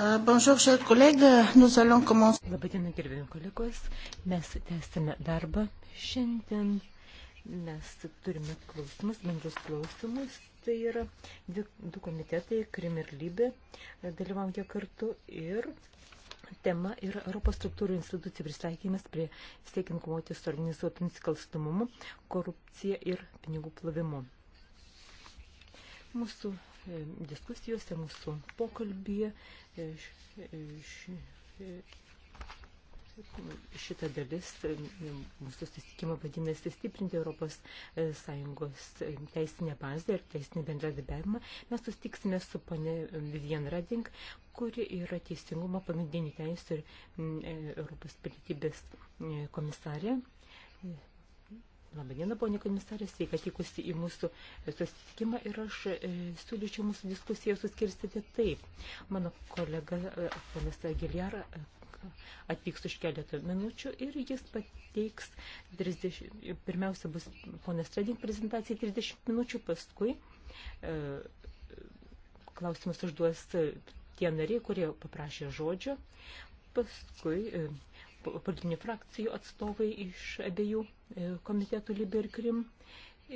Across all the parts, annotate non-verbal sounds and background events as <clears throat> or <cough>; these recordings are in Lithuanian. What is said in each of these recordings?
Euh, bonjour, chers collègues, nous allons commencer. Labadiena, gerbėjom kolegos, mes tęsime darbą. Šiandien mes turime klausimus, bendrus klausimus. Tai yra du komitetai, Krim ir Lybė, dalyvauja kartu ir tema yra Europos struktūrų institucijų pristaikymas prie siekiant kovoti su organizuotų nusikalstumumu, korupcija ir pinigų plovimu. Mūsų E, diskusijose, mūsų pokalbėje. E, e, šita dalis mūsų susitikimo vadinasi stiprinti Europos Sąjungos teisinę bazę ir teisinį bendradarbiavimą. Mes susitiksime su pane Vivian Rading, kuri yra teisingumo pagrindinių teisų ir Europos pilietybės komisarė Labadiena, ponė komisarė, sveika atvykusi į mūsų susitikimą ir aš e, siūlyčiau mūsų diskusiją suskirstyti taip. Mano kolega, e, ponas Giliara, e, atvyks už keletą minučių ir jis pateiks, 30, pirmiausia bus ponas Reding prezentacija 30 minučių, paskui e, klausimus užduos tie nariai, kurie paprašė žodžio, paskui e, politinių frakcijų atstovai iš abiejų e, komitetų Libė ir Krim.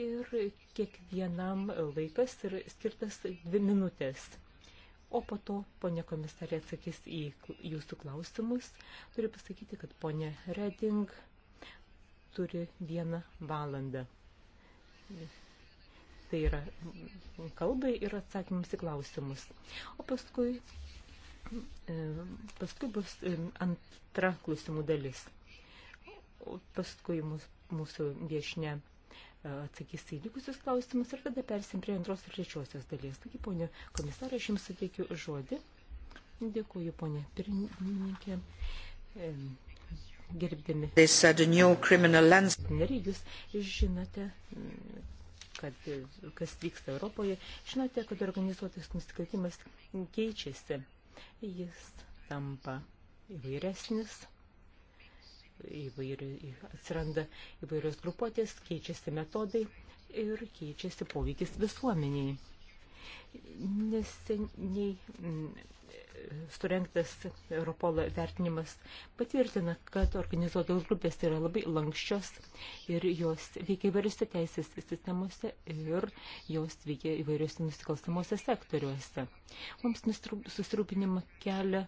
Ir kiekvienam laikas yra skirtas dvi minutės. O po to ponė komisarė atsakys į jūsų klausimus. Turiu pasakyti, kad ponė Reding turi vieną valandą. Tai yra kalbai ir atsakymus į klausimus. O paskui E, paskui bus e, antra klausimų dalis. O paskui mūsų viešne atsakys į likusius klausimus ir tada persim prie antros ir trečiosios dalies. Taigi, ponė komisarė, aš jums suteikiu žodį. Dėkuoju, ponė pirmininkė. E, Gerbdami. Nariai, jūs žinote, kad kas vyksta Europoje, žinote, kad organizuotas nusikaltimas keičiasi jis tampa įvairesnis, įvairi, atsiranda įvairios grupuotės, keičiasi metodai ir keičiasi poveikis visuomeniai. Neseniai surengtas Europolo vertinimas patvirtina, kad organizuotos grupės yra labai lankščios ir jos veikia įvairiose teisės sistemose ir jos veikia įvairiose nusikalstamuose sektoriuose. Mums susirūpinimą kelia,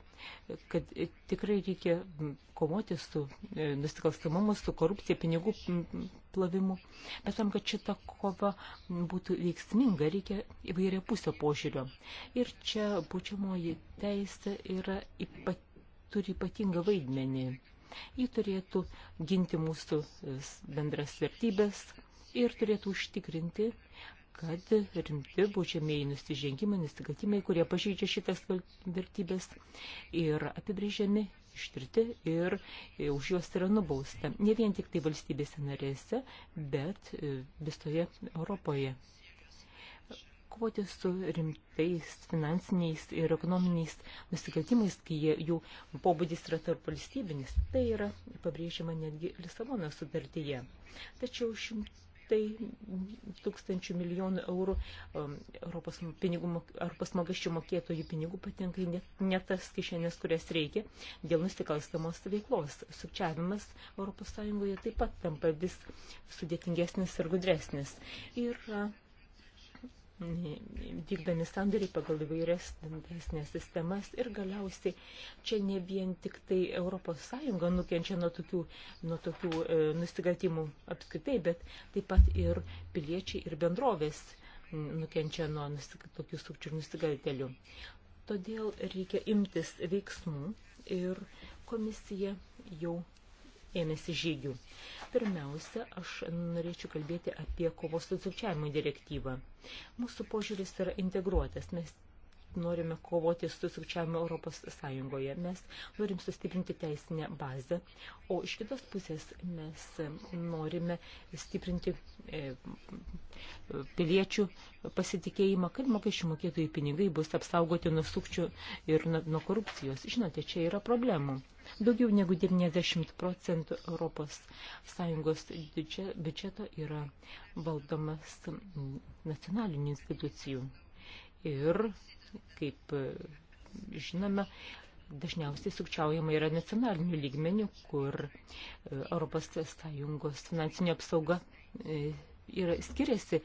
kad tikrai reikia kovoti su e, nusikalstamumu, su korupcija, pinigų plovimu. Bet tam, kad šita kova būtų veiksminga, reikia įvairia pusio požiūrio. Ir čia būčiamoji teisė yra ypat, turi ypatingą vaidmenį. Ji turėtų ginti mūsų e, bendras vertybės ir turėtų užtikrinti kad rimti baudžiamieji nusižengimai, nusikaltimai, kurie pažeidžia šitas vertybės ir apibrėžiami ištirti ir e, už juos yra nubausta. Ne vien tik tai valstybėse narėse, bet e, visoje Europoje. Kovoti su rimtais finansiniais ir ekonominiais nusikaltimais, kai jų pobūdis yra tarp valstybinis, tai yra pabrėžiama netgi Lisabono sutartyje. Tačiau šimt šimtai tūkstančių milijonų eurų um, Europos pinigų Europos mokesčių mokėtojų pinigų patenka į net, net tas kišenės, kurias reikia dėl nusikalstamos veiklos. Sukčiavimas Europos Sąjungoje taip pat tampa vis sudėtingesnis ir gudresnis. Ir uh, vykdami sandariai pagal įvairias teisinės sistemas ir galiausiai čia ne vien tik tai ES nukenčia nuo tokių, nuo tokių e, nusikaltimų apskritai, bet taip pat ir piliečiai ir bendrovės nukenčia nuo nusik, tokių sukčių ir nusikaltelių. Todėl reikia imtis veiksmų ir komisija jau ėmėsi žygių. Pirmiausia, aš norėčiau kalbėti apie kovos su sukčiavimo direktyvą. Mūsų požiūris yra integruotas. Mes norime kovoti su sukčiavimu Europos Sąjungoje. Mes norim sustiprinti teisinę bazę, o iš kitos pusės mes norime stiprinti e, piliečių pasitikėjimą, kad mokesčių mokėtojų pinigai bus apsaugoti nuo sukčių ir nuo korupcijos. Žinote, čia yra problemų. Daugiau negu 90 procentų ES biudžeto yra valdomas nacionalinių institucijų. Ir kaip e, žinome, dažniausiai sukčiaujama yra nacionalinių lygmenių, kur ES finansinė apsauga e, yra skiriasi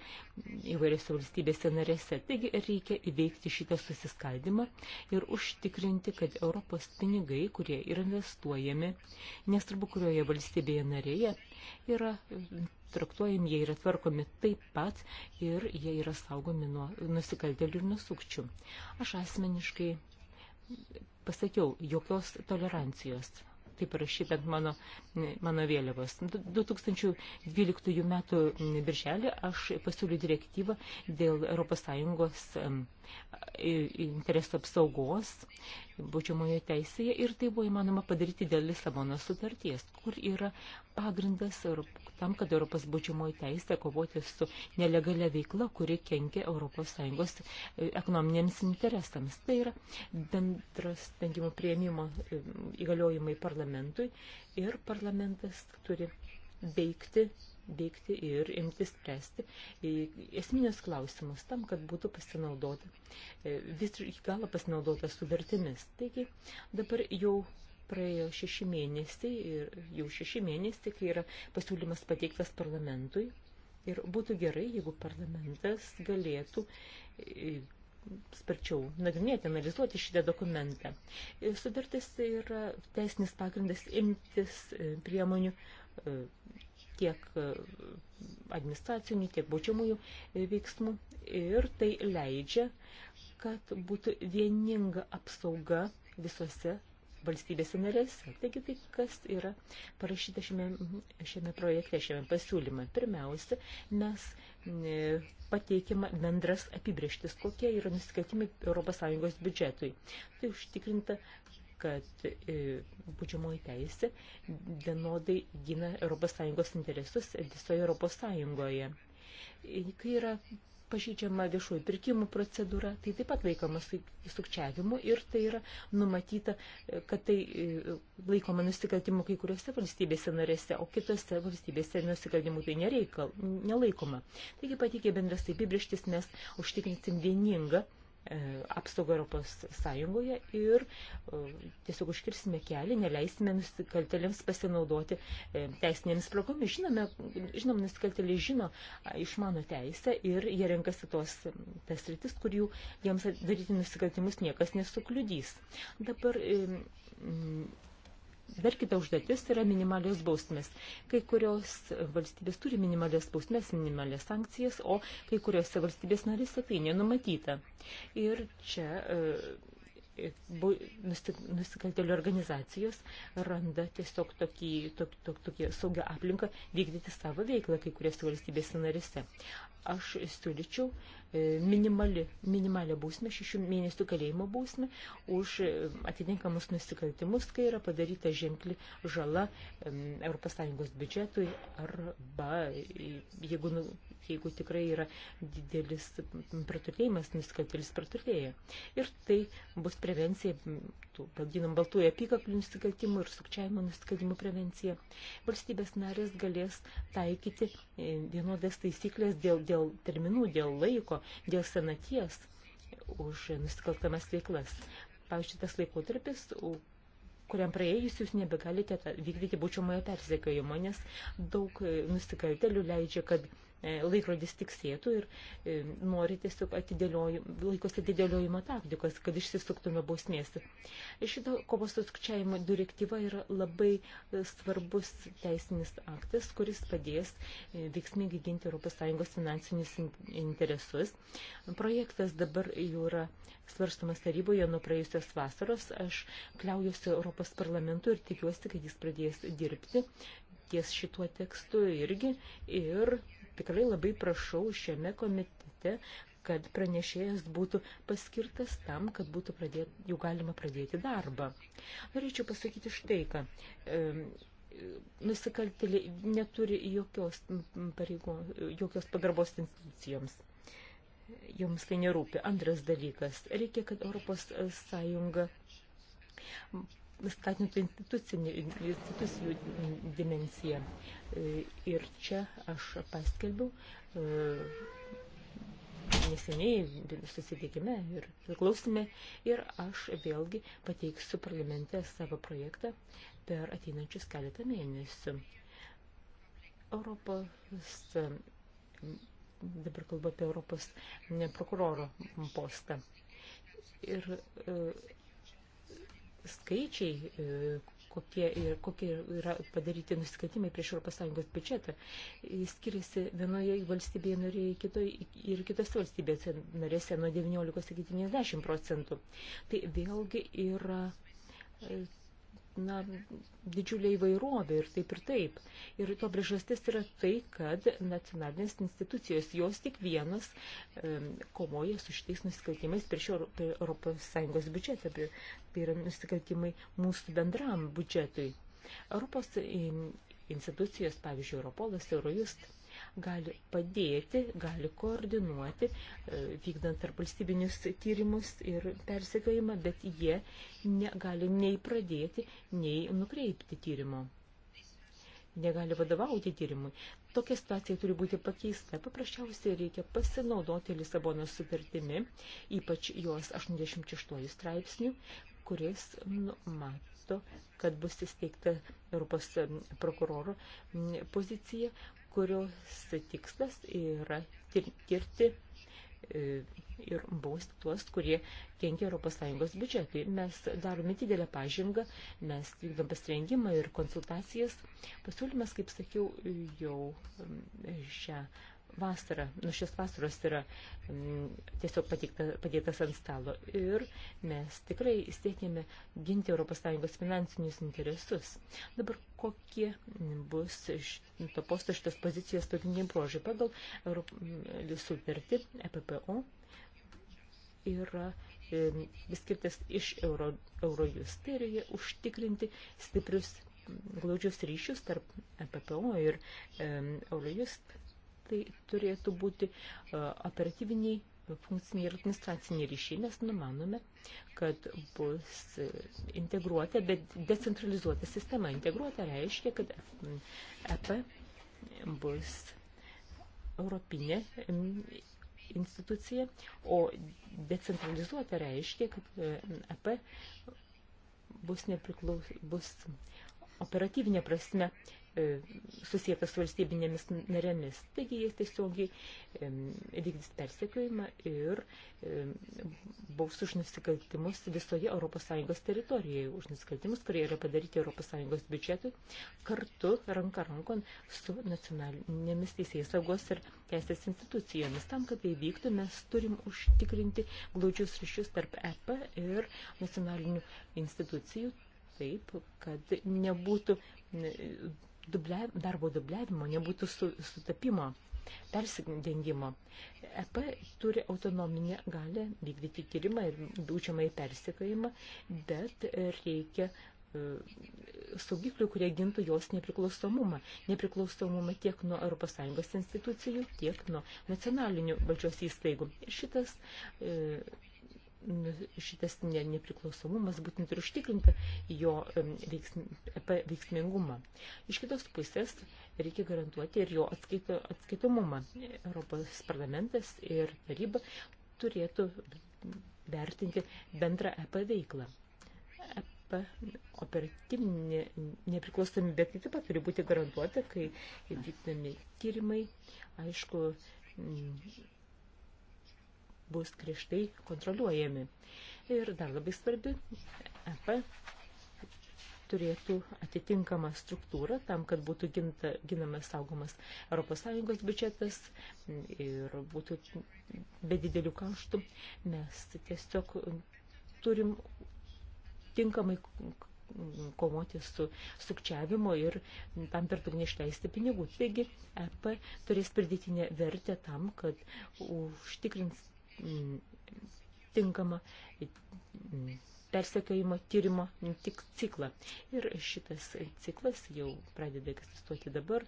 įvairiose valstybėse narėse. Taigi reikia įveikti šitą susiskaldimą ir užtikrinti, kad Europos pinigai, kurie yra investuojami, nesvarbu kurioje valstybėje narėje, yra traktuojami, jie yra tvarkomi taip pat ir jie yra saugomi nuo nusikaltelių ir nusukčių. Aš asmeniškai pasakiau, jokios tolerancijos kaip rašyt ant mano, mano vėliavos. 2012 metų birželį aš pasiūliu direktyvą dėl ES interesų apsaugos būčiamoje teisėje ir tai buvo įmanoma padaryti dėl Lisabono sutarties, kur yra pagrindas, tam, kad Europos baudžiamoji teisė kovoti su nelegalia veikla, kuri kenkia ES e, ekonominėms interesams. Tai yra bendras sprendimų prieimimo e, įgaliojimai parlamentui ir parlamentas turi veikti veikti ir imti spręsti esminės klausimus tam, kad būtų e, pasinaudota, vis iki galo pasinaudota suvertimis. Taigi dabar jau praėjo šeši mėnesiai ir jau šeši mėnesiai, kai yra pasiūlymas pateiktas parlamentui. Ir būtų gerai, jeigu parlamentas galėtų e, sparčiau nagrinėti, analizuoti šitą dokumentą. E, Sudartis tai yra teisinis pagrindas imtis e, priemonių tiek administracinių, tiek baudžiamųjų veiksmų ir tai leidžia, kad būtų vieninga apsauga visose valstybėse narėse. Taigi tai, kas yra parašyta šiame, šiame projekte, šiame pasiūlyme. Pirmiausia, mes e, pateikiama bendras apibrieštis, kokie yra nusikaltimai ES biudžetui. Tai užtikrinta kad e, būdžiamoji teisė vienodai gina ES interesus visoje ES. E, kai yra pažydžiama viešųjų pirkimų procedūra, tai taip pat laikoma sukčiavimu ir tai yra numatyta, kad tai e, laikoma nusikaltimu kai kuriuose valstybėse narėse, o kitose valstybėse nusikaltimu tai nereikal, nelaikoma. Taigi patikė bendras apibrieštis, mes užtikrinsim vieningą E, apsaugą Europos Sąjungoje ir e, tiesiog užkirsime kelią, neleisime nusikaltelėms pasinaudoti e, teisinėmis progomis. Žinome, žinom, nusikalteliai žino išmano teisę ir jie renkasi tos tas rytis, kur jų jiems daryti nusikaltimus niekas nesukliudys. Dabar Dar kita užduotis yra minimalios bausmės. Kai kurios valstybės turi minimalias bausmės, minimalias sankcijas, o kai kuriuose valstybės narėse tai nenumatyta. Ir čia e, nusikaltelių organizacijos randa tiesiog tokį, tok, tok, tokį saugią aplinką vykdyti savo veiklą kai kuriuose valstybėse narise. Aš siūlyčiau e, minimali, minimalę bausmę, šešių mėnesių kalėjimo bausmę už e, atitinkamus nusikaltimus, kai yra padaryta ženkli žala ES biudžetui arba e, jeigu nu, jeigu tikrai yra didelis praturtėjimas, nusikaltėlis praturtėja. Ir tai bus prevencija, tų vadinam baltųjų apykaklių nusikaltimų ir sukčiavimo nusikaltimų prevencija. Valstybės narės galės taikyti e, vienodas taisyklės dėl, dėl terminų, dėl laiko, dėl senaties už nusikaltamas veiklas. Pavyzdžiui, tas laikotarpis, kuriam praėjus jūs nebegalite vykdyti būčiamojo persekėjimo, nes daug e, nusikaltelių leidžia, kad E, laikrodis tik sėtų ir e, nori tiesiog laikosi atidėliojimo taktikos, kad išsisuktume bausmės. Šito kovos su sukčiavimo direktyva yra labai e, svarbus teisinis aktas, kuris padės veiksmingai ginti ES finansinius interesus. Projektas dabar jau yra svarstomas taryboje nuo praėjusios vasaros. Aš kliaujuosi Europos parlamentu ir tikiuosi, kad jis pradės dirbti ties šituo tekstu irgi ir tikrai labai prašau šiame komitete, kad pranešėjas būtų paskirtas tam, kad būtų pradėt, jau galima pradėti darbą. Norėčiau pasakyti štai ką. E, nusikaltėliai neturi jokios, pareigo, jokios pagarbos institucijoms. Joms tai nerūpi. Antras dalykas. Reikia, kad Europos Sąjunga skatintų institucijų dimenciją. E, ir čia aš paskelbiau e, neseniai susitikime ir klausime ir aš vėlgi pateiksiu parlamente savo projektą per ateinančius keletą mėnesių. Europos, dabar kalbu apie Europos prokuroro postą. Ir e, skaičiai, e, kokie, kokie yra padaryti nusikaltimai prieš Europos Sąjungos biudžetą, skiriasi vienoje valstybėje norėjai kitoj, ir kitose valstybėse norėse nuo 19 iki 90 procentų. Tai vėlgi yra e, na, didžiulė įvairovė ir taip ir taip. Ir to priežastis yra tai, kad nacionalinės institucijos, jos tik vienas e, kovoja su šitais nusikaltimais prieš ES biudžetą, tai yra nusikaltimai mūsų bendram biudžetui. Europos institucijos, pavyzdžiui, Europolas, Eurojust gali padėti, gali koordinuoti, e, vykdant tarp valstybinius tyrimus ir persikėjimą, bet jie negali nei pradėti, nei nukreipti tyrimo. Negali vadovauti tyrimui. Tokia situacija turi būti pakeista. Paprasčiausiai reikia pasinaudoti Lisabono sutartimi, ypač jos 86 straipsnių, kuris numato, kad bus įsteigta Europos prokuroro pozicija, kurios tikslas yra tirti e, ir bausti tuos, kurie kenkia ES biudžetui. Mes darome didelę pažangą, mes vykdom pasirengimą ir konsultacijas. Pasiūlymas, kaip sakiau, jau šią vasarą, nuo šios vasaros yra m, mm, tiesiog patikta, padėtas ant stalo. Ir mes tikrai siekėme ginti ES finansinius interesus. Dabar kokie bus to posto šitos pozicijos pagrindiniai prožai pagal mm, sutartį EPPO yra m, mm, skirtas iš euro, eurojus. Tai reikia užtikrinti stiprius glaudžius ryšius tarp EPPO ir e, Eurojust tai turėtų būti e, operatyviniai e, funkciniai ir administraciniai ryšiai. Mes numanome, kad bus e, integruota, bet decentralizuota sistema. Integruota reiškia, kad EP bus europinė institucija, o decentralizuota reiškia, kad EP bus, nepriklaus, bus operatyvinė prasme E, susijęs su valstybinėmis narėmis. Taigi jie tiesiogiai e, vykdys persekiojimą ir e, baus už nusikaltimus visoje ES teritorijoje, už nusikaltimus, kurie yra padaryti ES biudžetui, kartu ranka rankon su nacionalinėmis teisėjai saugos ir teisės institucijomis. Tam, kad tai vyktų, mes turim užtikrinti glaudžius ryšius tarp EP ir nacionalinių institucijų taip, kad nebūtų duble, darbo dubliavimo, nebūtų sutapimo, persidengimo. EP turi autonominę galę vykdyti tyrimą ir būčiamą į persikojimą, bet reikia e, saugiklių, kurie gintų jos nepriklausomumą. Nepriklausomumą tiek nuo ES institucijų, tiek nuo nacionalinių valdžios įstaigų. Ir šitas e, šitas ne, nepriklausomumas būtent ir užtikrinta jo veiksm, veiksmingumą. Iš kitos pusės reikia garantuoti ir jo atskaito, atskaitomumą. Europos parlamentas ir taryba turėtų vertinti bendrą EP veiklą. EP operatyvinė nepriklausomybė taip pat turi būti garantuota, kai vykdomi tyrimai, aišku, bus griežtai kontroliuojami. Ir dar labai svarbi, EP turėtų atitinkamą struktūrą tam, kad būtų ginta, ginamas saugomas ES biudžetas ir būtų be didelių kaštų. Mes tiesiog turim tinkamai kovoti su sukčiavimo ir tam per daug neišleisti pinigų. Taigi EP turės pridėtinę vertę tam, kad užtikrins tinkamą persekiojimo tyrimo tik ciklą. Ir šitas ciklas jau pradeda egzistuoti dabar,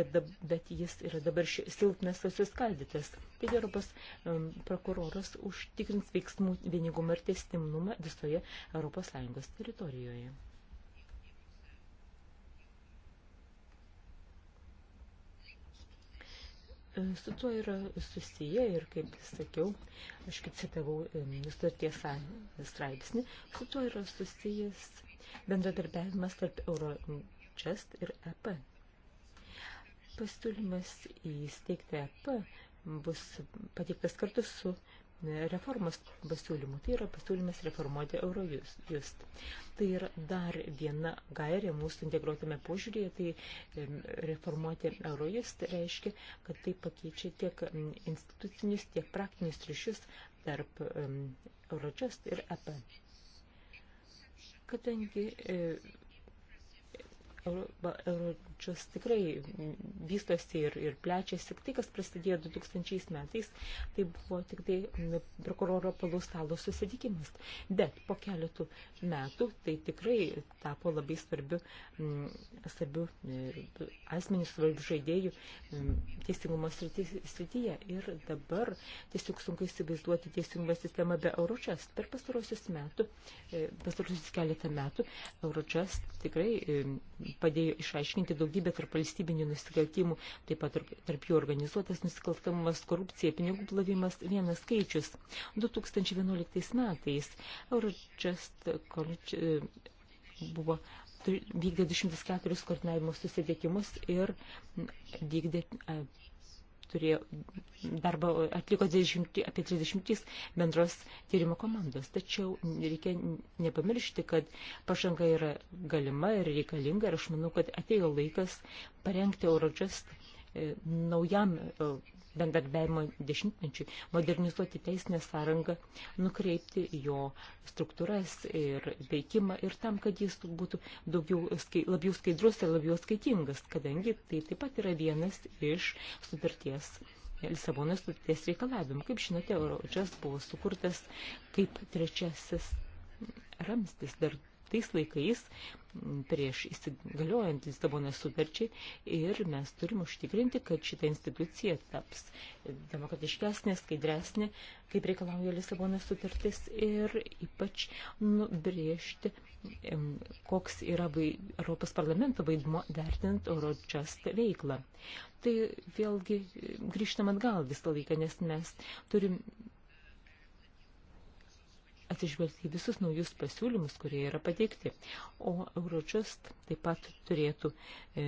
bet, dab, bet jis yra dabar silpnas susiskaldytas. Taigi Europos um, prokuroras užtikrins veiksmų vieningumą ir testimnumą visoje ES teritorijoje. E, su tuo yra susiję ir, kaip sakiau, aš kaip citavau e, sutarties straipsnį, su tuo yra susijęs bendradarbiavimas tarp Eurojust ir EP. Pasiūlymas įsteigti EP bus pateiktas kartu su reformos pasiūlymų. Tai yra pasiūlymas reformuoti Eurojust. Tai yra dar viena gairė mūsų integruotame požiūrėje. Tai reformuoti Eurojust reiškia, kad tai pakeičia tiek institucinius, tiek praktinius ryšius tarp Eurojust ir EP. Kadangi e, Euročius tikrai vystosi ir, ir plečiasi. Tai, kas prasidėjo 2000 metais, tai buvo tik tai prokuroro palų stalo susitikimas. Bet po keletų metų tai tikrai tapo labai svarbiu, m, svarbiu e, asmeniu, svarbiu žaidėjų teisingumo srityje. Ir dabar tiesiog sunku įsivaizduoti teisingumo sistemą be Euročias. Per pastarosius metų, e, pastarosius keletą metų Euročias tikrai padėjo išaiškinti daugybę tarp valstybinių nusikaltimų, taip pat tarp jų organizuotas nusikaltamumas, korupcija, pinigų plovimas, vienas skaičius. 2011 metais Eurojust College buvo vykdė 204 koordinavimo susitikimus ir vykdė e, turėjo darbą, atliko 20, apie 30 bendros tyrimo komandos. Tačiau reikia nepamiršti, kad pažanga yra galima ir reikalinga ir aš manau, kad atėjo laikas parengti Eurojust e, naujam e, bendarbiavimo dešimtmečiui, modernizuoti teisinę sąrangą, nukreipti jo struktūras ir veikimą ir tam, kad jis būtų daugiau, labiau skaidrus ir labiau skaitingas, kadangi tai taip pat yra vienas iš sutarties Lisabonos sutarties reikalavimų. Kaip žinote, Eurožas buvo sukurtas kaip trečiasis ramstis dar tais laikais, prieš įsigaliojant Lisabono sutarčiai ir mes turim užtikrinti, kad šita institucija taps demokratiškesnė, skaidresnė, kaip reikalauja Lisabono sutartis ir ypač nubrėžti, koks yra vai, Europos parlamento vaidmo vertinant Eurojust veiklą. Tai vėlgi grįžtam atgal visą laiką, nes mes turim atsižvelgti į visus naujus pasiūlymus, kurie yra pateikti. O Eurojust taip pat turėtų e,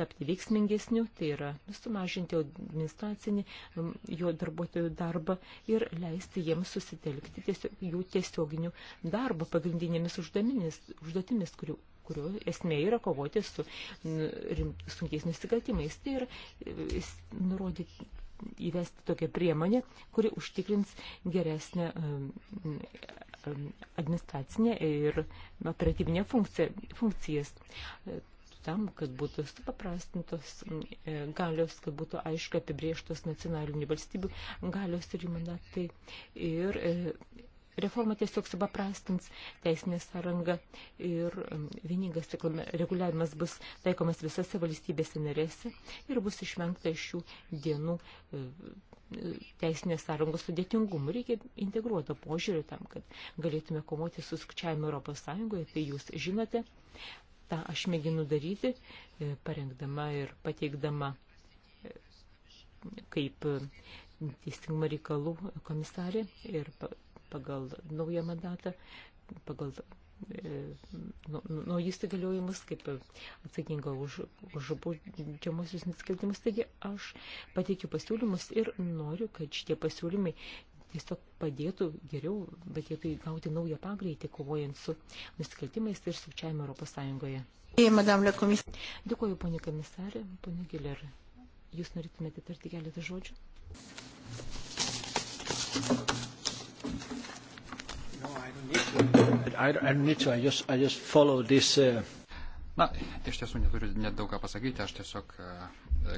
tapti veiksmingesniu, tai yra sumažinti administracinį jo darbuotojų darbą ir leisti jiems susitelkti tiesiog, jų tiesioginių darbą pagrindinėmis užduotimis, kurių kurio esmė yra kovoti su sunkiais nusikaltimais. Tai yra e, nurodyti įvesti tokią priemonę, kuri užtikrins geresnę administracinę ir operatyvinę funkciją, funkcijas e, tam, kad būtų supaprastintos e, galios, kad būtų aišku apibrieštos nacionalinių valstybių galios ir mandatai. Ir e, reforma tiesiog supaprastins teisinę sąrangą ir vieningas reguliavimas bus taikomas visose valstybėse narėse ir bus išvengta iš šių dienų teisinės sąrangos sudėtingumu. Reikia integruoto požiūrį tam, kad galėtume komuoti su skčiavimu Europos Sąjungoje, tai jūs žinote. Ta aš mėginu daryti, e, parengdama ir pateikdama e, kaip e, teisingumo reikalų komisarė ir pagal naują mandatą, pagal E, nu, nu, naujus įgaliojimus, kaip atsakinga už, už baudžiamusius nusikaltimus. Taigi aš pateikiu pasiūlymus ir noriu, kad šitie pasiūlymai tiesiog padėtų geriau, bet jie tai gauti naują pagreitį, kovojant su nusikaltimais ir sukčiavimu Europos Sąjungoje. Dėkuoju, ponė komisarė, ponė Giler. Jūs norėtumėte tarti keletą žodžių? Thank you. Na, iš tiesų neturiu nedaug ką pasakyti, aš tiesiog e,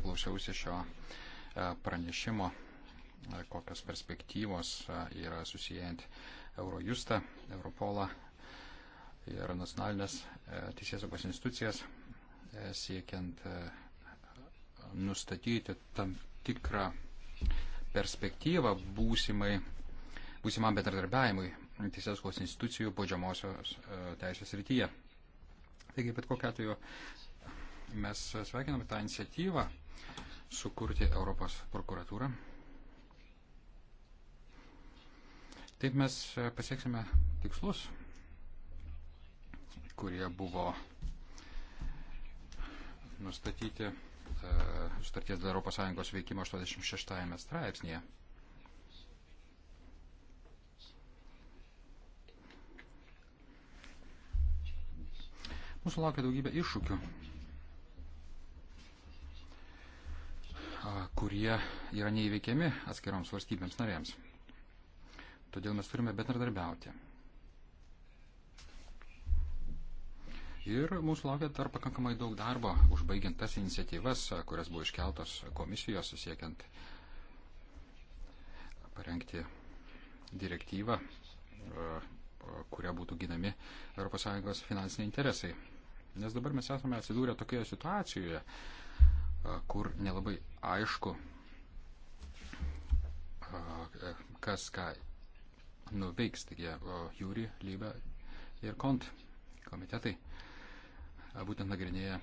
klausiausi šio e, pranešimo, e, kokios perspektyvos yra susijęjant Eurojustą, Europolą ir nacionalinės teisėsaugos institucijas, siekiant nustatyti tam tikrą perspektyvą būsimai, būsimam bendradarbiavimui teisėsaugos institucijų baudžiamosios e, teisės rytyje. Taigi, bet kokiu atveju mes sveikiname tą iniciatyvą sukurti Europos prokuratūrą. Taip mes pasieksime tikslus, kurie buvo nustatyti e, sutarties dėl ES veikimo 86 straipsnėje. Mūsų laukia daugybė iššūkių, kurie yra neįveikiami atskiroms valstybėms narėms. Todėl mes turime bendradarbiauti. Ir mūsų laukia dar pakankamai daug darbo, užbaigiant tas iniciatyvas, kurias buvo iškeltos komisijos, siekiant parengti direktyvą kuria būtų ginami ES finansiniai interesai. Nes dabar mes esame atsidūrę tokioje situacijoje, kur nelabai aišku, kas ką nuveiks, taigi Jūri, Lyba ir Kont komitetai. Būtent nagrinėja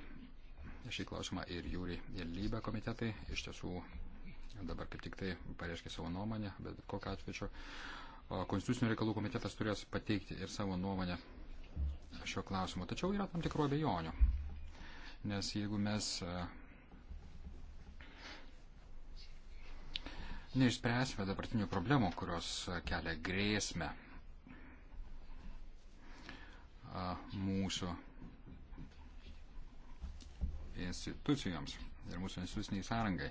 šį klausimą ir Jūri, ir Lyba komitetai. Iš tiesų dabar kaip tik tai pareiškia savo nuomonę, bet kokią atveju Konstitucinio reikalų komitetas turės pateikti ir savo nuomonę šio klausimu. Tačiau yra tam tikro abejonių. Nes jeigu mes e, neišspręsime dabartinių problemų, kurios e, kelia grėsmę e, mūsų institucijoms ir mūsų instituciniai sąrangai,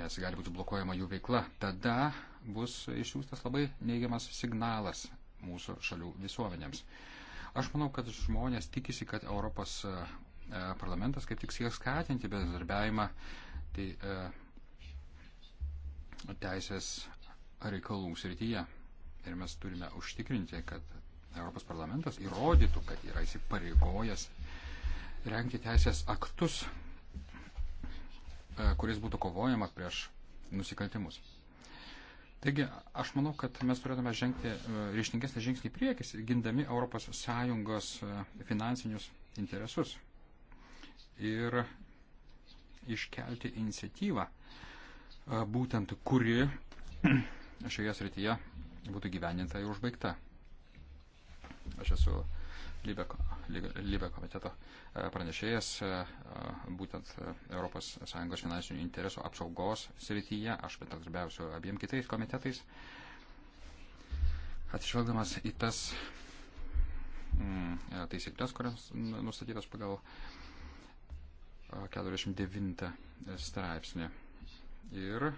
nes gali būti blokuojama jų veikla, tada bus išsiųstas labai neigiamas signalas mūsų šalių visuomenėms. Aš manau, kad žmonės tikisi, kad Europos e, e, parlamentas kaip tik sieks skatinti bendradarbiavimą tai, e, teisės reikalų srityje. Ir mes turime užtikrinti, kad Europos parlamentas įrodytų, kad yra įsipareigojęs renkti teisės aktus, kuris būtų kovojama prieš nusikaltimus. Taigi aš manau, kad mes turėtume žengti e, ryštingesnį žingsnį į priekį, gindami ES e, finansinius interesus ir iškelti iniciatyvą, e, būtent kuri <clears throat> šioje srityje būtų gyveninta ir užbaigta. Aš esu Libė komiteto e, pranešėjas e, e, būtent ES finansinių interesų apsaugos srityje. Aš bendradarbiausiu abiem kitais komitetais. Atsižvelgdamas į tas mm, taisyklės, kurios nustatytos pagal 49 straipsnį. Ir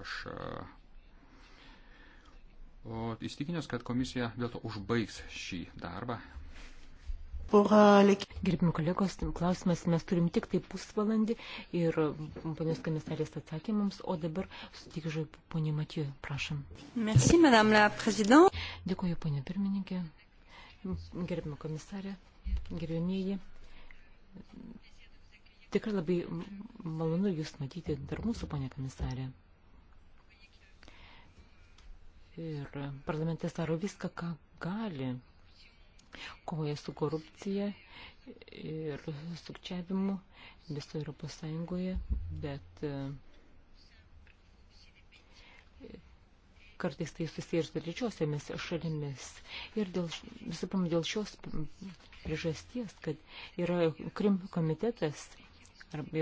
aš įstikinęs, kad komisija dėl to užbaigs šį darbą Gerbim kolegos, klausimas, mes turim tik tai pusvalandį ir ponios komisarės atsakė mums, o dabar sutikžu poniai Matiju, prašom. Merci, madame la présidente. Dėkuoju, ponė pirmininkė, gerbim komisarė, gerbimieji. Tikrai labai malonu Jūs matyti dar mūsų, ponė komisarė. Ir parlamentas daro viską, ką gali kovoja su korupcija ir sukčiavimu visoje Europos Sąjungoje, bet e, kartais tai susiję ir su trečiosiomis šalimis. Ir dėl, visų pirma, dėl šios priežasties, kad yra Krim komitetas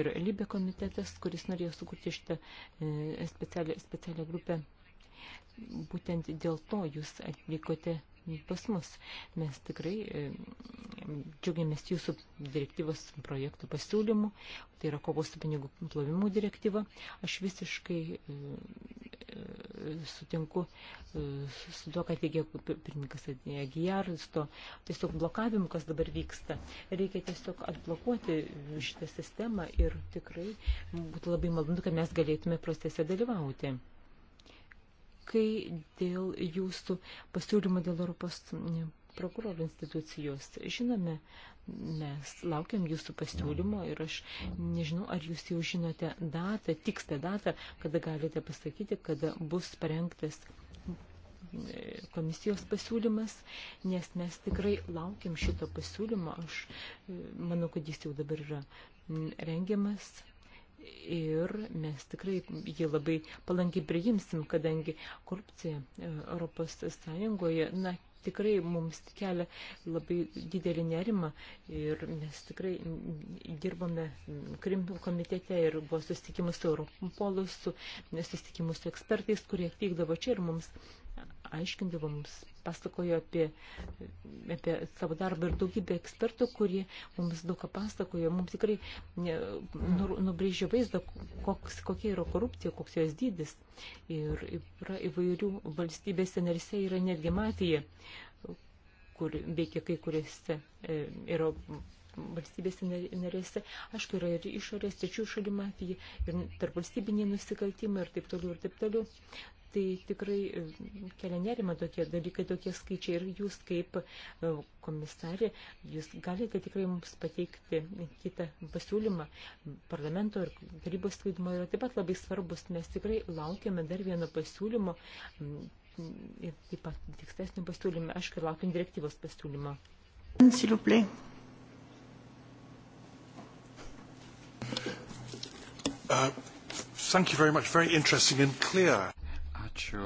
ir Libė komitetas, kuris norėjo sukurti šitą e, specialią, specialią grupę Būtent dėl to jūs atvykote pas mus. Mes tikrai e, džiugiamės jūsų direktyvos projektų pasiūlymų, tai yra kovos su pinigų plovimų direktyva. Aš visiškai e, e, sutinku su tuo, kad teigia pirmininkas Agijar, su to tiesiog blokavimu, kas dabar vyksta. Reikia tiesiog atblokuoti šitą sistemą ir tikrai būtų labai malonu, kad mes galėtume procese dalyvauti kai dėl jūsų pasiūlymo dėl Europos prokurorų institucijos. Žinome, mes laukiam jūsų pasiūlymo ir aš nežinau, ar jūs jau žinote datą, tikstą datą, kada galite pasakyti, kada bus parengtas e, komisijos pasiūlymas, nes mes tikrai laukiam šito pasiūlymo. Aš e, manau, kad jis jau dabar yra rengiamas ir mes tikrai jį labai palankiai priimsim, kadangi korupcija e, Europos Sąjungoje, na, tikrai mums kelia labai didelį nerimą ir mes tikrai dirbame Krim komitete ir buvo susitikimus su Europolu, su susitikimus su ekspertais, kurie atvykdavo čia ir mums aiškindavo mums, pasakojo apie, apie savo darbą ir daugybę ekspertų, kurie mums daug ką pasakojo, mums tikrai nu, nubrėžė vaizdą, koks, kokia yra korupcija, koks jos dydis. Ir yra įvairių valstybėse narise yra netgi matija, kur veikia kai kuriuose yra e, valstybėse narėse. Aišku, yra ir išorės, trečių šalių mafija, ir tarp valstybiniai nusikaltimai ir taip toliau ir taip toliau. Tai tikrai e, kelia nerima tokie dalykai, tokie skaičiai ir jūs kaip e, komisarė, jūs galite tikrai mums pateikti kitą pasiūlymą. Parlamento ir tarybos skaidimo yra taip pat labai svarbus, mes tikrai laukiame dar vieno pasiūlymo ir taip pat tikslesnių pasiūlymų, aišku, laukiam direktyvos pasiūlymą. S'il vous plaît. Uh, thank you very much. Very interesting and clear. Ačiū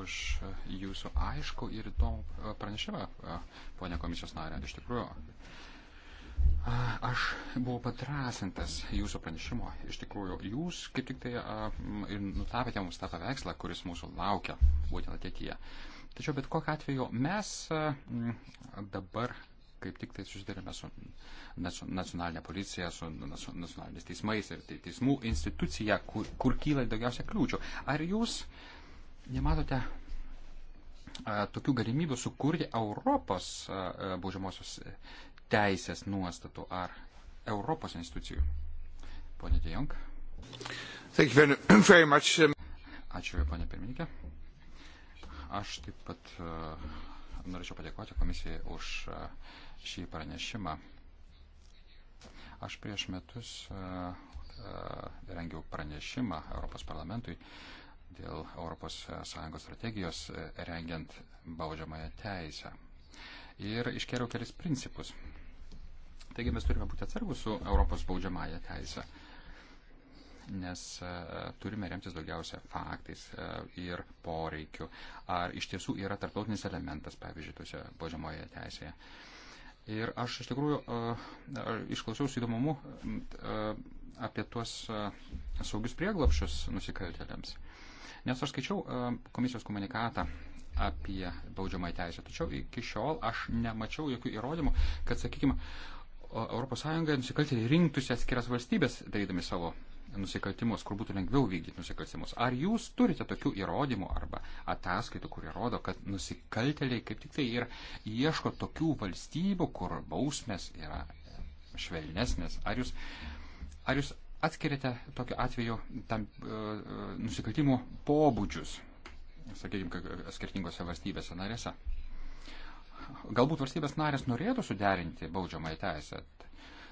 už uh, jūsų aišku ir įdomų uh, pranešimą, uh, ponia komisijos narė. Iš tikrųjų, aš buvau patrasintas jūsų pranešimo. Iš tikrųjų, jūs kaip tik tai ir nutapėte mums tą paveikslą, kuris mūsų laukia būtent ateityje. Tačiau bet kokiu atveju mes dabar kaip tik tai susidarėme su nacionalinė policija, su nacionaliniais teismais ir teismų institucija, kur, kur kyla daugiausia kliūčių. Ar jūs nematote tokių galimybių sukurti Europos baudžiamosios teisės nuostatų ar Europos institucijų? Pone Dejong. <clears throat> Um, Ačiū, ponė pirmininkė. Aš taip pat uh, norėčiau padėkoti komisijai už uh, šį pranešimą. Aš prieš metus e, e, rengiau pranešimą Europos parlamentui dėl ES e, strategijos rengiant baudžiamąją teisę. Ir iškėliau kelis principus. Taigi mes turime būti atsargus su Europos baudžiamąją teisę, nes turime remtis daugiausia faktais ir poreikiu. Ar iš tiesų yra tarptautinis elementas, pavyzdžiui, tuose baudžiamoje teisėje. Ir aš iš tikrųjų išklausiau su įdomumu apie tuos saugius prieglapšius nusikaltėliams. Nes aš skaičiau komisijos komunikatą apie baudžiamąją teisę, tačiau iki šiol aš nemačiau jokių įrodymų, kad, sakykime, ES nusikaltėliai rinktųsi atskiras valstybės, darydami savo nusikaltimus, kur būtų lengviau vykdyti nusikaltimus. Ar jūs turite tokių įrodymų arba ataskaitų, kurie rodo, kad nusikalteliai kaip tik tai ir ieško tokių valstybių, kur bausmės yra švelnesnės? Ar jūs, ar jūs atskiriate tokiu atveju tam, uh, nusikaltimų pobūdžius, sakykime, e, skirtingose valstybėse narėse? Galbūt valstybės narės norėtų suderinti baudžiamąją teisę,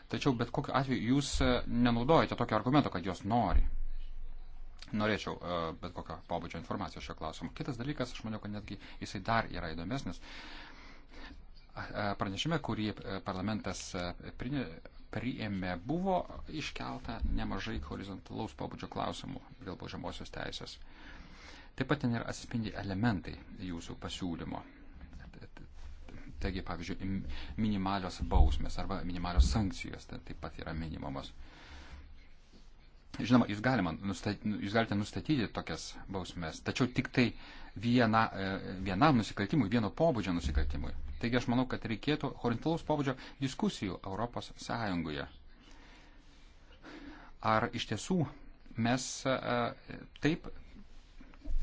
Tačiau bet kokiu atveju jūs e, nenaudojate tokio argumento, kad jos nori. Norėčiau e, bet kokio pobūdžio informacijos šio klausimu. Kitas dalykas, aš manau, kad netgi jisai dar yra įdomesnis. E, pranešime, kurį parlamentas priėmė, buvo iškelta nemažai horizontalaus pobūdžio klausimų dėl baudžiamosios teisės. Taip pat ten ir atsispindi elementai jūsų pasiūlymo. Taigi, pavyzdžiui, minimalios bausmės arba minimalios sankcijos tai taip pat yra minimumos. Žinoma, jūs, galima, nustatyti, jūs galite nustatyti tokias bausmės, tačiau tik tai viena, e, vienam nusikaltimui, vieno pobūdžio nusikaltimui. Taigi aš manau, kad reikėtų horizontalaus pobūdžio diskusijų Europos Sąjungoje. Ar iš tiesų mes e, taip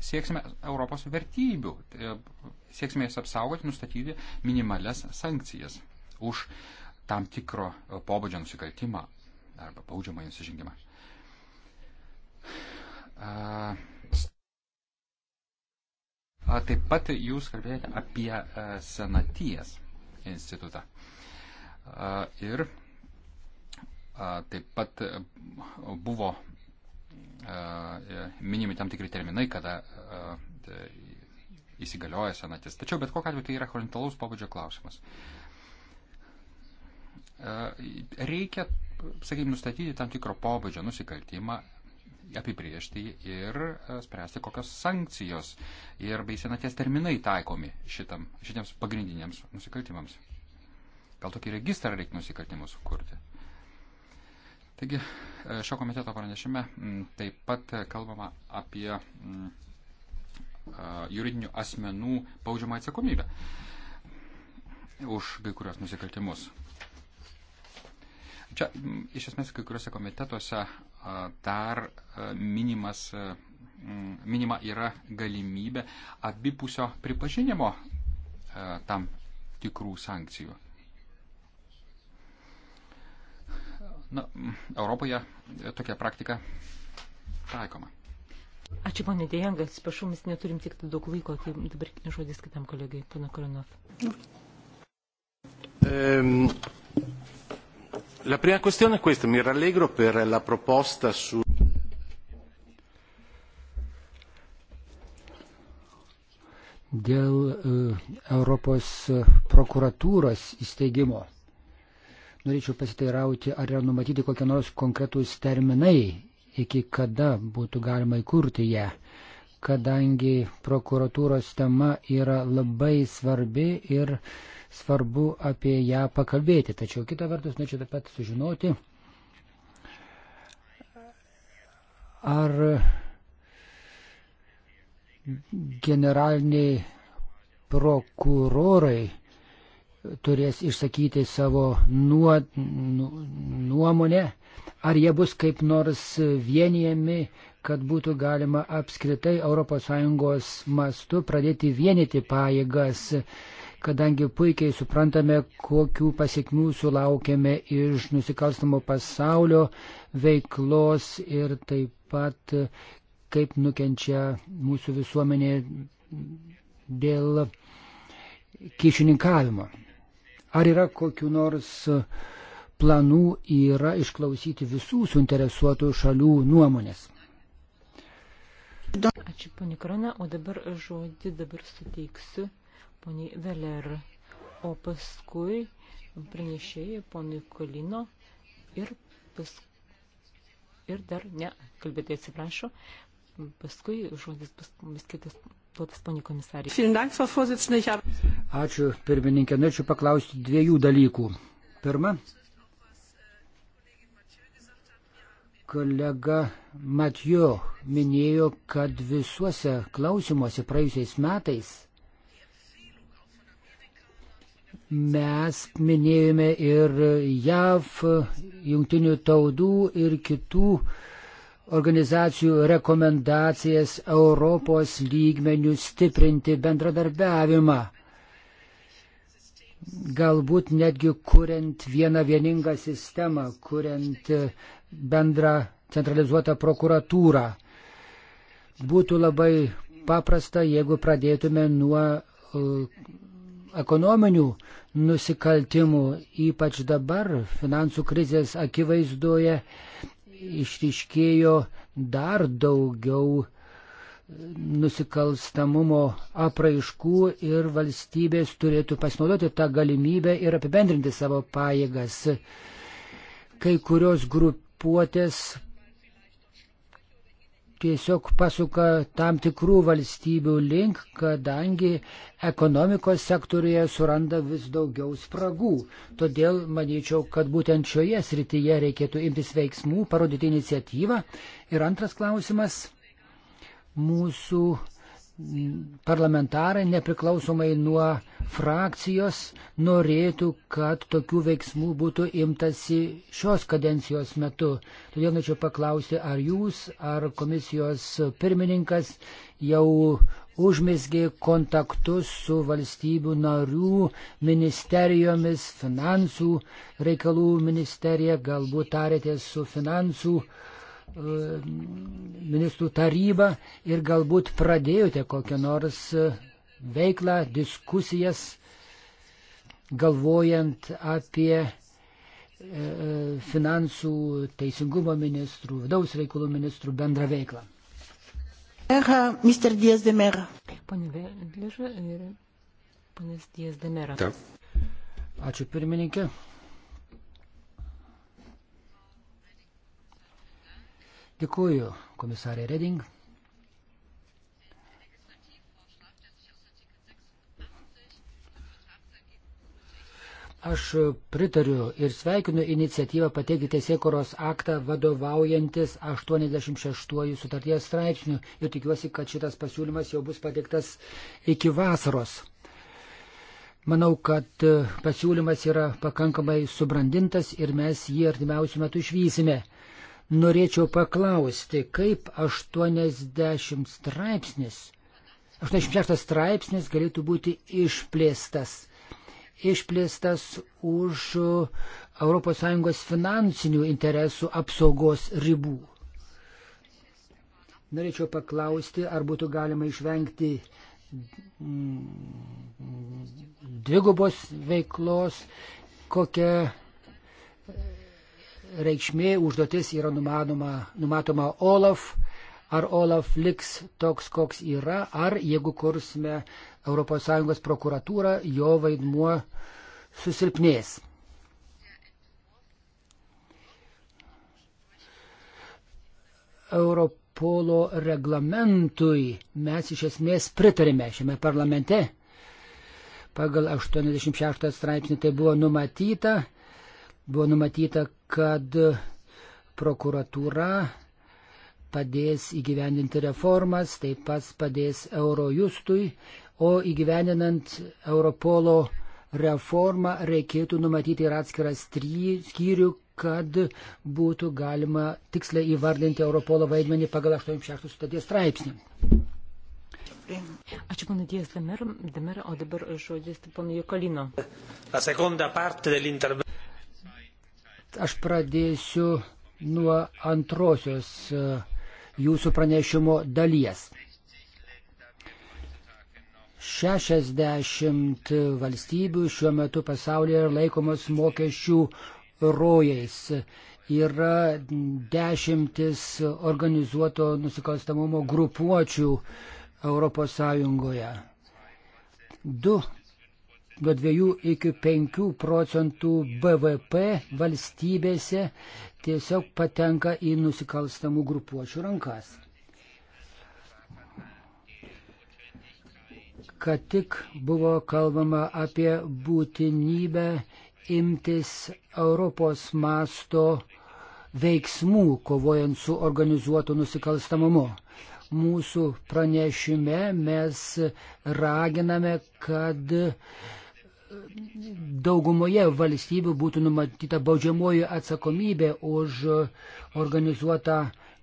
sieksime Europos vertybių, tai, e, sieksime jas apsaugoti, nustatyti minimales sankcijas už tam tikro e, pobūdžio nusikaltimą arba baudžiamą nusižengimą. Taip pat jūs kalbėjote apie e, senaties institutą. Ir taip pat buvo E, e, minimi tam tikri terminai, kada e, įsigalioja senatis. Tačiau bet kokiu atveju tai yra horizontalaus pobūdžio klausimas. Reikia, sakykime, nustatyti tam tikro pobūdžio nusikaltimą, apibriežti ir spręsti, kokios sankcijos ir bei senaties terminai taikomi šitam, šitiems pagrindiniams nusikaltimams. Gal tokį registrą reikia nusikaltimus sukurti. Taigi, šio komiteto pranešime mm, taip pat kalbama apie mm, juridinių asmenų baudžiamą atsakomybę už kai kurios nusikaltimus. Čia mm, iš esmės kai kuriuose komitetuose dar minimas, minima yra galimybė abipusio pripažinimo tam tikrų sankcijų. Na, Europoje tokia praktika taikoma. Ačiū, ponė Dejangas, prašau, mes neturim tiek daug laiko, tai dabar žodis kitam kolegai, pana Koronov. Um, ehm, la prima questione è questa, mi rallegro per la proposta su... Dėl uh, Europos eh, prokuratūros įsteigimo. Norėčiau pasiteirauti, ar yra numatyti kokie nors konkretūs terminai, iki kada būtų galima įkurti ją, kadangi prokuratūros tema yra labai svarbi ir svarbu apie ją pakalbėti. Tačiau kitą vertus, norėčiau taip pat sužinoti, ar generaliniai prokurorai turės išsakyti savo nuo, nu, nuomonę, ar jie bus kaip nors vienijami, kad būtų galima apskritai ES mastu pradėti vienyti pajėgas, kadangi puikiai suprantame, kokių pasiekmių sulaukėme iš nusikalstamo pasaulio veiklos ir taip pat kaip nukenčia mūsų visuomenė dėl kyšininkavimo. Ar yra kokiu nors e, planų yra išklausyti visų suinteresuotų šalių nuomonės? Ačiū, ponė Krona, o dabar žodį dabar suteiksiu poniai Veler, o paskui pranešėjai ponui Kolino ir, pas, ir dar, ne, kalbėtai atsiprašau, paskui žodis bus kitas komentuotis, ponė komisarė. Ačiū, pirmininkė. Norėčiau paklausti dviejų dalykų. Pirma, kolega Matijo minėjo, kad visuose klausimuose praėjusiais metais mes minėjome ir JAV, jungtinių taudų ir kitų uh, organizacijų rekomendacijas Europos lygmenių stiprinti bendradarbiavimą. Galbūt netgi kuriant vieną vieningą sistemą, kuriant bendrą centralizuotą prokuratūrą. Būtų labai paprasta, jeigu pradėtume nuo uh, ekonominių nusikaltimų, ypač dabar finansų krizės akivaizdoje išryškėjo dar daugiau nusikalstamumo apraiškų ir valstybės turėtų pasinaudoti tą galimybę ir apibendrinti savo pajėgas. Kai kurios grupuotės tiesiog pasuka tam tikrų valstybių link, kadangi ekonomikos sektorija suranda vis daugiau spragų. Todėl manyčiau, kad būtent šioje srityje reikėtų imtis veiksmų, parodyti iniciatyvą. Ir antras klausimas. Mūsų parlamentarai, nepriklausomai nuo frakcijos, norėtų, kad tokių veiksmų būtų imtasi šios kadencijos metu. Todėl norėčiau paklausti, ar jūs, ar komisijos pirmininkas jau užmėsgė kontaktus su valstybių narių ministerijomis, finansų reikalų ministerija, galbūt tarėtės su finansų uh, E, ministrų tarybą ir galbūt pradėjote kokią nors e, veiklą, diskusijas, galvojant apie e, finansų, teisingumo ministrų, vidaus reikalų ministrų bendrą veiklą. Mr. Dies de Mera. Pane Vėlėža ir panas Dies de Mera. Ačiū pirmininkė. Dėkuoju, komisarė Reding. Aš pritariu ir sveikinu iniciatyvą pateikti teisėkoros aktą vadovaujantis 86 sutarties straipsnių ir tikiuosi, kad šitas pasiūlymas jau bus pateiktas iki vasaros. Manau, kad pasiūlymas yra pakankamai subrandintas ir mes jį artimiausių metų išvysime norėčiau paklausti, kaip 80 straipsnis, 86 straipsnis galėtų būti išplėstas. Išplėstas už ES finansinių interesų apsaugos ribų. Norėčiau paklausti, ar būtų galima išvengti mm, dvigubos veiklos, kokia reikšmė užduotis yra numanoma, numatoma OLAF, ar OLAF liks toks, koks yra, ar jeigu kursime ES prokuratūrą, jo vaidmuo susilpnės. Europolo reglamentui mes iš esmės pritarėme šiame parlamente. Pagal 86 straipsnį tai buvo numatyta, buvo numatyta, kad prokuratūra padės įgyvendinti reformas, taip pat padės Eurojustui, o įgyvendinant Europolo reformą reikėtų numatyti ir atskirą skyrių, kad būtų galima tiksliai įvardinti Europolo vaidmenį pagal 86 sutarties straipsnį. Ačiū pana Dijas Demer, o dabar žodis pana Jokolino aš pradėsiu nuo antrosios e, jūsų pranešimo dalies. 60 valstybių šiuo metu pasaulyje laikomos mokesčių rojais. Yra dešimtis organizuoto nusikalstamumo grupuočių ES. Du nuo 2 iki 5 procentų BVP valstybėse tiesiog patenka į nusikalstamų grupuočių rankas. Kad tik buvo kalbama apie būtinybę imtis Europos masto veiksmų kovojant su organizuotu nusikalstamumu mūsų pranešime mes raginame, kad daugumoje valstybių būtų numatyta baudžiamoji atsakomybė už organizuotą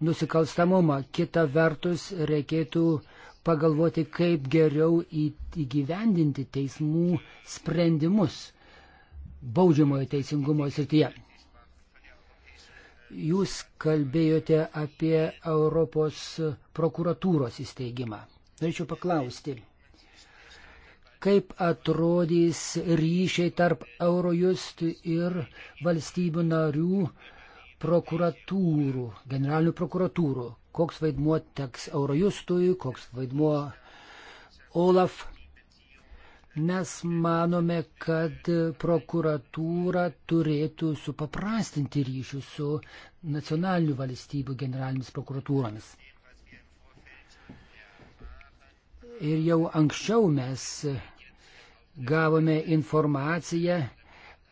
nusikalstamumą. Kita vertus, reikėtų pagalvoti, kaip geriau įgyvendinti teismų sprendimus baudžiamojo teisingumo srityje. Jūs kalbėjote apie Europos prokuratūros įsteigimą. Norėčiau paklausti kaip atrodys ryšiai tarp Eurojust ir valstybių narių prokuratūrų, generalinių prokuratūrų, koks vaidmuo teks Eurojustui, koks vaidmuo Olaf. Mes manome, kad prokuratūra turėtų supaprastinti ryšių su nacionalinių valstybių generalinis prokuratūromis. Ir jau anksčiau mes gavome informaciją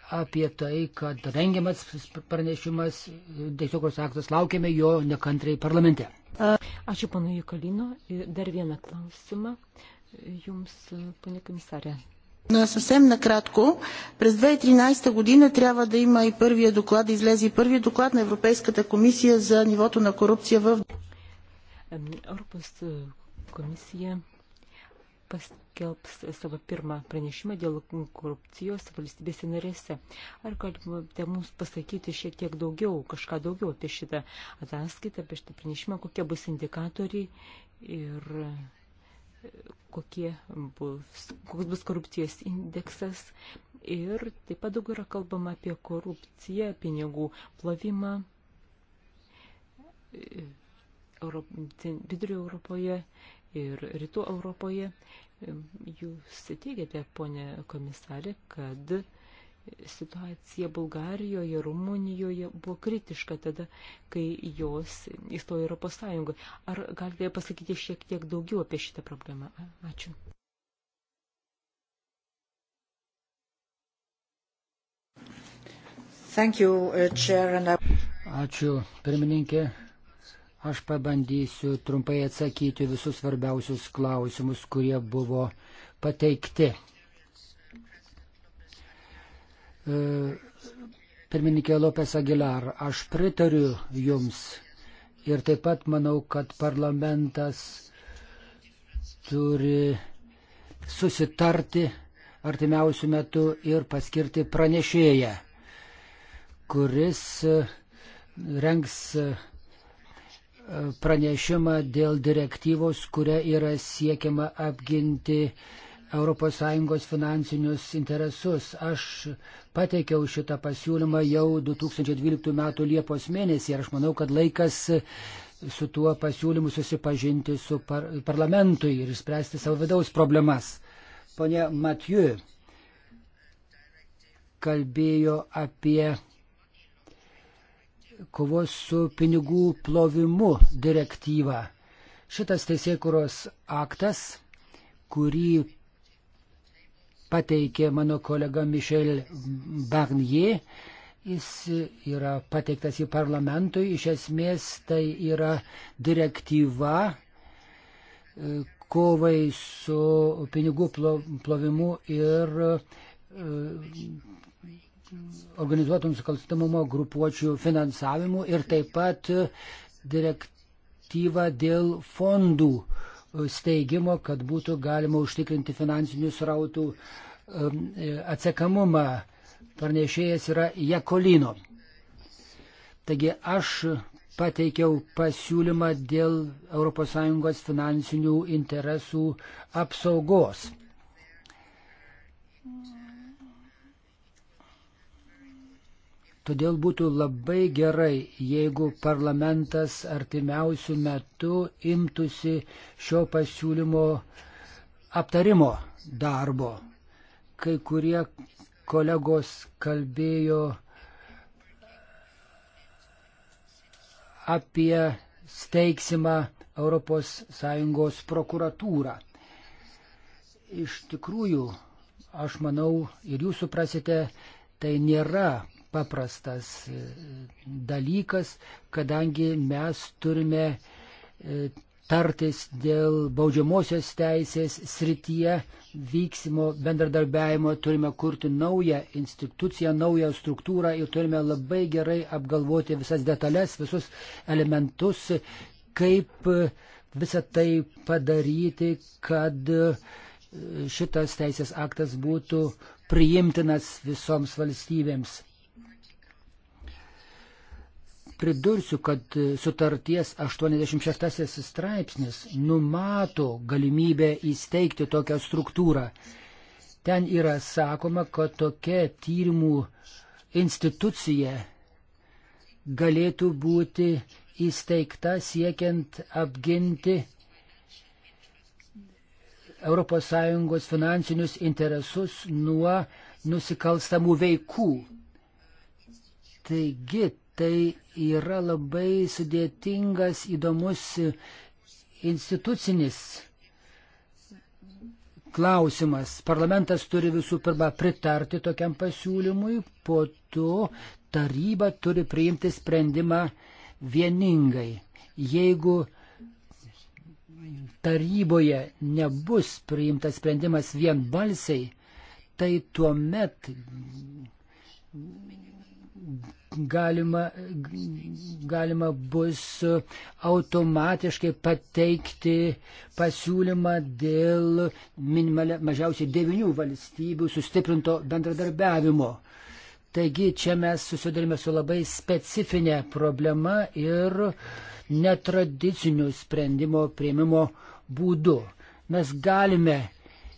apie tai, kad rengiamas pranešimas, teisėkos aktas, laukiame jo nekantrai parlamente. Ačiū panu Jukalino. Dar vieną klausimą jums, pane комисаря. Съвсем накратко, през 2013 година трябва да има и първия доклад, да излезе и първия доклад на Европейската комисия за нивото на корупция в... Европейската комисия paskelbs savo pirmą pranešimą dėl korupcijos valstybėse narėse. Ar galite mums pasakyti šiek tiek daugiau, kažką daugiau apie šitą ataskaitą, apie šitą pranešimą, kokie bus indikatoriai ir e, kokie bus, koks bus korupcijos indeksas. Ir taip pat daug yra kalbama apie korupciją, pinigų plovimą. E, Europ, vidurio Europoje ir rytų Europoje Jūs teigiate, ponė komisarė, kad situacija Bulgarijoje, Rumunijoje buvo kritiška tada, kai jos įstojo Europos Sąjungą. Ar galite pasakyti šiek tiek daugiau apie šitą problemą? Ačiū. Thank you, uh, Chair, and I... Ačiū, pirmininkė. Aš pabandysiu trumpai atsakyti visus svarbiausius klausimus, kurie buvo pateikti. E, pirmininkė Lopes Aguilar, aš pritariu Jums ir taip pat manau, kad parlamentas turi susitarti artimiausių metų ir paskirti pranešėją, kuris rengs pranešimą dėl direktyvos, kuria yra siekiama apginti ES finansinius interesus. Aš pateikiau šitą pasiūlymą jau 2012 m. Liepos mėnesį ir aš manau, kad laikas su tuo pasiūlymu susipažinti su par parlamentui ir spręsti savo vidaus problemas. Pone Matiju kalbėjo apie kovos su pinigų plovimu direktyvą. Šitas teisėkuros aktas, kurį pateikė mano kolega Mišel Barnier, jis yra pateiktas į parlamentui, iš esmės tai yra direktyva e, kovai su pinigų plovimu ir e, organizuotų nusikalstamumo grupuočių finansavimu ir taip pat direktyva dėl fondų steigimo, kad būtų galima užtikrinti finansinių srautų atsekamumą. Pranešėjas yra Jekolino. Taigi aš pateikiau pasiūlymą dėl ES finansinių interesų apsaugos. Todėl būtų labai gerai, jeigu parlamentas artimiausių metų imtųsi šio pasiūlymo aptarimo darbo. Kai kurie kolegos kalbėjo apie steigsimą ES prokuratūrą. Iš tikrųjų, aš manau ir jūs suprasite, tai nėra paprastas e, dalykas, kadangi mes turime e, tartis dėl baudžiamosios teisės srityje vyksimo bendradarbiajimo, turime kurti naują instituciją, naują struktūrą ir turime labai gerai apgalvoti visas detalės, visus elementus, kaip e, visą tai padaryti, kad šitas teisės aktas būtų priimtinas visoms valstybėms. Pridursiu, kad sutarties 86 straipsnis numato galimybę įsteigti tokią struktūrą. Ten yra sakoma, kad tokia tyrimų institucija galėtų būti įsteigta siekiant apginti ES finansinius interesus nuo nusikalstamų veikų. Taigi tai yra labai sudėtingas, įdomus institucinis klausimas. Parlamentas turi visų pirma pritarti tokiam pasiūlymui, po to taryba turi priimti sprendimą vieningai. Jeigu taryboje nebus priimtas sprendimas vienbalsiai, tai tuomet galima, galima bus automatiškai pateikti pasiūlymą dėl minimalė, mažiausiai devinių valstybių sustiprinto bendradarbiavimo. Taigi čia mes susidurime su labai specifinė problema ir netradicinių sprendimo prieimimo būdu. Mes galime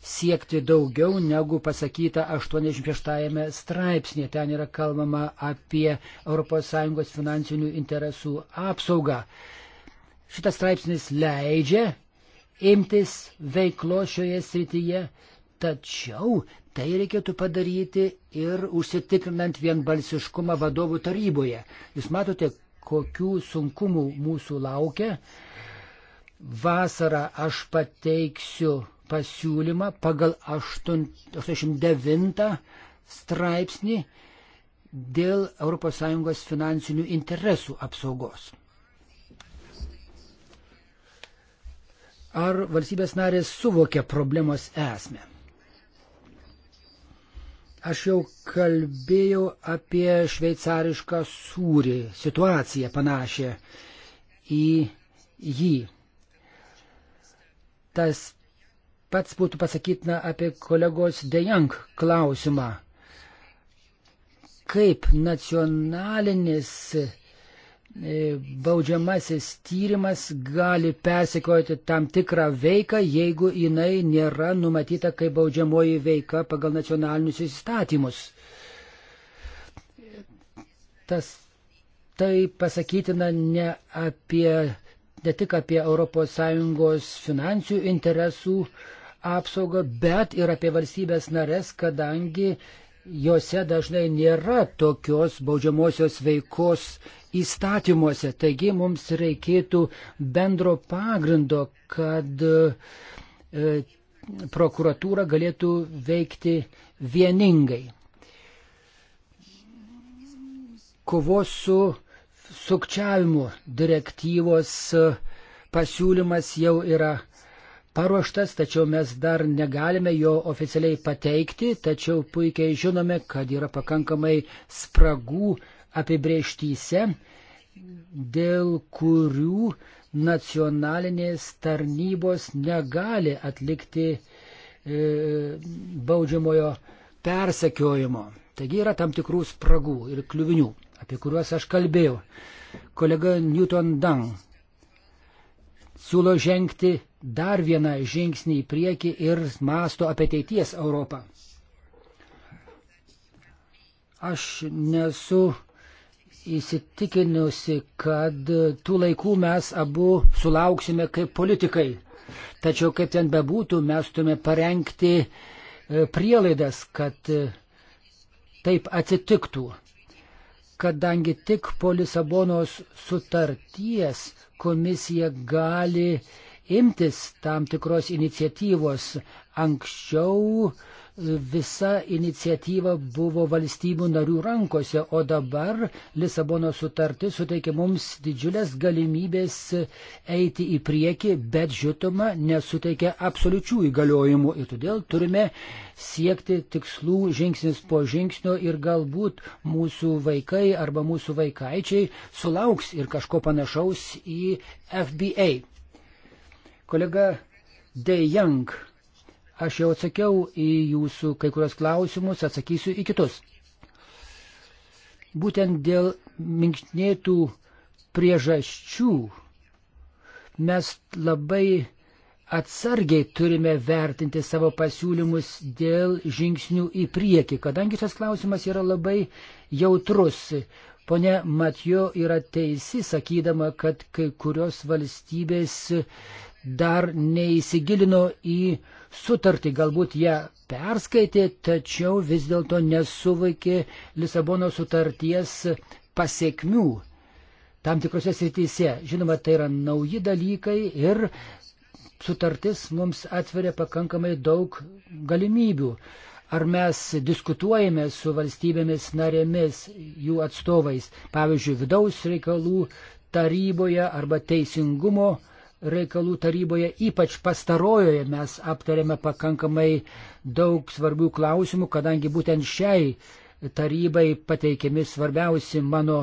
siekti daugiau negu pasakyta 86 straipsnėje. Ten yra kalbama apie ES finansinių interesų apsaugą. Šitas straipsnis leidžia imtis veiklo šioje srityje, tačiau tai reikėtų padaryti ir užsitikrinant vienbalsiškumą vadovų taryboje. Jūs matote, kokių sunkumų mūsų laukia. Vasarą aš pateiksiu pasiūlymą pagal 89 straipsnį dėl ES finansinių interesų apsaugos. Ar valstybės narės suvokia problemos esmę? Aš jau kalbėjau apie šveicarišką sūrį, situaciją panašią į jį. Tas pats būtų pasakytina apie kolegos Dejang klausimą. Kaip nacionalinis e, baudžiamasis tyrimas gali persikoti tam tikrą veiką, jeigu jinai nėra numatyta kaip baudžiamoji veika pagal nacionalinius įstatymus. Tas tai pasakytina ne apie ne tik apie ES finansinių interesų apsaugą, bet ir apie valstybės narės, kadangi jose dažnai nėra tokios baudžiamosios veikos įstatymuose. Taigi mums reikėtų bendro pagrindo, kad e, prokuratūra galėtų veikti vieningai. Kovos su sukčiavimu direktyvos e, pasiūlymas jau yra paruoštas, tačiau mes dar negalime jo oficialiai pateikti, tačiau puikiai žinome, kad yra pakankamai spragų apibrieštyse, dėl kurių nacionalinės tarnybos negali atlikti e, baudžiamojo persekiojimo. Taigi yra tam tikrų spragų ir kliuvinių, apie kuriuos aš kalbėjau. Kolega Newton Dang siūlo žengti dar vieną žingsnį į priekį ir masto apie ateities Europą. Aš nesu įsitikinusi, kad tų laikų mes abu sulauksime kaip politikai. Tačiau kaip ten bebūtų, mes turime parengti e, prielaidas, kad e, taip atsitiktų kadangi tik po Lisabonos sutarties komisija gali imtis tam tikros iniciatyvos Anksčiau visa iniciatyva buvo valstybių narių rankose, o dabar Lisabono sutartis suteikia mums didžiulės galimybės eiti į priekį, bet žitoma nesuteikia absoliučių įgaliojimų ir todėl turime siekti tikslų žingsnis po žingsnio ir galbūt mūsų vaikai arba mūsų vaikaičiai sulauks ir kažko panašaus į FBA. Kolega De Young Aš jau atsakiau į jūsų kai kurios klausimus, atsakysiu į kitus. Būtent dėl minkšnėtų priežasčių mes labai atsargiai turime vertinti savo pasiūlymus dėl žingsnių į priekį, kadangi šis klausimas yra labai jautrus. Pone Matijo yra teisi, sakydama, kad kai kurios valstybės dar neįsigilino į sutartį, galbūt ją perskaitė, tačiau vis dėlto nesuvaikė Lisabono sutarties pasiekmių tam tikrose srityse. Žinoma, tai yra nauji dalykai ir sutartis mums atveria pakankamai daug galimybių. Ar mes diskutuojame su valstybėmis narėmis, jų atstovais, pavyzdžiui, vidaus reikalų taryboje arba teisingumo uh, reikalų taryboje, ypač pastarojoje mes aptarėme pakankamai daug svarbių klausimų, kadangi būtent šiai tarybai pateikiami svarbiausi mano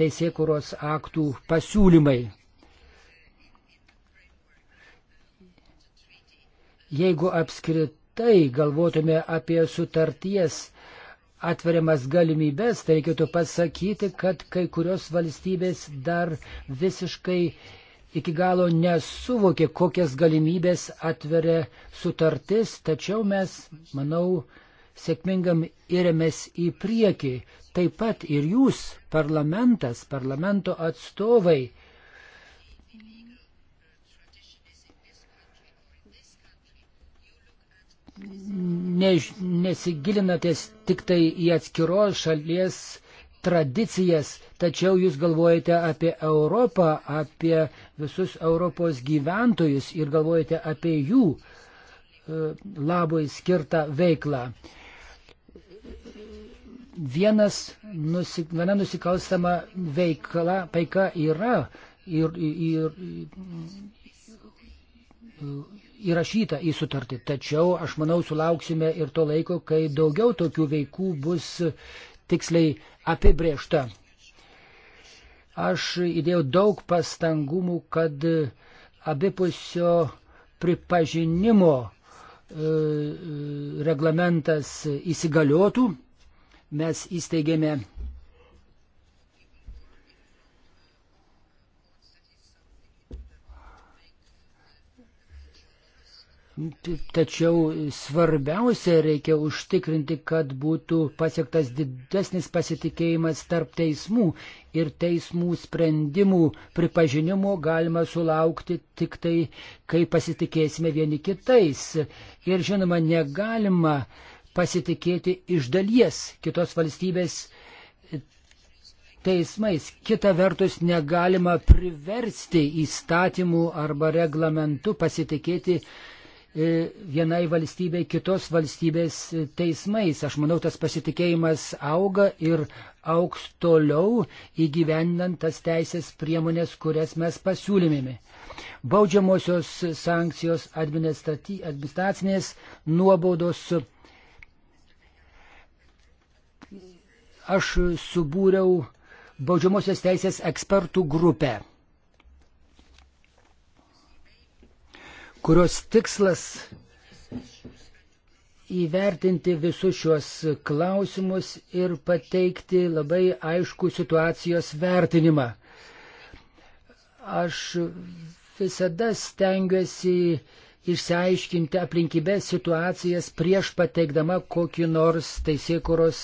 teisėkuros aktų pasiūlymai. Jeigu apskritai galvotume apie sutarties atveriamas galimybės, tai reikėtų pasakyti, kad kai kurios valstybės dar visiškai iki galo nesuvokė, kokias galimybės atveria sutartis, tačiau mes, manau, sėkmingam įrėmės į priekį. Taip pat ir jūs, parlamentas, parlamento atstovai, ne, nesigilinatės tik tai į atskiros šalies tradicijas, tačiau jūs galvojate apie Europą, apie visus Europos gyventojus ir galvojate apie jų e, labui skirtą veiklą. Vienas, nusik, viena nusikalstama veikla, paika yra ir, ir, įrašyta į sutartį. Tačiau aš manau sulauksime ir to laiko, kai daugiau tokių veikų bus tiksliai apibriešta. Aš įdėjau daug pastangumų, kad abipusio pripažinimo e, e, reglamentas įsigaliotų. Mes įsteigėme Tačiau svarbiausia reikia užtikrinti, kad būtų pasiektas didesnis pasitikėjimas tarp teismų ir teismų sprendimų pripažinimo galima sulaukti tik tai, kai pasitikėsime vieni kitais. Ir žinoma, negalima pasitikėti iš dalies kitos valstybės teismais. Kita vertus, negalima priversti įstatymų arba reglamentų pasitikėti E, vienai valstybei kitos valstybės teismais. Aš manau, tas pasitikėjimas auga ir auks toliau įgyvendant tas teisės priemonės, kurias mes pasiūlymėme. Baudžiamosios sankcijos administracinės nuobaudos. Aš subūriau baudžiamosios teisės ekspertų grupę kurios tikslas įvertinti visus šiuos klausimus ir pateikti labai aišku situacijos vertinimą. Aš visada stengiuosi išsiaiškinti aplinkybės situacijas prieš pateikdama kokį nors teisėkuros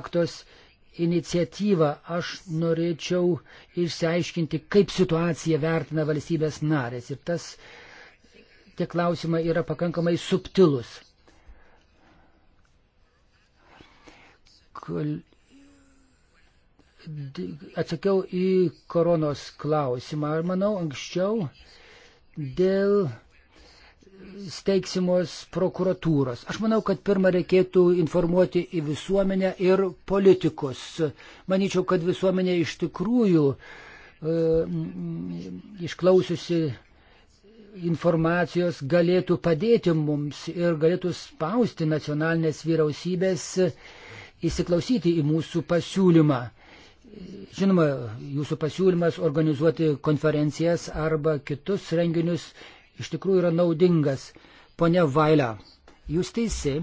aktos iniciatyvą. Aš norėčiau išsiaiškinti, kaip situaciją vertina valstybės narės. Ir tas uh, tie klausimai yra pakankamai subtilus. Kol... Atsakiau į koronos klausimą, ar manau anksčiau dėl steigsimos prokuratūros. Aš manau, kad pirmą reikėtų informuoti į visuomenę ir politikus. Manyčiau, kad visuomenė iš tikrųjų e, išklausiusi informacijos galėtų padėti mums ir galėtų spausti nacionalinės vyriausybės įsiklausyti į mūsų pasiūlymą. Žinoma, jūsų pasiūlymas organizuoti konferencijas arba kitus renginius iš tikrųjų yra naudingas. Pone Vaila, jūs teisi.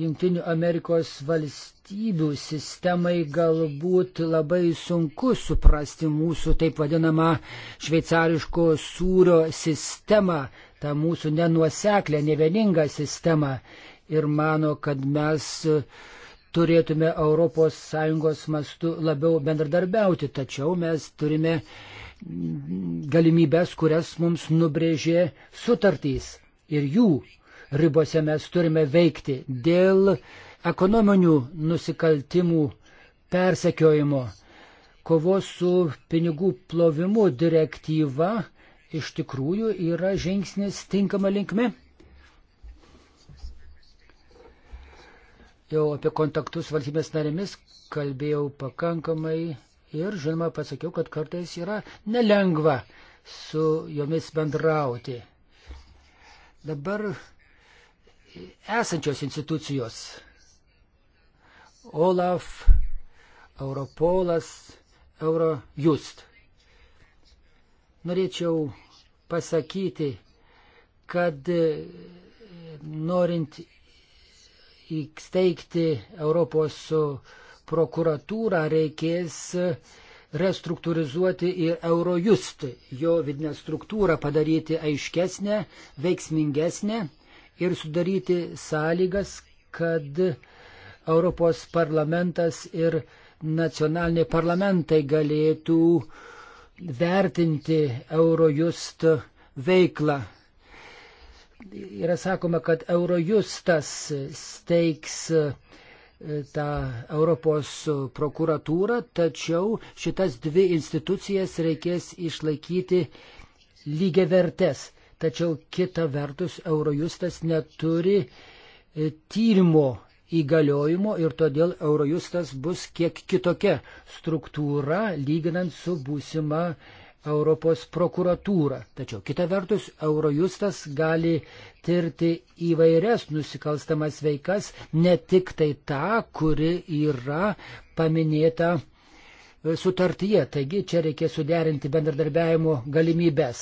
Junktinių Amerikos valstybių sistemai galbūt labai sunku suprasti mūsų taip vadinamą šveicariško sūrio sistemą, tą mūsų nenuoseklę, nevieningą sistemą ir mano, kad mes turėtume ES mastu labiau bendradarbiauti, tačiau mes turime galimybės, kurias mums nubrėžė sutartys ir jų ribose mes turime veikti. Dėl ekonominių nusikaltimų persekiojimo, kovos su pinigų plovimu direktyva iš tikrųjų yra žingsnis tinkama linkme. Jau apie kontaktus valstybės narėmis kalbėjau pakankamai ir, žinoma, pasakiau, kad kartais yra nelengva su jomis bendrauti. Dabar esančios institucijos. Olaf, Europolas, Eurojust. Norėčiau pasakyti, kad e, norint įsteigti Europos prokuratūrą reikės restruktūrizuoti ir Eurojust, jo vidinę struktūrą padaryti aiškesnę, veiksmingesnę ir sudaryti sąlygas, kad Europos parlamentas ir nacionaliniai parlamentai galėtų vertinti Eurojust veiklą. Yra sakoma, kad Eurojustas steigs e, tą Europos prokuratūrą, tačiau šitas dvi institucijas reikės išlaikyti lygiavertes tačiau kita vertus Eurojustas neturi e, tyrimo įgaliojimo ir todėl Eurojustas bus kiek kitokia struktūra lyginant su būsima Europos prokuratūra. Tačiau kita vertus Eurojustas gali tirti įvairias nusikalstamas veikas, ne tik tai tą, kuri yra paminėta sutartyje, taigi čia reikės suderinti bendradarbiavimo galimybės.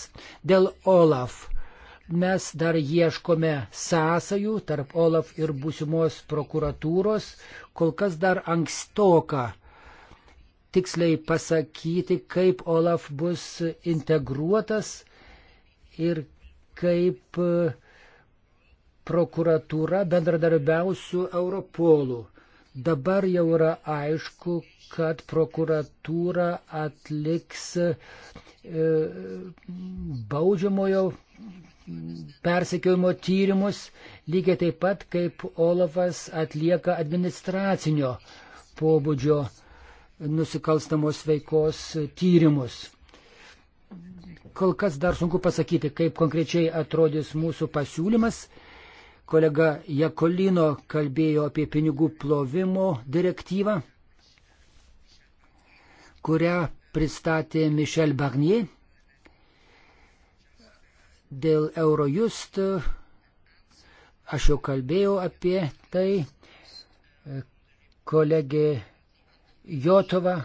Dėl OLAF mes dar ieškome sąsajų tarp OLAF ir būsimos prokuratūros, kol kas dar ankstoka tiksliai pasakyti, kaip OLAF bus integruotas ir kaip e, prokuratūra bendradarbiaus su Europolu. Dabar jau yra aišku, kad prokuratūra atliks e, baudžiamojo persekiojimo tyrimus, lygiai taip pat kaip Olafas atlieka administracinio pobūdžio nusikalstamos veikos tyrimus. Kol kas dar sunku pasakyti, kaip konkrečiai atrodys mūsų pasiūlymas, Kolega Jakolino kalbėjo apie pinigų plovimo direktyvą, kurią pristatė Michel Barnier dėl Eurojust. Eh, aš jau kalbėjau apie tai. Eh, kolegė Jotova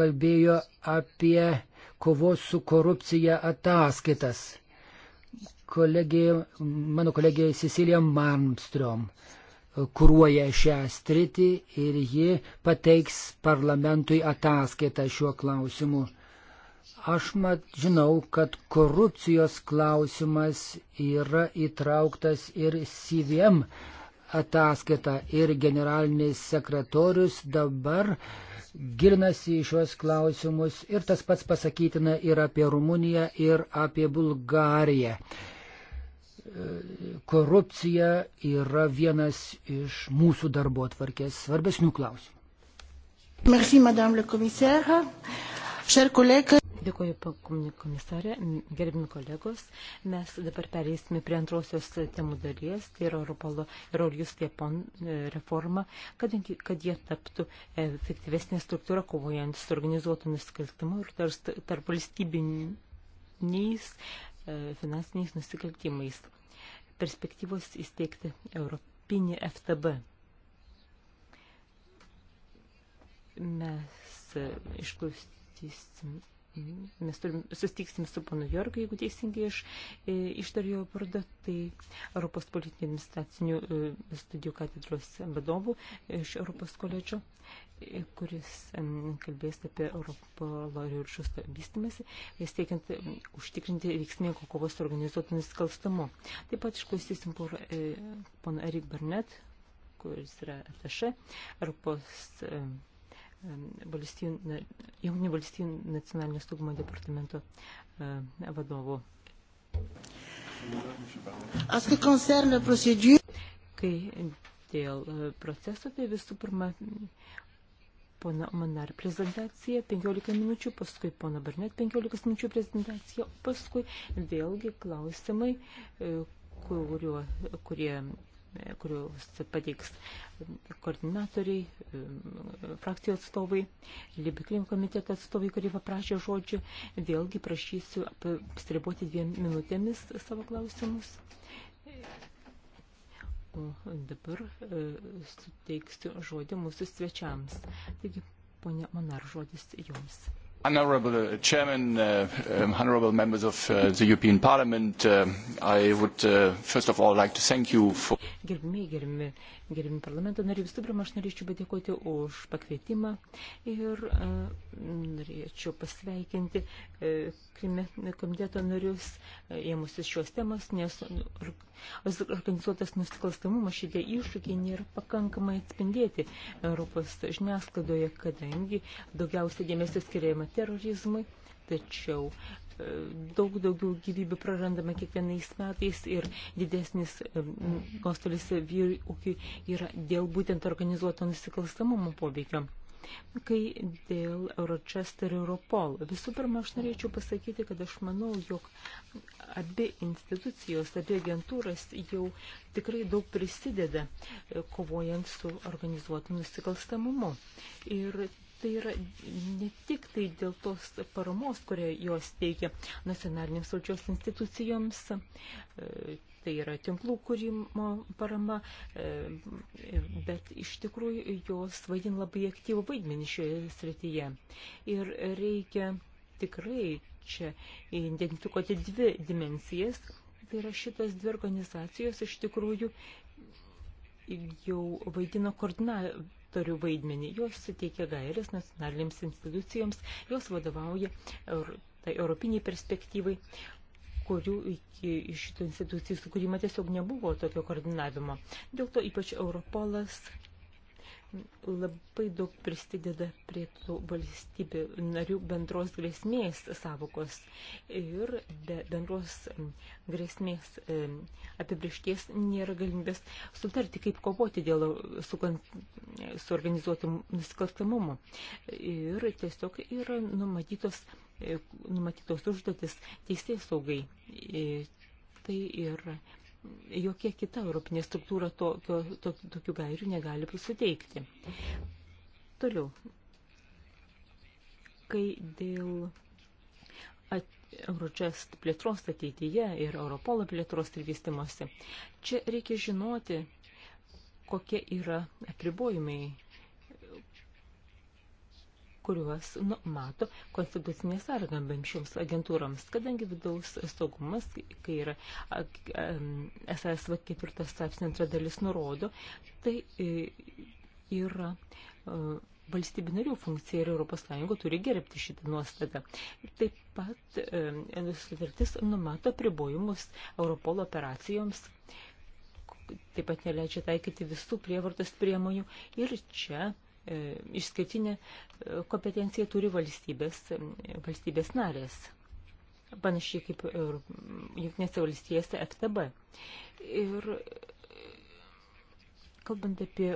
kalbėjo apie kovos su korupcija ataskaitas kolegė, mano kolegė Cecilija Marmstrom e, kūruoja šią stritį ir ji pateiks parlamentui ataskaitą šiuo klausimu. Aš mat žinau, kad korupcijos klausimas yra įtrauktas ir CVM ataskaita ir generalinis sekretorius dabar gilinasi į šios klausimus ir tas pats pasakytina ir apie Rumuniją, ir apie Bulgariją korupcija yra vienas iš mūsų darbo atvarkės svarbesnių klausimų. Merci, madame le commissaire. Cher collègue. Dėkuoju, komisarė, gerbimi kolegos. Mes dabar pereisime prie antrosios temų dalies, tai yra Europolo ir Olijus Japon e, reforma, kad, kad jie taptų e, efektyvesnė struktūra kovojant su organizuotu nusikaltimu ir tarp valstybiniais e, finansiniais nusikaltimais perspektyvos įsteigti Europinį FTB. Mes išklausysim mes turim, sustiksim su panu Jorgu, jeigu teisingai iš, e, ištarėjo vardą, tai Europos politinių administracinių e, studijų katedros vadovų iš Europos koledžo, e, kuris kalbės apie Europolorių ir šustą vystimąsi, steikiant užtikrinti veiksmingą kovos su organizuotų nusikalstamu. Taip pat išklausysim poną Erik Barnet, kuris yra atašė Europos Junktinių valstybių nacionalinio saugumo departamento e, vadovu. Kai dėl e, proceso, tai visų pirma, pono Manar prezentacija 15 minučių, paskui pono Barnet 15 minučių prezentacija, paskui vėlgi klausimai, e, kurio, kurie kuriuos pateiks koordinatoriai, e, frakcijų atstovai, Libikrim komiteto atstovai, kurie paprašė žodžių. Vėlgi prašysiu apstriboti dviem minutėmis savo klausimus. O dabar e, suteiksiu žodį mūsų svečiams. Taigi, ponia Monar, žodis jums. Honourable uh, Chairman, uh, um, honourable members of uh, the European Parliament, uh, I would uh, first of all like to thank you for. Gerbimi, gerbimi, gerbimi parlamento nariai, visų pirma, aš norėčiau padėkoti už pakvietimą ir uh, norėčiau pasveikinti uh, krime, komiteto narius uh, ėmusis šios temos, nes organizuotas nusikalstamumas šitie iššūkiai nėra pakankamai atspindėti Europos žiniasklaidoje, kadangi daugiausia dėmesio skiriama terorizmui, tačiau e, daug daugiau gyvybių prarandama kiekvienais metais ir didesnis e, nuostolis vyrui ūkiui yra dėl būtent organizuoto nusikalstamumo poveikio. Kai dėl Eurochester ir Europol. Visų pirma, aš norėčiau pasakyti, kad aš manau, jog abi institucijos, abi agentūras jau tikrai daug prisideda e, kovojant su organizuotu nusikalstamumu. Ir tai yra ne tik tai dėl tos paramos, kurią jos teikia nacionalinėms valdžios institucijoms, e, tai yra tinklų kūrimo parama, e, bet iš tikrųjų jos vaidin labai aktyvų vaidmenį šioje srityje. Ir reikia tikrai čia identifikuoti dvi dimensijas. Tai yra šitas dvi organizacijos iš tikrųjų jau vaidina koordina, sektorių vaidmenį. Jos suteikia gairės nacionalinėms institucijoms, jos vadovauja tai europiniai perspektyvai, kurių iki šitų institucijų sukūrimo tiesiog nebuvo tokio koordinavimo. Dėl to ypač Europolas labai daug prisideda prie tų valstybių narių bendros grėsmės savokos ir be bendros grėsmės apibriešties nėra galimybės sutarti, kaip kovoti dėl suorganizuotų nusikalstamumo. Ir tiesiog yra numatytos, e, numatytos užduotis teisės saugai. E, tai yra jokia kita europinė struktūra tokio, to, tokių gairių negali prisuteikti. Toliau. Kai dėl at, Eurojust plėtros ateityje ir Europolo plėtros ir vystimosi, čia reikia žinoti, kokie yra apribojimai kuriuos numato konstitucinė sąraga šioms agentūroms, kadangi vidaus saugumas, kai yra SSV ketvirtas straipsnė antra dalis nurodo, tai e, yra e, valstybių narių funkcija ir Europos Sąjunga turi gerbti šitą nuostatą. Taip pat e, sutartis numato pribojimus Europolo operacijoms taip pat neleidžia taikyti visų prievartos priemonių ir čia E, išskirtinę e, kompetenciją turi valstybės, e, valstybės narės, panašiai kaip ir Junktinėse valstijose FTB. Ir kalbant apie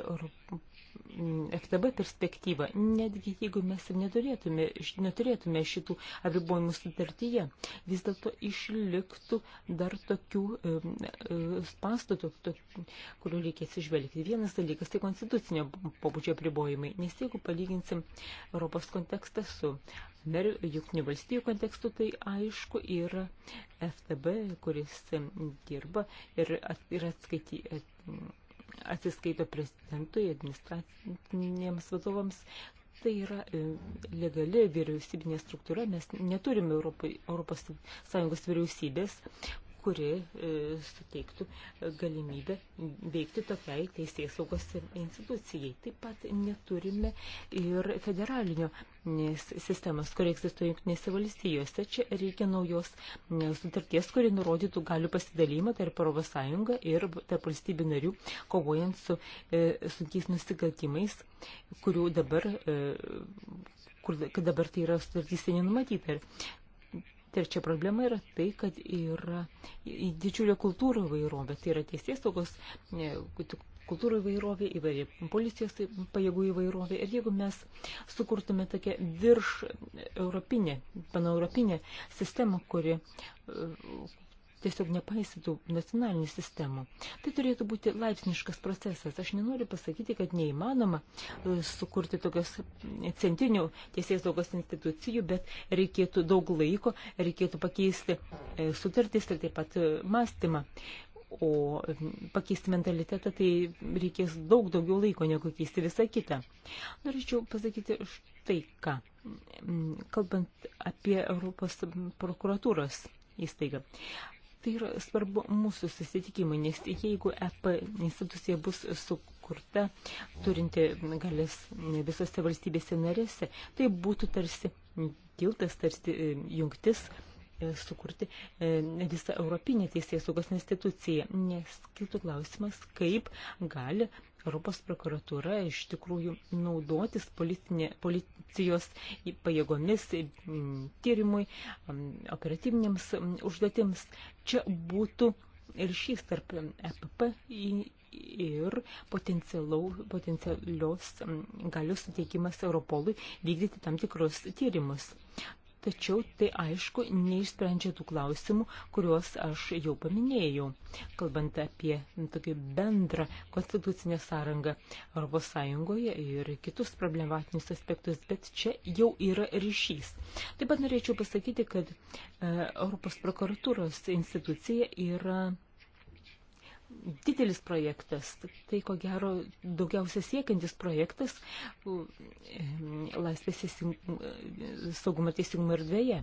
Mm, FTB perspektyvą, netgi jeigu mes ir neturėtume, neturėtume šitų apribojimų sutartyje, vis dėlto išliktų dar tokių e, e, pastatų, kurių reikia atsižvelgti. Vienas dalykas tai konstitucinio pobūdžio apribojimai, nes jeigu palyginsim Europos kontekstą su Junktinių valstybių kontekstu, tai aišku yra FTB, kuris dirba ir yra atskaityti atsiskaito prezidentui, administracinėms vadovams. Tai yra e, legali vyriausybinė struktūra, mes neturime Europos Sąjungos vyriausybės, kuri e, suteiktų galimybę veikti tokiai teisėjai saugos institucijai. Taip pat neturime ir federalinio sistemas, kurie egzistuoja jungtinėse valstijose. Čia reikia naujos e, sutarties, kuri nurodytų galių pasidalymą tarp Europos Sąjungą ir tarp valstybių narių, kovojant su e, sunkiais nusikaltimais, kurių dabar e, kur, kad dabar tai yra sutartyse nenumatyta. Ir Trečia problema yra tai, kad yra didžiulė kultūrų įvairovė, tai yra teisės saugos e, kultūrų įvairovė, įvairi policijos tai, pajėgų įvairovė. Ir jeigu mes sukurtume tokią virš europinę, paneuropinę sistemą, kuri e, tiesiog nepaisytų nacionalinių sistemų. Tai turėtų būti laipsniškas procesas. Aš nenoriu pasakyti, kad neįmanoma e, sukurti tokios centrinių teisės saugos institucijų, bet reikėtų daug laiko, reikėtų pakeisti e, sutartis ir taip pat e, mąstymą. O pakeisti mentalitetą tai reikės daug daugiau laiko, negu keisti visą kitą. Norėčiau pasakyti štai ką, kalbant apie Europos prokuratūros įstaigą. Tai yra svarbu mūsų susitikimui, nes jeigu EP institucija bus sukurta, turinti galės visose valstybėse narėse, tai būtų tarsi tiltas, tarsi e, jungtis e, sukurti e, visą Europinę teisėjų saugos instituciją, nes kiltų klausimas, kaip gali Europos prokuratūra iš tikrųjų naudotis politinė, policijos pajėgomis tyrimui, operatyvinėms užduotėms. Čia būtų ryšys tarp EPP ir potencialios galios suteikimas Europolui vykdyti tam tikrus tyrimus tačiau tai aišku neišsprendžia tų klausimų, kuriuos aš jau paminėjau, kalbant apie tokį bendrą konstitucinę sąrangą ES ir kitus problematinius aspektus, bet čia jau yra ryšys. Taip pat norėčiau pasakyti, kad e, Europos prokuratūros institucija yra didelis projektas, tai ko gero daugiausia siekiantis projektas laisvės saugumo teisingumo erdvėje,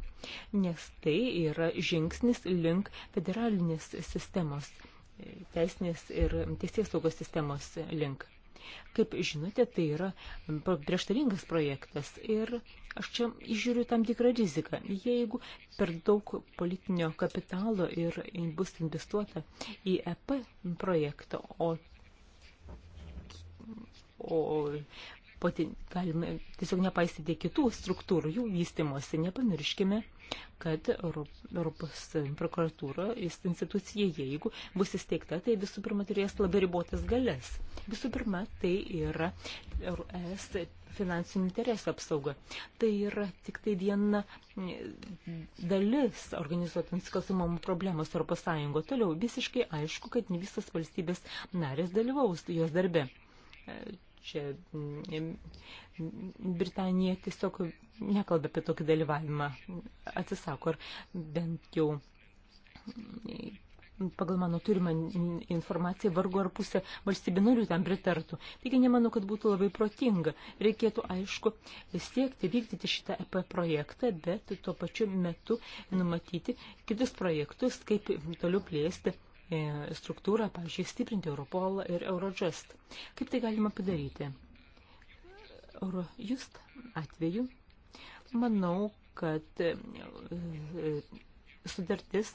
nes tai yra žingsnis link federalinės sistemos, e, teisinės ir teisės saugos sistemos link. Kaip žinote, tai yra prieštaringas projektas ir aš čia išžiūriu tam tikrą riziką. Jeigu per daug politinio kapitalo ir bus investuota į EP projektą, o, o pati, galime tiesiog nepaisyti kitų struktūrų, jų vystimosi. Nepamirškime, kad Europos prokuratūra, institucija, jeigu bus įsteigta, tai visų pirma turės labai ribotas galės. Visų pirma, tai yra ES finansinių interesų apsauga. Tai yra tik tai viena mm, dalis organizuotų nusikalstamumo problemos Europos Sąjungo. Toliau visiškai aišku, kad ne visas valstybės narės dalyvaus jos darbe čia mm, Britanija tiesiog nekalba apie tokį dalyvavimą, atsisako, ar bent jau mm, pagal mano turimą informaciją, vargu ar pusė valstybė narių tam pritartų. Taigi nemanau, kad būtų labai protinga. Reikėtų, aišku, siekti vykdyti šitą EP projektą, bet tuo pačiu metu numatyti kitus projektus, kaip toliau plėsti E, struktūrą, pavyzdžiui, stiprinti Europolą ir Eurojust. Kaip tai galima padaryti? Eurojust atveju, manau, kad e, e, sudartis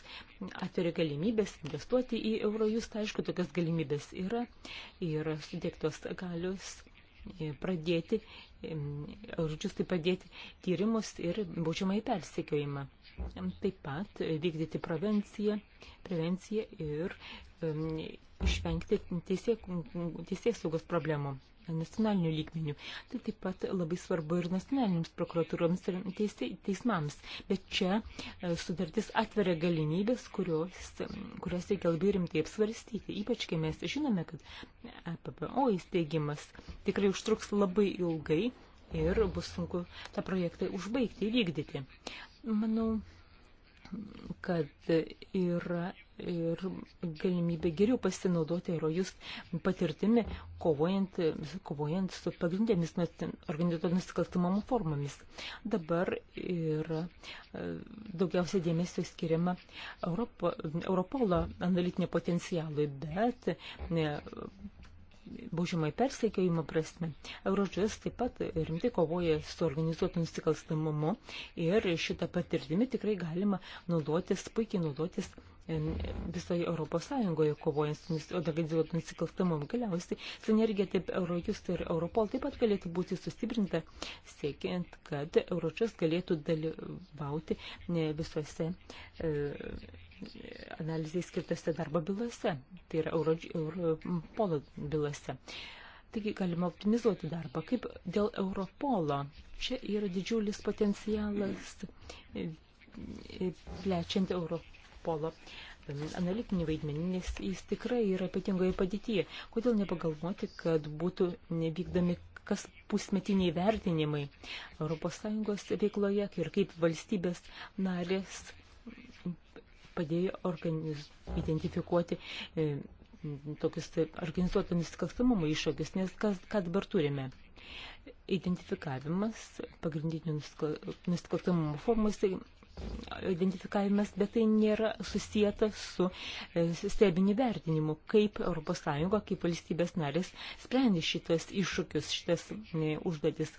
atveria galimybės investuoti į Eurojust, aišku, tokias galimybės yra ir sudėktos galius pradėti, Eurojust tai padėti tyrimus ir baudžiamą į persikiojimą taip pat e, vykdyti prevenciją, prevenciją ir um, išvengti teisės saugos problemų nacionalinių lygmenių. Tai taip pat labai svarbu ir nacionaliniams prokuratūroms ir teisė, teismams. Bet čia e, sudartis atveria galimybės, kurios, kurios reikia labai rimtai apsvarstyti. Ypač, kai mes žinome, kad APPO e įsteigimas tikrai užtruks labai ilgai ir bus sunku tą projektą užbaigti, įvykdyti. Manau, kad yra ir galimybė geriau pasinaudoti aerojus patirtimi, kovojant, kovojant su pagrindėmis organizuoto nusikaltimumo formomis. Dabar yra e, daugiausia dėmesio skiriama Europo, Europolo analitinė potencialui, bet ne, baudžiamai persekiojimo prasme. Eurodžus taip pat rimtai kovoja su organizuotu nusikalstamumu ir šitą patirtimį tikrai galima naudotis, puikiai naudotis e, visoje Europos Sąjungoje kovojant su organizuotu nusikalstamumu. Galiausiai sinergija taip Eurojust ir Europol taip pat galėtų būti sustiprinta, siekiant, kad Euročus galėtų dalyvauti visose e, analizai skirtose darbo bylose, tai yra Europolo bylose. Taigi galima optimizuoti darbą. Kaip dėl Europolo? Čia yra didžiulis potencialas e, plečiant Europolo analitinį vaidmenį, nes jis tikrai yra ypatingoje padėtyje. Kodėl nepagalvoti, kad būtų nevykdami kas pusmetiniai vertinimai ES veikloje ir kaip valstybės narės padėjo organiz, identifikuoti e, tokius tai organizuotą nusikalstamumą iššūkius, nes kas, ką dabar turime? Identifikavimas pagrindinių nusikalstamumo formų, jisai identifikavimas, bet tai nėra susijęta su e, stebiniu vertinimu, kaip ES, kaip valstybės narės sprendė šitas iššūkius, šitas e, užduotis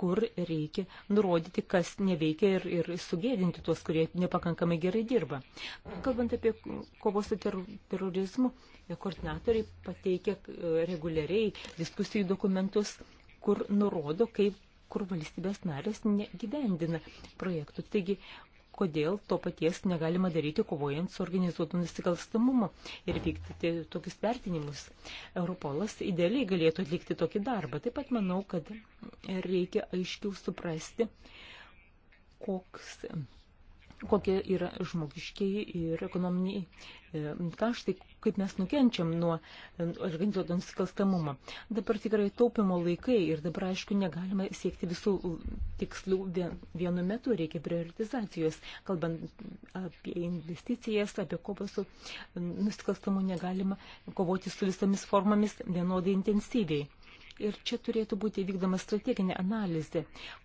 kur reikia nurodyti, kas neveikia ir, ir sugėdinti tuos, kurie nepakankamai gerai dirba. Kalbant apie kovos su ter terorizmu, e, koordinatoriai pateikia reguliariai diskusijų dokumentus, kur nurodo, kaip kur valstybės narės negyvendina projektų. Taigi kodėl to paties negalima daryti kovojant su organizuotu nusikalstamumu ir vykdyti tokius vertinimus. Europolas idealiai galėtų atlikti tokį darbą. Taip pat manau, kad reikia aiškiau suprasti, koks kokie yra žmogiškiai ir ekonominiai e, kaštai, kaip mes nukenčiam nuo e, organizuoto nusikalstamumo. Dabar tikrai taupimo laikai ir dabar, aišku, negalima siekti visų tikslų vienu metu, reikia prioritizacijos. Kalbant apie investicijas, apie kovą su nusikalstamu, negalima kovoti su visomis formomis vienodai intensyviai. Ir čia turėtų būti vykdoma strateginė analizė,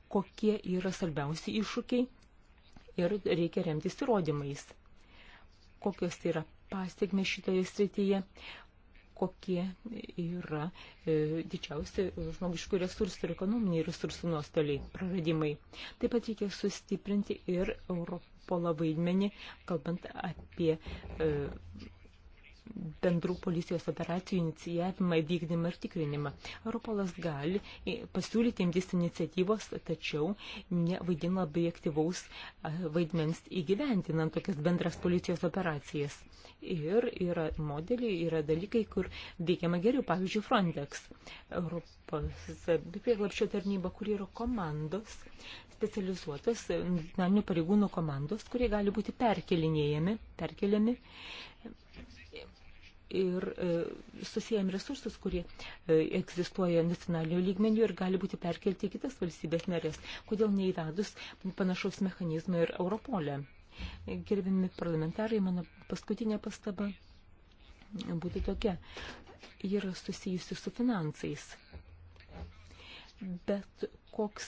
kokie yra svarbiausi iššūkiai ir reikia remtis įrodymais. Kokios tai yra pasiekmes šitoje srityje, kokie yra e, didžiausi žmogiškų resursų ir ekonominiai resursų nuostoliai, praradimai. Taip pat reikia sustiprinti ir Europolą vaidmenį, kalbant apie e, bendrų policijos operacijų inicijavimą, vykdymą ir tikrinimą. Europolas gali pasiūlyti imtis iniciatyvos, tačiau nevaidina labai aktyvaus vaidmens įgyventinant tokias bendras policijos operacijas. Ir yra modeliai, yra dalykai, kur veikiama geriau, pavyzdžiui, Frontex, Europos prieglapščio tarnyba, kur yra komandos, specializuotos nacionalinių pareigūnų komandos, kurie gali būti perkelinėjami, perkeliami ir e, susijęm resursus, kurie e, egzistuoja nacionalinio lygmenių ir gali būti perkelti į kitas valstybės narės. Kodėl neįvedus panašaus mechanizmo ir Europolė? Gerbimi parlamentarai, mano paskutinė pastaba būtų tokia. Yra susijusi su finansais. Bet koks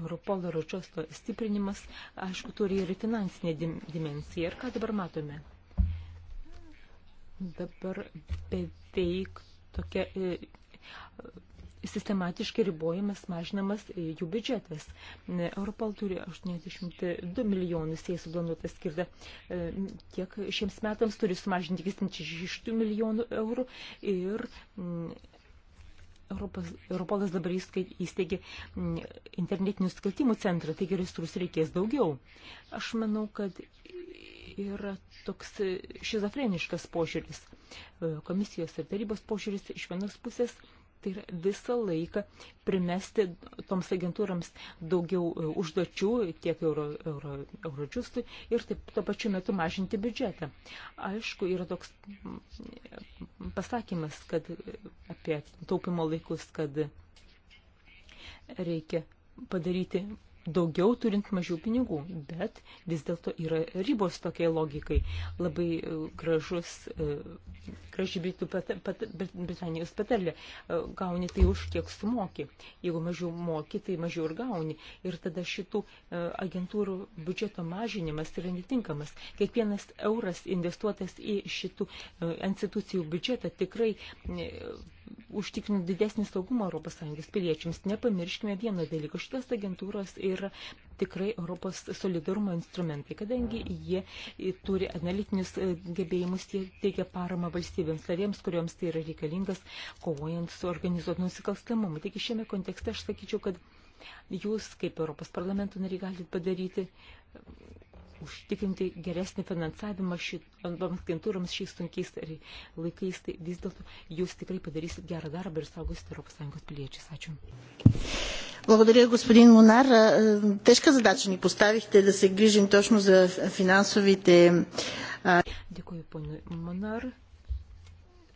Europolo ročiosto stiprinimas, aišku, turi ir finansinę dimensiją. Ir ką dabar matome? dabar beveik tokia e, sistematiškai ribojimas, mažinamas e, jų biudžetas. Europol turi 82 milijonus, jei suplanuota skirta e, tiek šiems metams, turi sumažinti 26 milijonų eurų ir Europos, Europolas dabar įsteigė internetinių skaltimų centrą, taigi resursų reikės daugiau. Aš manau, kad yra toks šizofreniškas požiūris. E, komisijos ir tarybos požiūris iš vienos pusės tai yra visą laiką primesti toms agentūrams daugiau e, užduočių, tiek euro, euro, eurodžiustų ir taip tuo pačiu metu mažinti biudžetą. Aišku, yra toks mm, pasakymas, kad e, apie taupimo laikus, kad reikia padaryti daugiau turint mažiau pinigų, bet vis dėlto yra ribos tokiai logikai. Labai e, gražus, e, graži Britų Britanijos patarlė, e, gauni tai už kiek sumoki. Jeigu mažiau moki, tai mažiau ir gauni. Ir tada šitų agentūrų biudžeto mažinimas yra netinkamas. Kiekvienas euras investuotas į šitų institucijų biudžetą tikrai užtikrinti didesnį saugumą ES piliečiams. Nepamirškime vieną dalyką. Šitas agentūros yra tikrai Europos solidarumo instrumentai, kadangi jie turi analitinius e, gebėjimus, jie teikia paramą valstybėms narėms, kuriuoms tai yra reikalingas, kovojant su organizuotų nusikalstamumu. Taigi šiame kontekste aš sakyčiau, kad jūs kaip Europos parlamento nariai galite padaryti užtikrinti geresnį finansavimą šitoms agentūroms šiais sunkiais laikais, tai vis dėlto jūs tikrai padarysit gerą darbą ir saugosite Europos Sąjungos piliečius. Ačiū. Благодаря, господин Монар. Тежка задача ни поставихте да се грижим точно за финансовите. Дякую, поне Монар.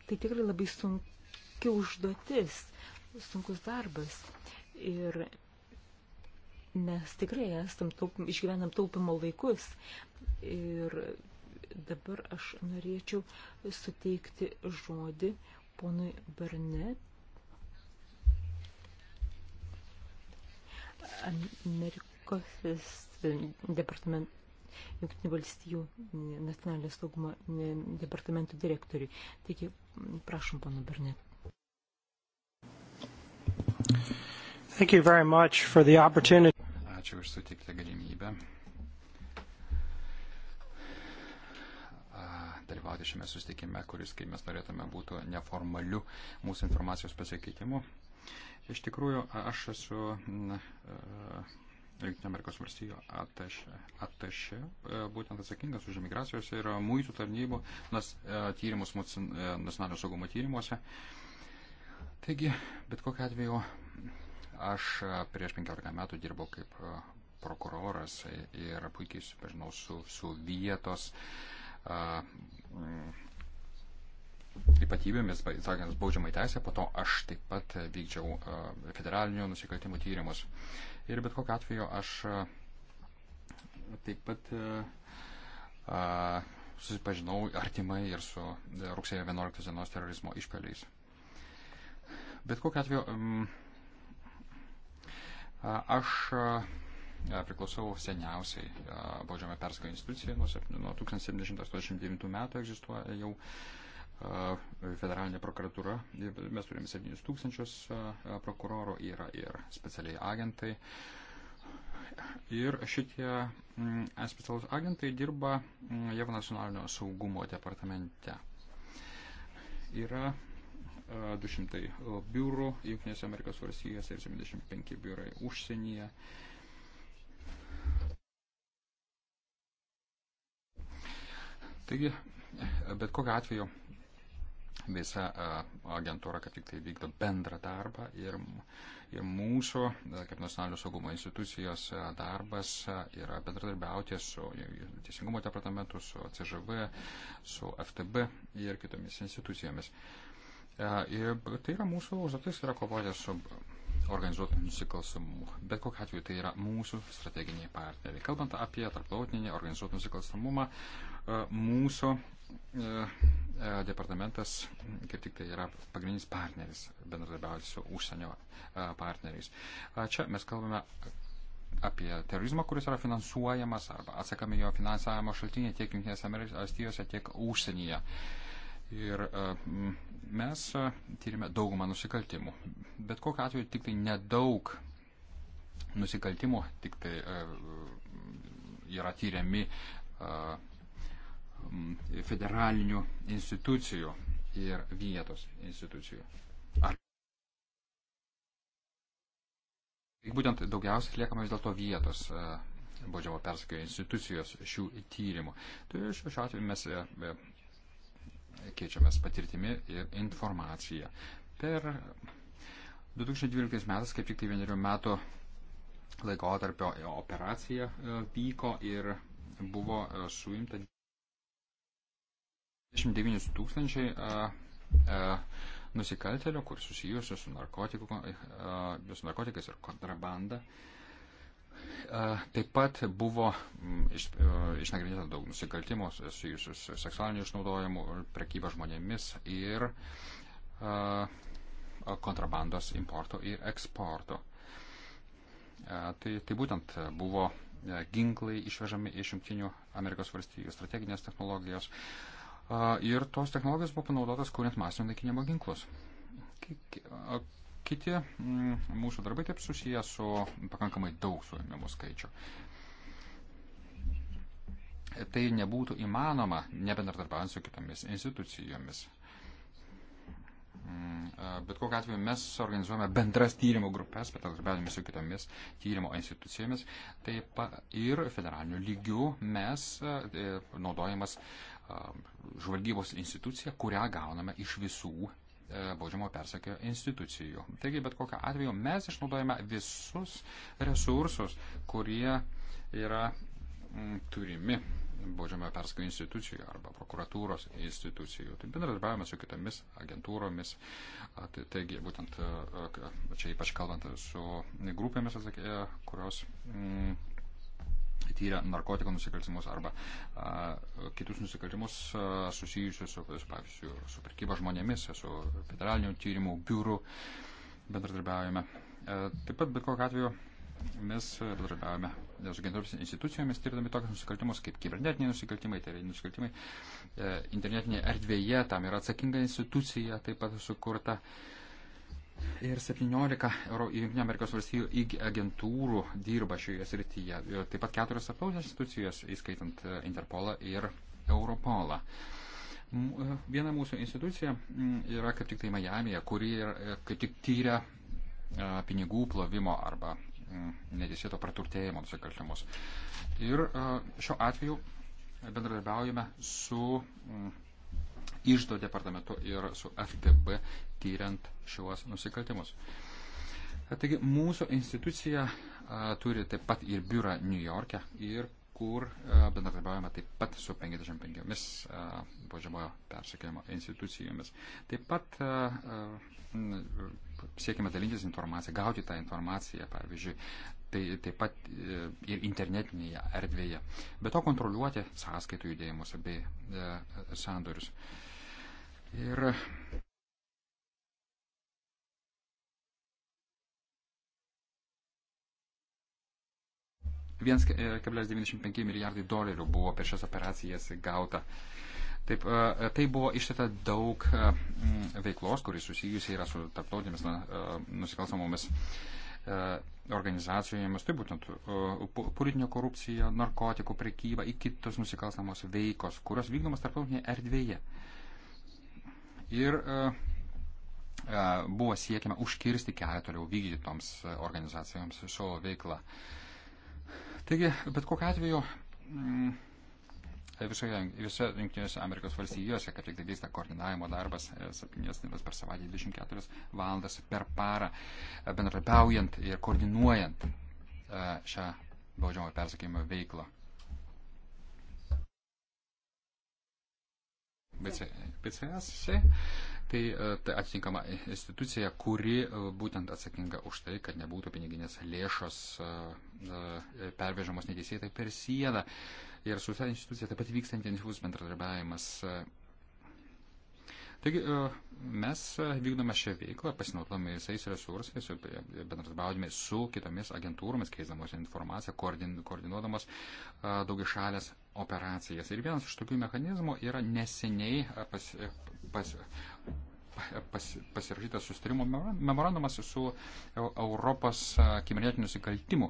Tai tikrai labai sunki užduotis, sunkus darbas. Ir mes tikrai esam taup, išgyvenam taupimo laikus. Ir dabar aš norėčiau suteikti žodį ponui Barnet. Amerikos departamentų, Junktinių valstijų nacionalinio saugumo departamentų direktoriui. Taigi, prašom, pono Barnet. Thank you very much for the opportunity ačiū už sutiktą galimybę dalyvauti šiame susitikime, kuris, kaip mes norėtume, būtų neformaliu mūsų informacijos pasikeitimu. Iš tikrųjų, aš esu Junktinė Amerikos valstijų atašė, atašė, būtent atsakingas už imigracijos ir muitų tarnybų nas, tyrimus nacionalinio saugumo tyrimuose. Taigi, bet kokiu atveju Aš e, prieš 15 metų dirbau kaip e, prokuroras ir puikiai susipažinau su, su vietos a, e, m, mm, ypatybėmis, sakant, baudžiamai teisę, po to aš taip pat vykdžiau a, federalinių nusikaltimų tyrimus. Ir bet kokiu atveju aš a, taip pat a, susipažinau artimai ir su rugsėjo 11 dienos terorizmo išpeliais. Bet kokiu atveju. M, mm, Aš priklausau seniausiai baudžiamą perską instituciją, nuo, nuo 1789 metų egzistuoja jau federalinė prokuratūra, mes turime 7 tūkstančius prokurorų, yra ir specialiai agentai. Ir šitie specialus agentai dirba JAV nacionalinio saugumo departamente. Yra 200 biurų Junktinėse Amerikos valstijose ir 75 biurai užsienyje. Taigi, bet kokiu atveju visa agentūra, kad tik tai vykdo bendrą darbą ir, ir mūsų, kaip nacionalinio saugumo institucijos darbas yra bendradarbiauti su Teisingumo departamentu, su CŽV, su FTB ir kitomis institucijomis. Uh, E, ir tai yra mūsų užduotis yra kovoti su organizuotų nusikalstamų. Bet kokiu atveju tai yra mūsų strateginiai partneriai. Kalbant apie tarptautinį organizuotų nusikalstamumą, e, mūsų e, departamentas kaip tik tai yra pagrindinis partneris bendradarbiauti su užsienio partneriais. Čia mes kalbame apie terorizmą, kuris yra finansuojamas arba atsakami jo finansavimo šaltiniai tiek Junktinėse Amerikos valstijose, tiek užsienyje. Uh, Ir e, mes e, tyrime daugumą nusikaltimų. Bet kokiu atveju tik tai nedaug nusikaltimų tik tai e, yra tyriami federalinių institucijų ir vietos institucijų. Ar... Tai būtent daugiausiai atliekama vis dėlto vietos baudžiamo persikėjo institucijos šių tyrimų. Tai šiuo atveju mes keičiamės patirtimi ir informacija. Per 2012 metais, kaip tik tai vienerių metų laikotarpio operacija e, vyko ir buvo e, suimta 29 tūkstančiai e, nusikaltelio, kur susijusiu su, su narkotikais ir kontrabanda. A, E, taip pat buvo mm, e, išnagrinėta daug nusikaltimų susijusių su seksualiniu išnaudojimu, prekyba žmonėmis ir e, kontrabandos importo ir eksporto. Tai, tai būtent buvo ginklai išvežami iš Junktinių Amerikos valstybių, strateginės technologijos. Ir tos technologijos buvo panaudotas kuriant masinio naikinimo ginklus. Kiti mm, mūsų darbai taip susiję su pakankamai daug suėmimų skaičių. Tai nebūtų įmanoma nebendradarbiaujant su kitomis institucijomis. Mm, bet kokiu atveju mes organizuojame bendras tyrimų grupės, bendradarbiaudami su kitomis tyrimo institucijomis. Taip ir federaliniu lygiu mes e, naudojamas žvalgybos institucija, kurią gauname iš visų E, baudžiamo persakio institucijų. Taigi, bet kokią atveju mes išnaudojame visus resursus, kurie yra m, mm, turimi baudžiamojo perskio institucijų arba prokuratūros institucijų. Tai bendradarbiavimas su kitomis agentūromis, tai, taigi būtent e, čia ypač kalbant su grupėmis, kurios m, mm, tyria narkotikų nusikaltimus arba a, kitus nusikaltimus a, susijusius su, pavyzdžiui, su prekyba žmonėmis, su federaliniu tyrimų biuru bendradarbiaujame. A, e, taip pat bet kokiu atveju mes bendradarbiaujame su agentūros institucijomis tirdami tokius nusikaltimus kaip kibernetiniai nusikaltimai, tai yra nusikaltimai e, internetinėje erdvėje, tam yra atsakinga institucija taip pat sukurta. E, ir 17 Junktinių Amerikos valstybių agentūrų dirba šioje srityje. Taip pat keturios tarptautinės institucijos, įskaitant e, Interpolą ir Europolą. E, viena mūsų institucija yra kaip tik tai Majamija, kuri yra, e, kaip tik tyria pinigų plovimo arba neteisėto praturtėjimo nusikaltimus. Ir šiuo atveju bendradarbiaujame su išdo departamentu ir su FTB tyriant šiuos nusikaltimus. Taigi mūsų institucija a, turi taip pat ir biurą New York'e ir kur bendradarbiaujame taip pat su 55 baudžiamojo persikėjimo institucijomis. Taip pat a, a, siekime dalintis informaciją, gauti tą informaciją, pavyzdžiui, tai taip pat e, ir internetinėje erdvėje. Be to kontroliuoti sąskaitų judėjimus bei e, sandorius. E, Ir Vienas kablelis 95 milijardai dolerių buvo per šias operacijas gauta. Taip, e, tai buvo ištita daug e, veiklos, kuris susijusi yra su tarptautinėmis e, nusikalstamomis organizacijomis, tai būtent politinio korupcija, narkotikų prekyba ir kitos nusikalstamos veikos, kurios vykdomas tarptautinėje erdvėje ir e, e, buvo siekiama užkirsti kelią toliau vykdytoms e, organizacijoms savo veiklą. Taigi, bet kokiu atveju mm, visoje, visoje Junktinėse Amerikos valstijose, kad tik tai vyksta koordinavimo darbas 7 dienas per savaitę, 24 valandas per parą, bendrapiaujant ir koordinuojant šią baudžiamo persakymą veiklą. BCS, tai, e, tai atitinkama institucija, kuri e, būtent atsakinga už tai, kad nebūtų piniginės lėšos e, pervežamos neteisėtai per sieną. Ir su ta institucija taip pat vyksta intensyvus bendradarbiavimas. Taigi mes vykdome šią veiklą, pasinaudodami visais resursais, bendradarbiaudami su kitomis agentūromis, keisdamos informaciją, koordinuodamos daugišalės operacijas. Ir vienas iš tokių mechanizmų yra neseniai pas, pas, pas, pasirašytas sustarimo memorandumas su Europos kibernetinių nusikaltimų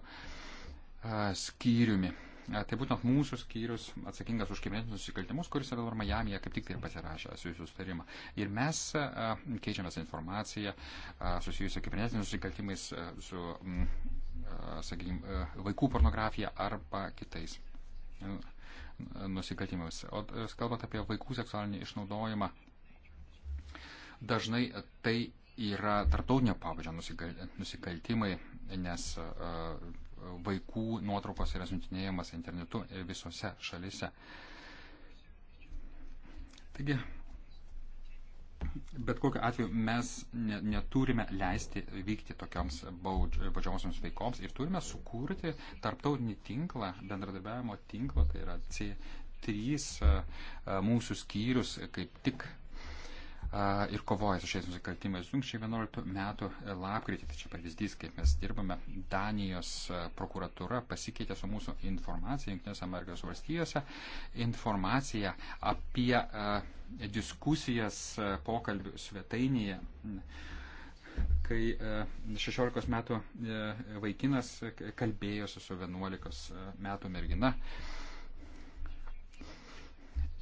skyriumi. Tai būtent mūsų skyrius atsakingas už kibernetinius nusikaltimus, kuris yra dabar Majamija, kaip tik tai pasirašė susitarimą. Ir mes keičiamės informaciją susijusią kibernetinius nusikaltimais su, sakykime, vaikų pornografija arba kitais nusikaltimams. O e, kalbant apie vaikų seksualinį išnaudojimą, dažnai tai yra tartautinio pabudžio nusikaltimai, nes e, vaikų nuotraukos yra siuntinėjamas internetu visose šalise. Taigi, Bet kokiu atveju mes neturime leisti vykti tokioms baudžiamosioms veikoms ir turime sukurti tarptautinį tinklą, bendradarbiavimo tinklą, tai yra C3 mūsų skyrius kaip tik ir kovoja su šiais nusikaltimais. 2011 metų lapkritį, tai čia pavyzdys, kaip mes dirbame, Danijos prokuratura pasikeitė su mūsų informacija, Junktinės Amerikos valstijose, informacija apie diskusijas pokalbių svetainėje kai 16 metų e, vaikinas kalbėjosi su 11 metų mergina.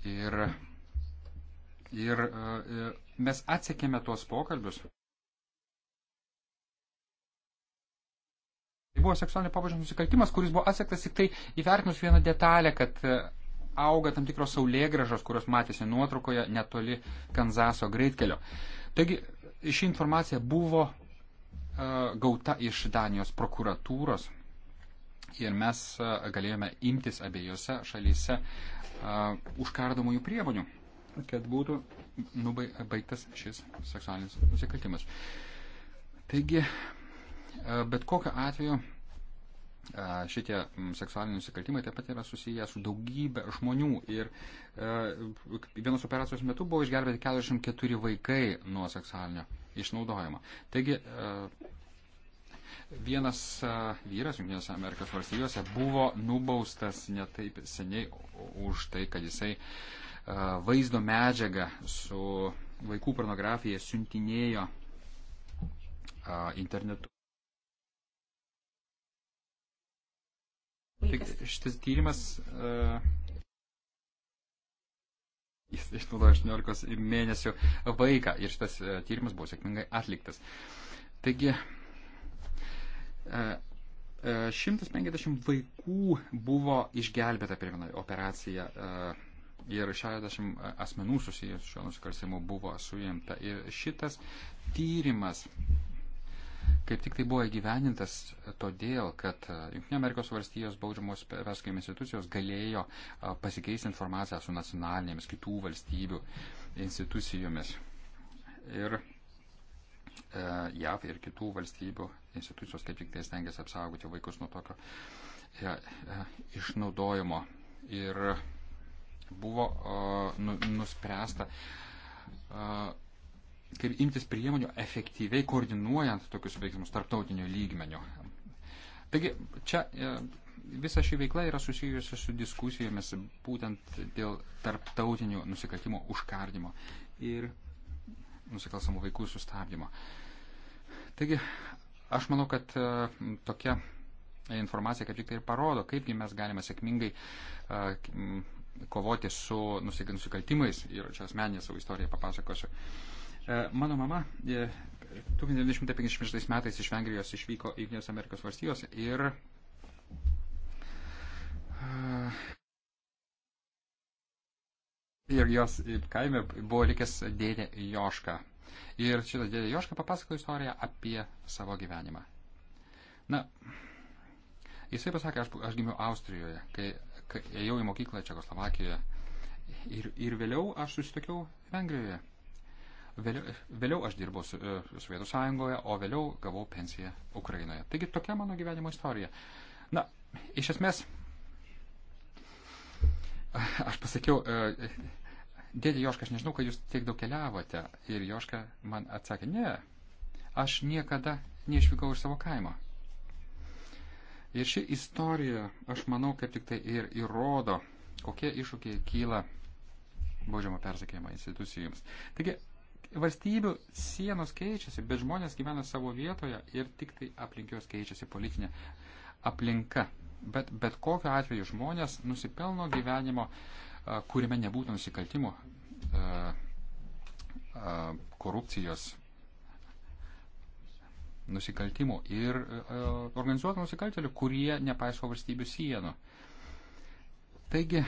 Ir Ir e, mes atsekėme tuos pokalbius. Tai buvo seksualinio pabudžio nusikaltimas, kuris buvo atsektas tik tai įvertinus vieną detalę, kad e, auga tam tikros saulėgražos, kurios matėsi nuotraukoje netoli Kanzaso greitkelio. Taigi ši informacija buvo e, gauta iš Danijos prokuratūros ir mes galėjome imtis abiejose šalyse užkardomųjų priemonių kad būtų nubaigtas šis seksualinis nusikaltimas. Taigi, e, bet kokiu atveju e, šitie seksualiniai nusikaltimai taip pat yra susiję su daugybė žmonių ir e, vienos operacijos metu buvo išgelbėti 44 vaikai nuo seksualinio išnaudojimo. Taigi, vienas vyras Junktinės Amerikos valstijose buvo nubaustas netaip seniai už tai, kad jisai uh, vaizdo medžiagą su vaikų pornografija siuntinėjo internetu. Tik šitas tyrimas jis išnaudojo 18 mėnesių vaiką ir šitas tyrimas buvo sėkmingai atliktas. Taigi, 150 vaikų buvo išgelbėta per vieną operaciją ir 60 e, asmenų susijusių šio nusikalstimo buvo suimta. Ir šitas tyrimas kaip tik tai buvo įgyvenintas todėl, kad e, JAV baudžiamos perskėjimo institucijos galėjo e, pasikeisti informaciją su nacionalinėmis kitų valstybių institucijomis. Ir JAV ir kitų valstybių institucijos kaip tik tai stengiasi apsaugoti vaikus nuo tokio išnaudojimo. Ir buvo nu, nuspręsta kaip imtis priemonių efektyviai koordinuojant tokius veiksmus tarptautiniu lygmeniu. Taigi čia e, visa ši veikla yra susijusi su diskusijomis būtent dėl tarptautinių nusikaltimo užkardimo ir nusikalstamų vaikų sustabdymo. Taigi aš manau, kad e, tokia informacija kaip tik tai ir parodo, kaipgi mes galime sėkmingai e, kovoti su nusikaltimais ir čia asmeninę savo istoriją papasakosiu. E, mano mama 1956 e, metais iš Vengrijos išvyko į Junktinės Amerikos valstijos ir e, Ir jos kaime buvo likęs dėdė Joška. Ir šitas dėdė Joška papasakojo istoriją apie savo gyvenimą. Na, jisai pasakė, aš, aš gimiau Austrijoje, kai kai ėjau į mokyklą Čekoslovakijoje ir, ir vėliau aš susitokiau Vengrijoje. Vėliau, vėliau aš dirbau su, e, Sovietų sąjungoje, o vėliau gavau pensiją Ukrainoje. Taigi tokia mano gyvenimo istorija. Na, iš esmės, aš pasakiau, e, dėdė Joška, aš nežinau, kad jūs tiek daug keliavote. Ir Joška man atsakė, ne, aš niekada neišvykau iš savo kaimo. Ir ši istorija, aš manau, kaip tik tai ir įrodo, kokie iššūkiai kyla baudžiamo persakėjimo institucijoms. Taigi, valstybių sienos keičiasi, bet žmonės gyvena savo vietoje ir tik tai aplinkios keičiasi politinė aplinka. Bet, bet kokiu atveju žmonės nusipelno gyvenimo, kuriame nebūtų nusikaltimų, korupcijos nusikaltimų ir e, e, organizuotų nusikaltelių, kurie nepaiso valstybių sienų. Taigi,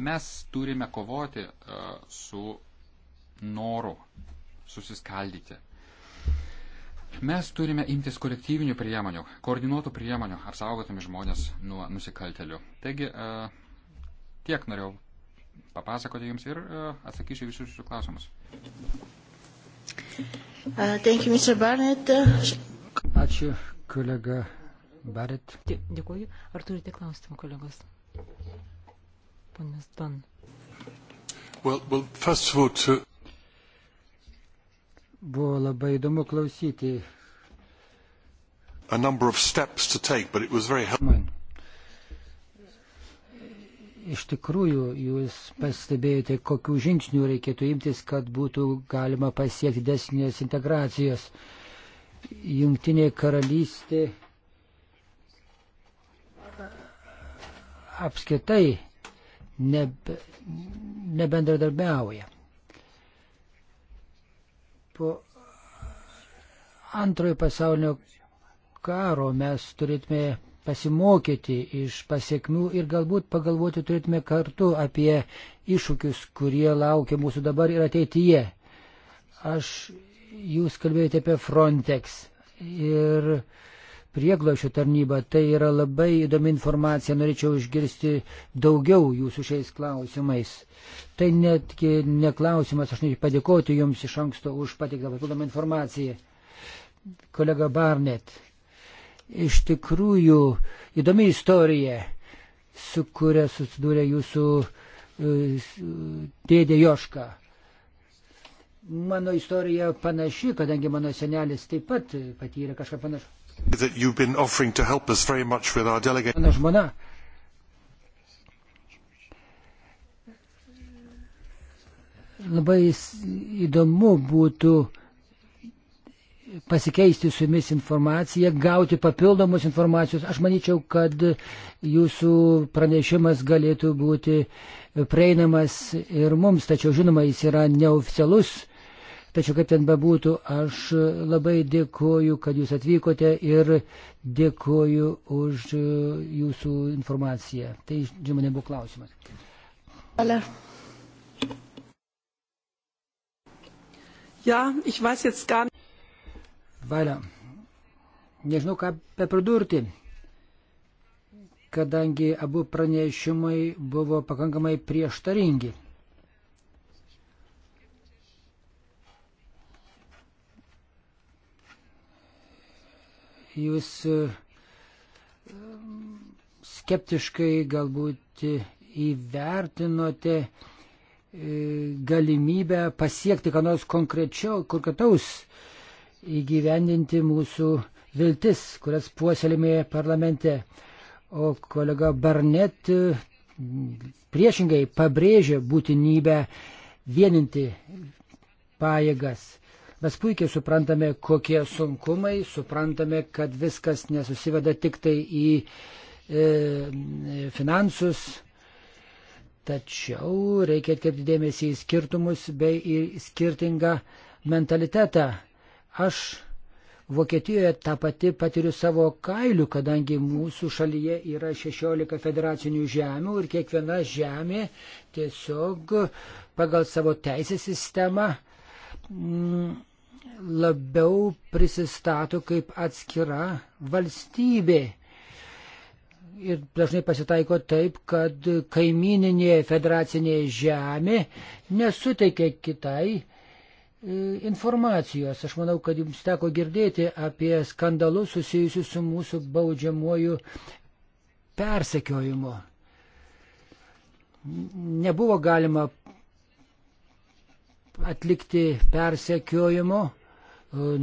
mes turime kovoti e, su noru susiskaldyti. Mes turime imtis kolektyvinių priemonių, koordinuotų priemonių, apsaugotami žmonės nuo nusikaltelių. Taigi, tiek norėjau papasakoti jums ir atsakysiu visus jūsų klausimus. Uh, thank you, Mr. Barnett. Uh, Ačiū, kolega Barrett. Dė, dėkuoju. Ar turite klausimų, kolegos? Ponas Don. Well, well, first of all, to... Buvo labai įdomu klausyti. A number of steps to take, but it was very helpful iš tikrųjų jūs pastebėjote, kokių žingsnių reikėtų imtis, kad būtų galima pasiekti desnės integracijos. Jungtinė karalystė apskaitai neb, nebendradarbiauja. Po antrojo pasaulinio karo mes turėtume pasimokyti iš pasiekmių ir galbūt pagalvoti turėtume kartu apie iššūkius, kurie laukia mūsų dabar ir ateityje. Aš, jūs kalbėjote apie Frontex ir prieglošio tarnybą, tai yra labai įdomi informacija, norėčiau išgirsti daugiau jūsų šiais klausimais. Tai netgi neklausimas, aš norėčiau padėkoti jums iš anksto už patiktą papildomą informaciją. Kolega Barnet iš tikrųjų įdomi istorija, su kuria susidūrė jūsų e, dėdė Joška. Mano istorija panaši, kadangi mano senelis taip pat patyrė kažką panašų. Mano žmona labai įdomu būtų pasikeisti su jumis informaciją, gauti papildomus informacijos. Aš manyčiau, kad jūsų pranešimas galėtų būti prieinamas ir mums, tačiau žinoma, jis yra neoficialus. Tačiau kaip ten bebūtų, aš labai dėkoju, kad jūs atvykote ir dėkoju už jūsų informaciją. Tai, žinoma, nebuvo klausimas. Ale. Ja, ich weiß jetzt gar nicht. Valia, nežinau ką bepridurti, kadangi abu pranešimai buvo pakankamai prieštaringi. Jūs um, skeptiškai galbūt įvertinote e, galimybę pasiekti ką nors konkrečiau, konkretaus įgyvendinti mūsų viltis, kurias puoselėmė parlamente. O kolega Barnet mm, priešingai pabrėžė būtinybę vieninti pajėgas. Mes puikiai suprantame, kokie sunkumai, suprantame, kad viskas nesusiveda tik tai į e, finansus, tačiau reikia atkreipti dėmesį į skirtumus bei į skirtingą mentalitetą. Aš Vokietijoje tą pati patiriu savo kailiu, kadangi mūsų šalyje yra 16 federacinių žemių ir kiekviena žemė tiesiog pagal savo teisės sistemą m, mm, labiau prisistato kaip atskira valstybė. Ir dažnai pasitaiko taip, kad kaimininė federacinė žemė nesuteikia kitai E, informacijos. Aš manau, kad jums teko girdėti apie skandalus susijusius su mūsų baudžiamuoju persekiojimu. Nebuvo galima atlikti persekiojimo, e,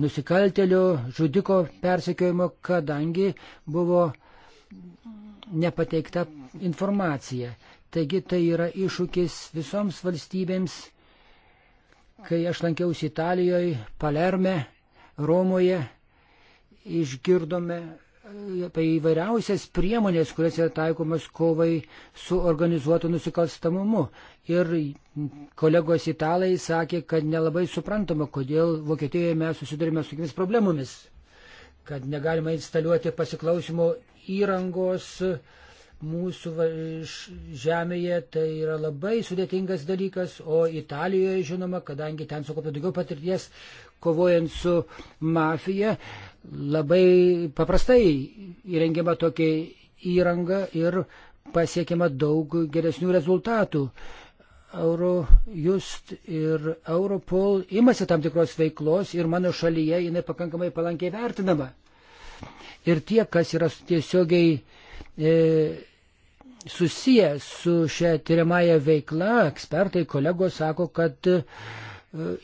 nusikaltelio, žudiko persekiojimo, kadangi buvo nepateikta informacija. Taigi tai yra iššūkis visoms valstybėms Kai aš lankiausi Italijoje, Palerme, Romoje, išgirdome e, apie įvairiausias priemonės, kurias yra taikomas kovai su organizuotu nusikalstamumu. Ir kolegos italai sakė, kad nelabai suprantama, kodėl Vokietijoje mes susidurime su tokiamis problemomis, kad negalima instaliuoti pasiklausimo įrangos, uh, mūsų žemėje tai yra labai sudėtingas dalykas, o Italijoje, žinoma, kadangi ten sukaupė daugiau patirties kovojant su mafija, labai paprastai įrengiama tokia įranga ir pasiekiama daug geresnių rezultatų. Eurojust ir Europol imasi tam tikros veiklos ir mano šalyje jinai pakankamai palankiai vertinama. Ir tie, kas yra tiesiogiai e, susiję su šia tyriamąją veiklą, ekspertai, kolegos sako, kad e,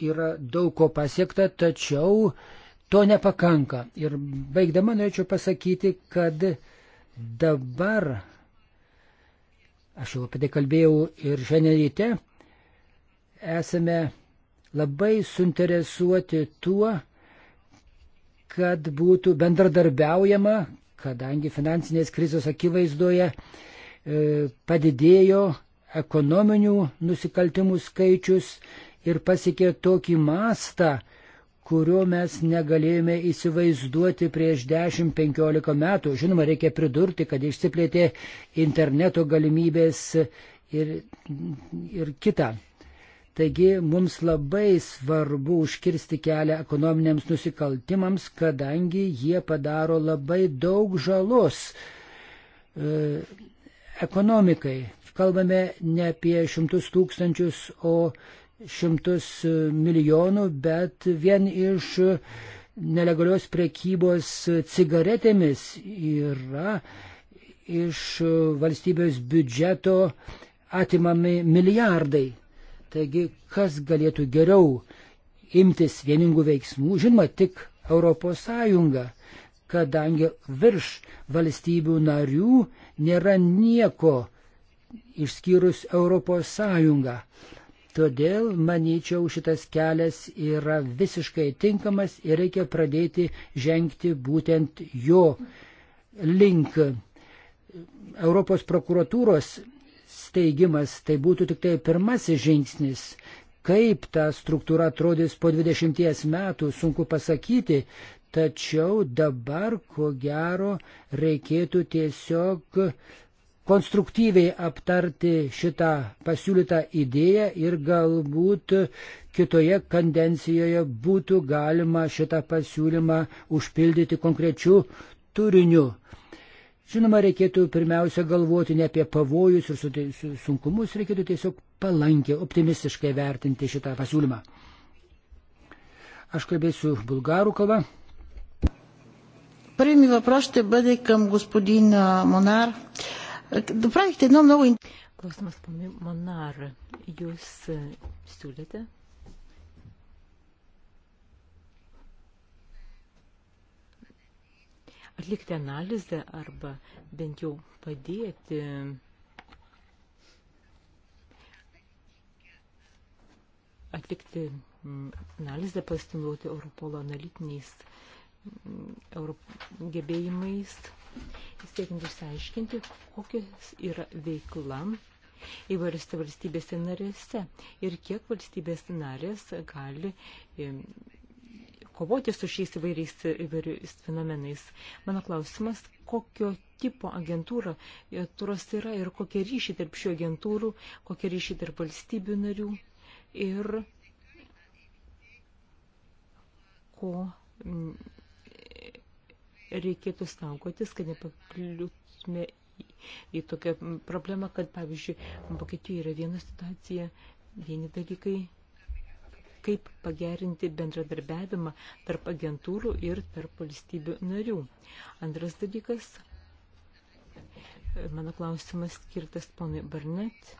yra daug ko pasiekta, tačiau to nepakanka. Ir baigdama norėčiau pasakyti, kad dabar, aš jau apie tai kalbėjau ir šiandien ryte, esame labai suinteresuoti tuo, kad būtų bendradarbiaujama, kadangi finansinės krizės akivaizdoje E, padidėjo ekonominių nusikaltimų skaičius ir pasiekė tokį mastą, kurio mes negalėjome įsivaizduoti prieš 10-15 metų. Žinoma, reikia pridurti, kad išsiplėtė interneto galimybės ir, ir kita. Taigi mums labai svarbu užkirsti kelią ekonominiams nusikaltimams, kadangi jie padaro labai daug žalos. E, ekonomikai. Kalbame ne apie šimtus tūkstančius, o šimtus e, milijonų, bet vien iš nelegalios prekybos cigaretėmis yra iš valstybės biudžeto atimami milijardai. Taigi, kas galėtų geriau imtis vieningų veiksmų, žinoma, tik ES kadangi virš valstybių narių nėra nieko išskyrus Europos Sąjungą. Todėl, manyčiau, šitas kelias yra visiškai tinkamas ir reikia pradėti žengti būtent jo link. Europos prokuratūros steigimas tai būtų tik tai pirmasis žingsnis. Kaip ta struktūra atrodys po 20 metų, sunku pasakyti, Tačiau dabar, ko gero, reikėtų tiesiog konstruktyviai aptarti šitą pasiūlytą idėją ir galbūt kitoje kandencijoje būtų galima šitą pasiūlymą užpildyti konkrečiu turiniu. Žinoma, reikėtų pirmiausia galvoti ne apie pavojus ir sunkumus, reikėtų tiesiog palankiai, optimistiškai vertinti šitą pasiūlymą. Aš kalbėsiu bulgarų kalbą. Първият ми въпрос ще бъде към господин Монар. Доправихте едно много интересно. Klausimas, ponai Monar, jūs siūlėte? Atlikti analizę arba bent jau padėti atlikti analizę, pasinaudoti Europolo analitiniais uh, gebėjimais, siekiant išsiaiškinti, kokias yra veikla įvairiose valstybėse narėse ir kiek valstybės narės gali kovoti su šiais įvairiais, įvairiais fenomenais. Mano klausimas, kokio tipo agentūra e, turos yra ir kokie ryšiai tarp šių agentūrų, kokie ryšiai tarp valstybių narių ir ko reikėtų saugotis, kad nepakliūtume į tokią problemą, kad, pavyzdžiui, Vokietijoje yra viena situacija, vieni dalykai, kaip pagerinti bendradarbiavimą tarp agentūrų ir tarp valstybių narių. Antras dalykas, mano klausimas skirtas ponui Barnet.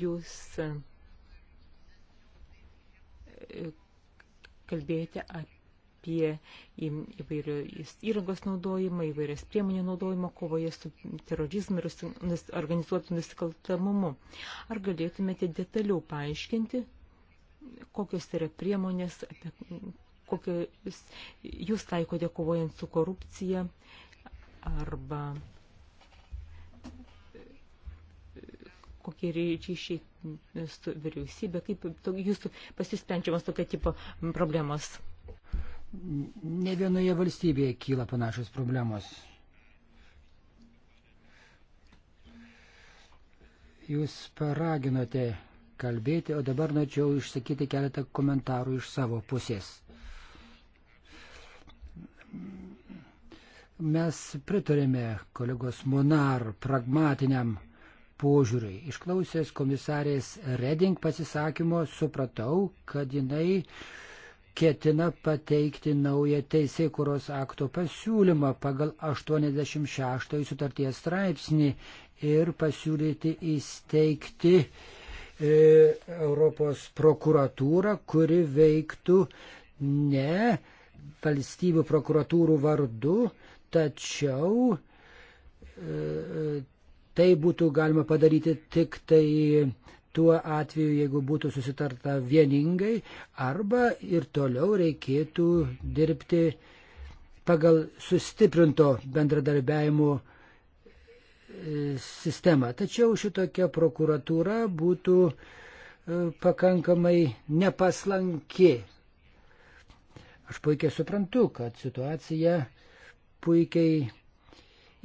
Jūs kalbėjote apie įvairios įrangos naudojimą, įvairias priemonių naudojimą kovoje su terorizmu ir organizuotų nusikaltamumu. Ar galėtumėte detaliau paaiškinti, kokios yra priemonės, apie kokios jūs taikote kovojant su korupcija arba kokie ryšiai su vyriausybė, kaip to, jūsų pasisprendžiamas tokio tipo problemos. Ne vienoje valstybėje kyla panašios problemos. Jūs paraginote kalbėti, o dabar norėčiau išsakyti keletą komentarų iš savo pusės. Mes pritarėme kolegos Monar pragmatiniam požiūriui. Išklausęs komisarės Reding pasisakymo supratau, kad jinai ketina pateikti naują teisėkuros akto pasiūlymą pagal 86 sutarties straipsnį ir pasiūlyti įsteigti e, Europos prokuratūrą, kuri veiktų ne valstybių prokuratūrų vardu, tačiau e, Tai būtų galima padaryti tik tai tuo atveju, jeigu būtų susitarta vieningai, arba ir toliau reikėtų dirbti pagal sustiprinto bendradarbiajimo e, sistemą. Tačiau šitokia prokuratūra būtų e, pakankamai nepaslanki. Aš puikiai suprantu, kad situacija puikiai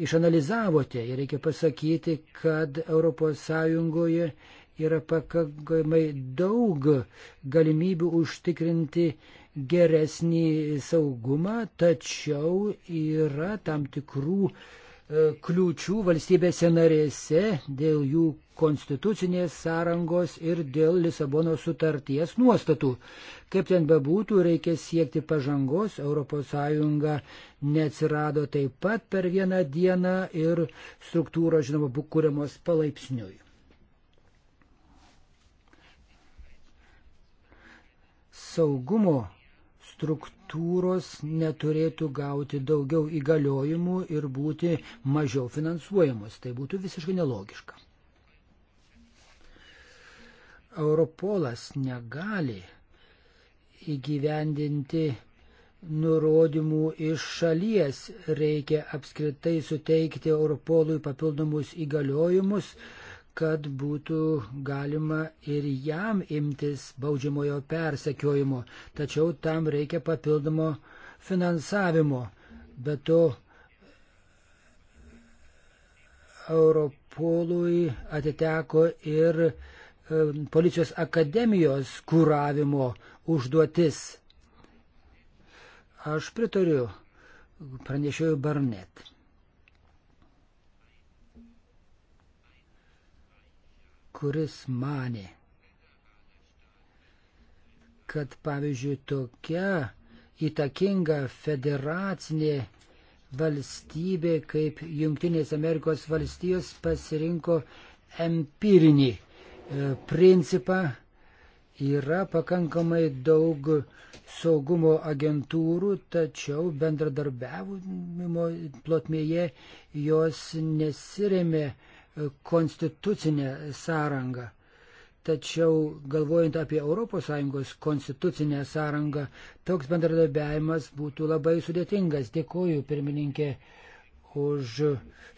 išanalizavote ir reikia pasakyti, kad ES yra pakankamai daug galimybių užtikrinti geresnį saugumą, tačiau yra tam tikrų E, kliūčių valstybėse narėse dėl jų konstitucinės sąrangos ir dėl Lisabono sutarties nuostatų. Kaip ten bebūtų, reikia siekti pažangos, ES neatsirado taip pat per vieną dieną ir struktūros, žinoma, buvo kūriamos palaipsniui. Saugumo struktūros neturėtų gauti daugiau įgaliojimų ir būti mažiau finansuojamos. Tai būtų visiškai nelogiška. Europolas negali įgyvendinti nurodymų iš šalies. Reikia apskritai suteikti Europolui papildomus įgaliojimus, uh, kad būtų galima ir jam imtis baudžiamojo persekiojimo, tačiau tam reikia papildomo finansavimo. Be to, Europolui atiteko ir policijos akademijos kūravimo užduotis. Aš pritariu pranešėjų Barnet. kuris mane, kad pavyzdžiui tokia įtakinga federacinė valstybė kaip Junktinės Amerikos valstijos pasirinko empirinį e, principą. Yra pakankamai daug saugumo agentūrų, tačiau bendradarbiavimo plotmėje jos nesirėmė konstitucinę sąrangą. Tačiau galvojant apie ES konstitucinę sąrangą, toks bendradarbiavimas būtų labai sudėtingas. Dėkuoju, pirmininkė, už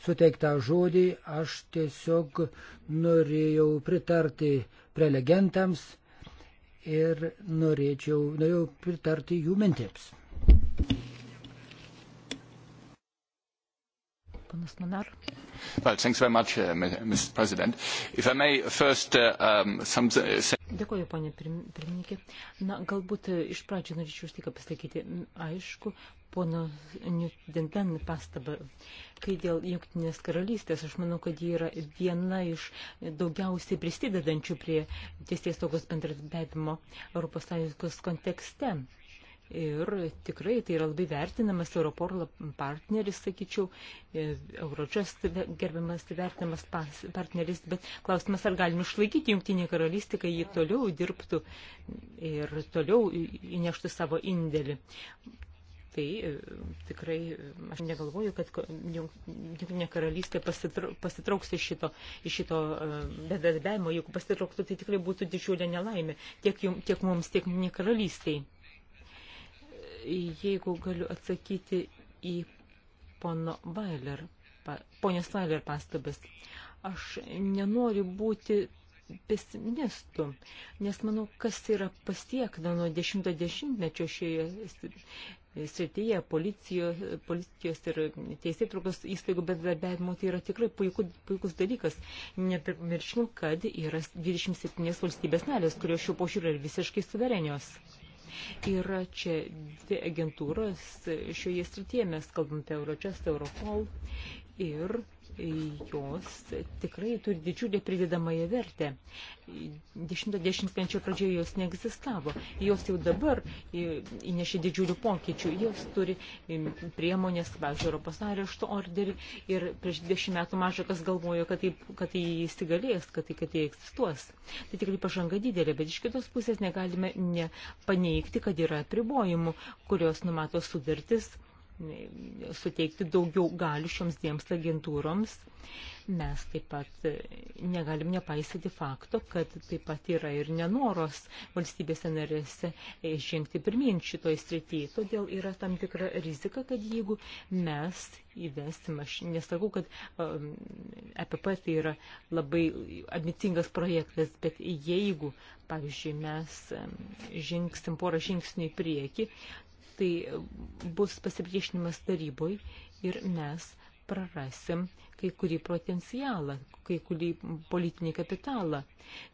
suteiktą žodį. Aš tiesiog norėjau pritarti prelegentams ir norėčiau, norėjau pritarti jų mintims. panas Nanar. Well, thanks very much, uh, Mr. President. If I may first uh, um, some... Uh, Dėkuoju, ponė pirmininkė. Na, galbūt uh, iš pradžių norėčiau štai ką pasakyti. Aišku, pono Newton pastabą, kai dėl Junktinės karalystės, aš manau, kad ji yra viena iš daugiausiai prisidedančių prie tiesies saugos bendradarbiavimo ES kontekste. Ir tikrai tai yra labai vertinamas Europol partneris, sakyčiau, e, Euročios gerbiamas vertinamas partneris, bet klausimas, ar galim išlaikyti Junktinį karalystį, kai jį toliau dirbtų ir toliau įneštų savo indėlį. Tai e, tikrai e, aš negalvoju, kad Junktinė karalystė pasitrauks iš šito, iš šito bedarbiavimo. Jeigu pasitrauktų, tai tikrai būtų didžiulė nelaimė tiek, jums, tiek mums, tiek Junktinė karalystėje jeigu galiu atsakyti į pono Vailer, ponios Vailer pastabas. Aš nenoriu būti pesimistu, nes manau, kas yra pasiekta nuo 10-mečio šioje srityje policijos, policijos ir teisėtrukos įstaigų bendradarbiavimo, tai yra tikrai puiku, puikus dalykas. Nepamirškim, kad yra 27 valstybės narės, kurios šiuo požiūriu yra visiškai suverenios. Yra čia dvi agentūros šioje srityje, mes kalbam apie Eurojust, Europol ir jos tikrai turi didžiulį pridedamąją vertę. 10-mečio pradžioje jos neegzistavo. Jos jau dabar įnešė didžiulių pokyčių. Jos turi priemonės, pavyzdžiui, Europos arešto orderį ir prieš 20 metų mažai kas galvojo, kad tai, kad tai įsigalės, kad tai, kad tai egzistuos. Tai tikrai pažanga didelė, bet iš kitos pusės negalime nepaneigti, kad yra apribojimų, kurios numato sudartis suteikti daugiau galių šioms dviems agentūroms. Mes taip pat negalim nepaisyti fakto, kad taip pat yra ir nenoros valstybėse narėse žengti pirmin šitoj srityje. Todėl yra tam tikra rizika, kad jeigu mes įvesim, aš nesakau, kad um, EPP tai yra labai ambicingas projektas, bet jeigu, pavyzdžiui, mes um, žingsim porą žingsnių į priekį, tai bus pasipriešinimas taryboj ir mes prarasim kai kurį potencialą, kai kurį politinį kapitalą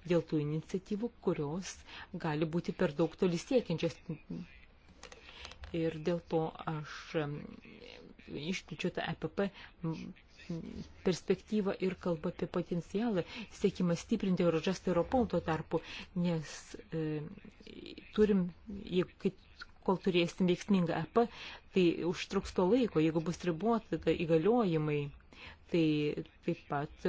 dėl tų iniciatyvų, kurios gali būti per daug toli siekiančios. Ir dėl to aš išpličiu tą EPP perspektyvą ir kalba apie potencialą, siekimą stiprinti Eurojust Europol tuo tarpu, nes e, turim, jeigu kol turėsim veiksmingą EP, tai užtruks to laiko, jeigu bus riboti tai įgaliojimai, tai taip pat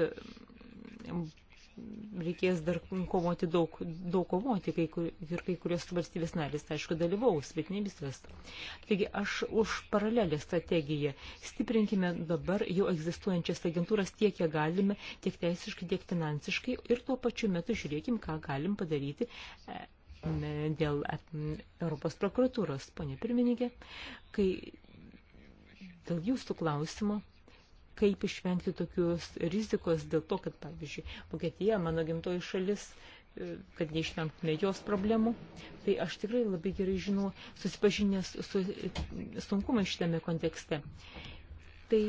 reikės dar kovoti daug, daug kovoti, kai kur, ir kai kurios valstybės narės, aišku, dalyvaus, bet ne visas. Taigi aš už paralelę strategiją. Stiprinkime dabar jau egzistuojančias agentūras tiek, kiek galime, tiek teisiškai, tiek finansiškai ir tuo pačiu metu žiūrėkim, ką galim padaryti e, dėl Europos prokuratūros, ponė pirmininkė, kai dėl jūsų klausimo, kaip išvengti tokios rizikos dėl to, kad, pavyzdžiui, Vokietija, mano gimtoji šalis, e, kad neišvengtume jos problemų, tai aš tikrai labai gerai žinau, susipažinęs su sunkumai šitame kontekste. Tai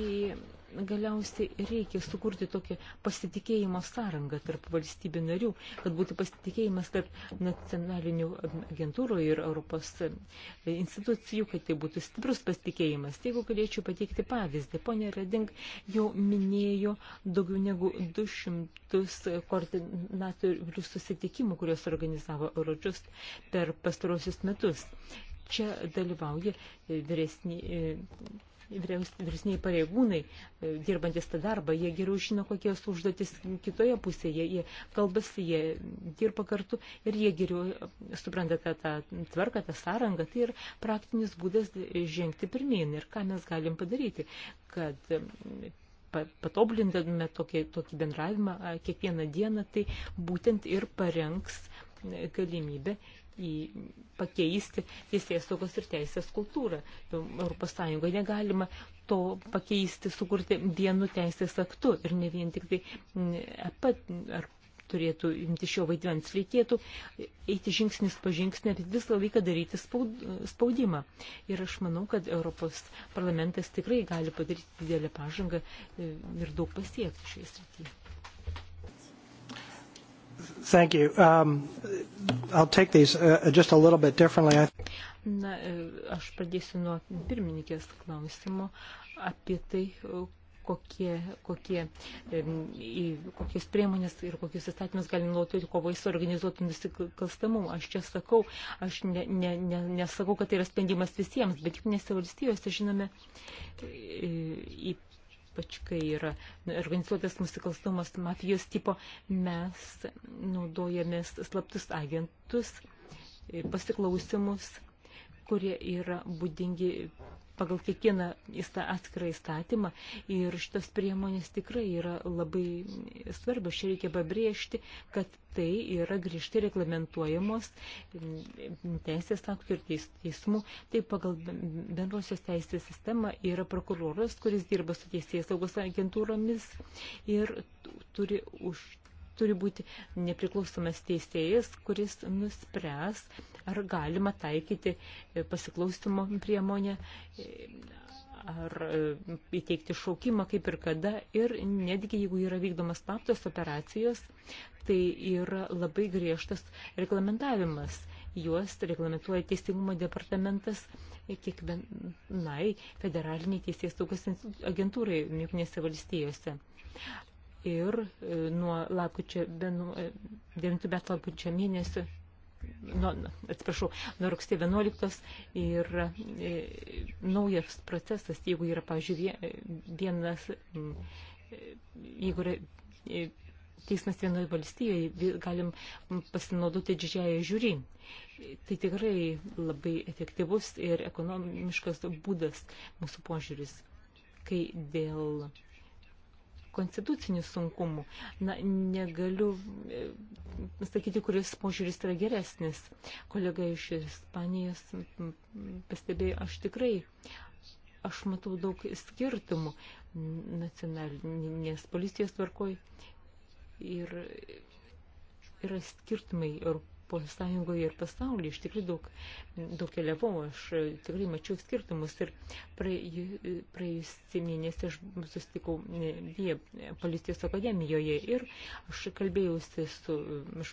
galiausiai reikia sukurti tokį pasitikėjimo sąrangą tarp valstybių narių, kad būtų pasitikėjimas tarp nacionalinių agentūrų ir Europos e, institucijų, kad tai būtų stiprus pasitikėjimas. Jeigu galėčiau pateikti pavyzdį, ponė Reding jau minėjo daugiau negu 200 koordinatorių susitikimų, kuriuos organizavo Eurodžust per pastarosius metus. Čia dalyvauja vyresni e, vyresniai pareigūnai, e, dirbantis tą darbą, jie geriau žino, kokios užduotis kitoje pusėje, jie kalbasi, jie dirba kartu ir jie geriau e, supranta tą, tą tvarką, tą sąrangą. Tai yra praktinis būdas žengti pirmyn ir ką mes galim padaryti, kad e, patobulindame tokį, tokį bendravimą kiekvieną dieną, tai būtent ir parengs galimybę į, pakeisti teisės saugos ir teisės kultūrą. Europos Sąjungoje negalima to pakeisti, sukurti vienu teisės aktu ir ne vien tik tai EPA ar turėtų imti šio vaidmens, reikėtų eiti žingsnis po žingsnį, bet visą laiką daryti spaudimą. Ir aš manau, kad Europos parlamentas tikrai gali padaryti didelę pažangą e, ir daug pasiekti šioje srityje. Thank you. Um, I'll take these uh, just a little bit differently. I... Na, e, aš pradėsiu nuo pirmininkės klausimo apie tai, kokie, kokie, e, kokias priemonės ir kokius įstatymus galim naudoti kovai su organizuotų nusikalstamumu. Aš čia sakau, aš ne, ne, ne, nesakau, kad tai yra sprendimas visiems, bet tik nesivalstijose žinome e, į ypač kai yra nu, organizuotas nusikalstamas mafijos tipo, mes naudojamės slaptus agentus, e, pasiklausimus, kurie yra būdingi pagal kiekvieną atskirą įstatymą ir šitos priemonės tikrai yra labai svarbios. Čia reikia pabrėžti, kad tai yra grįžti reglamentuojamos teisės aktų ir teismų. Tai pagal bendrosios teisės sistemą yra prokuroras, kuris dirba su teisės saugos agentūromis ir turi už turi būti nepriklausomas teisėjas, kuris nuspręs, ar galima taikyti e, pasiklaustimo priemonę, e, ar e, įteikti šaukimą kaip ir kada ir netgi jeigu yra vykdomas slaptos operacijos, tai yra labai griežtas reglamentavimas. Juos reglamentuoja Teisingumo departamentas kiekvienai federaliniai teisės saugos agentūrai Junktinėse valstijose. Ir nuo lapkričio, 9 nu, metų lapkričio mėnesio nu, atsiprašau, nuo rugsėjo 11 ir e, naujas procesas, jeigu yra, pavyzdžiui, vienas, jeigu yra e, teismas vienoje valstijoje, galim pasinaudoti didžiąją žiūrį. Tai tikrai labai efektyvus ir ekonomiškas būdas mūsų požiūris, kai dėl konstitucinių sunkumų. Na, negaliu e, sakyti, kuris požiūris yra geresnis. Kolega iš Ispanijos pastebėjo, aš tikrai, aš matau daug skirtumų nacionalinės policijos tvarkoj ir yra skirtumai Europos Europos Sąjungoje ir pasaulyje. Aš tikrai daug, daug keliavau, aš e, tikrai mačiau skirtumus ir e, praėjusį mėnesį aš susitikau e, vie policijos akademijoje ir aš kalbėjausi su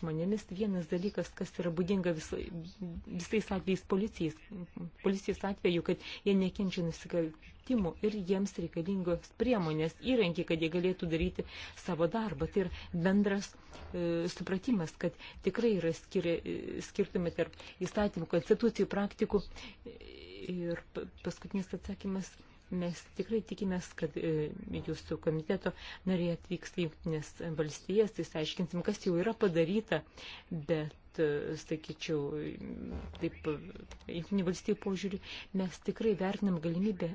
žmonėmis. Vienas dalykas, kas yra būdinga vis, visais atvejais policijais, policijos atveju, kad jie nekenčia nusikaltimų sumetimų ir jiems reikalingos priemonės, įrankiai, kad jie galėtų daryti savo darbą. Tai yra bendras e, supratimas, kad tikrai yra skiri, skirtumai tarp įstatymų, konstitucijų, praktikų. Ir paskutinis atsakymas Mes tikrai tikimės, kad e, jūsų komiteto nariai atvyks į Junktinės valstijas, tai aiškinsim, kas jau yra padaryta, bet, e, sakyčiau, taip, Junktinių valstijų požiūrį, mes tikrai vertinam galimybę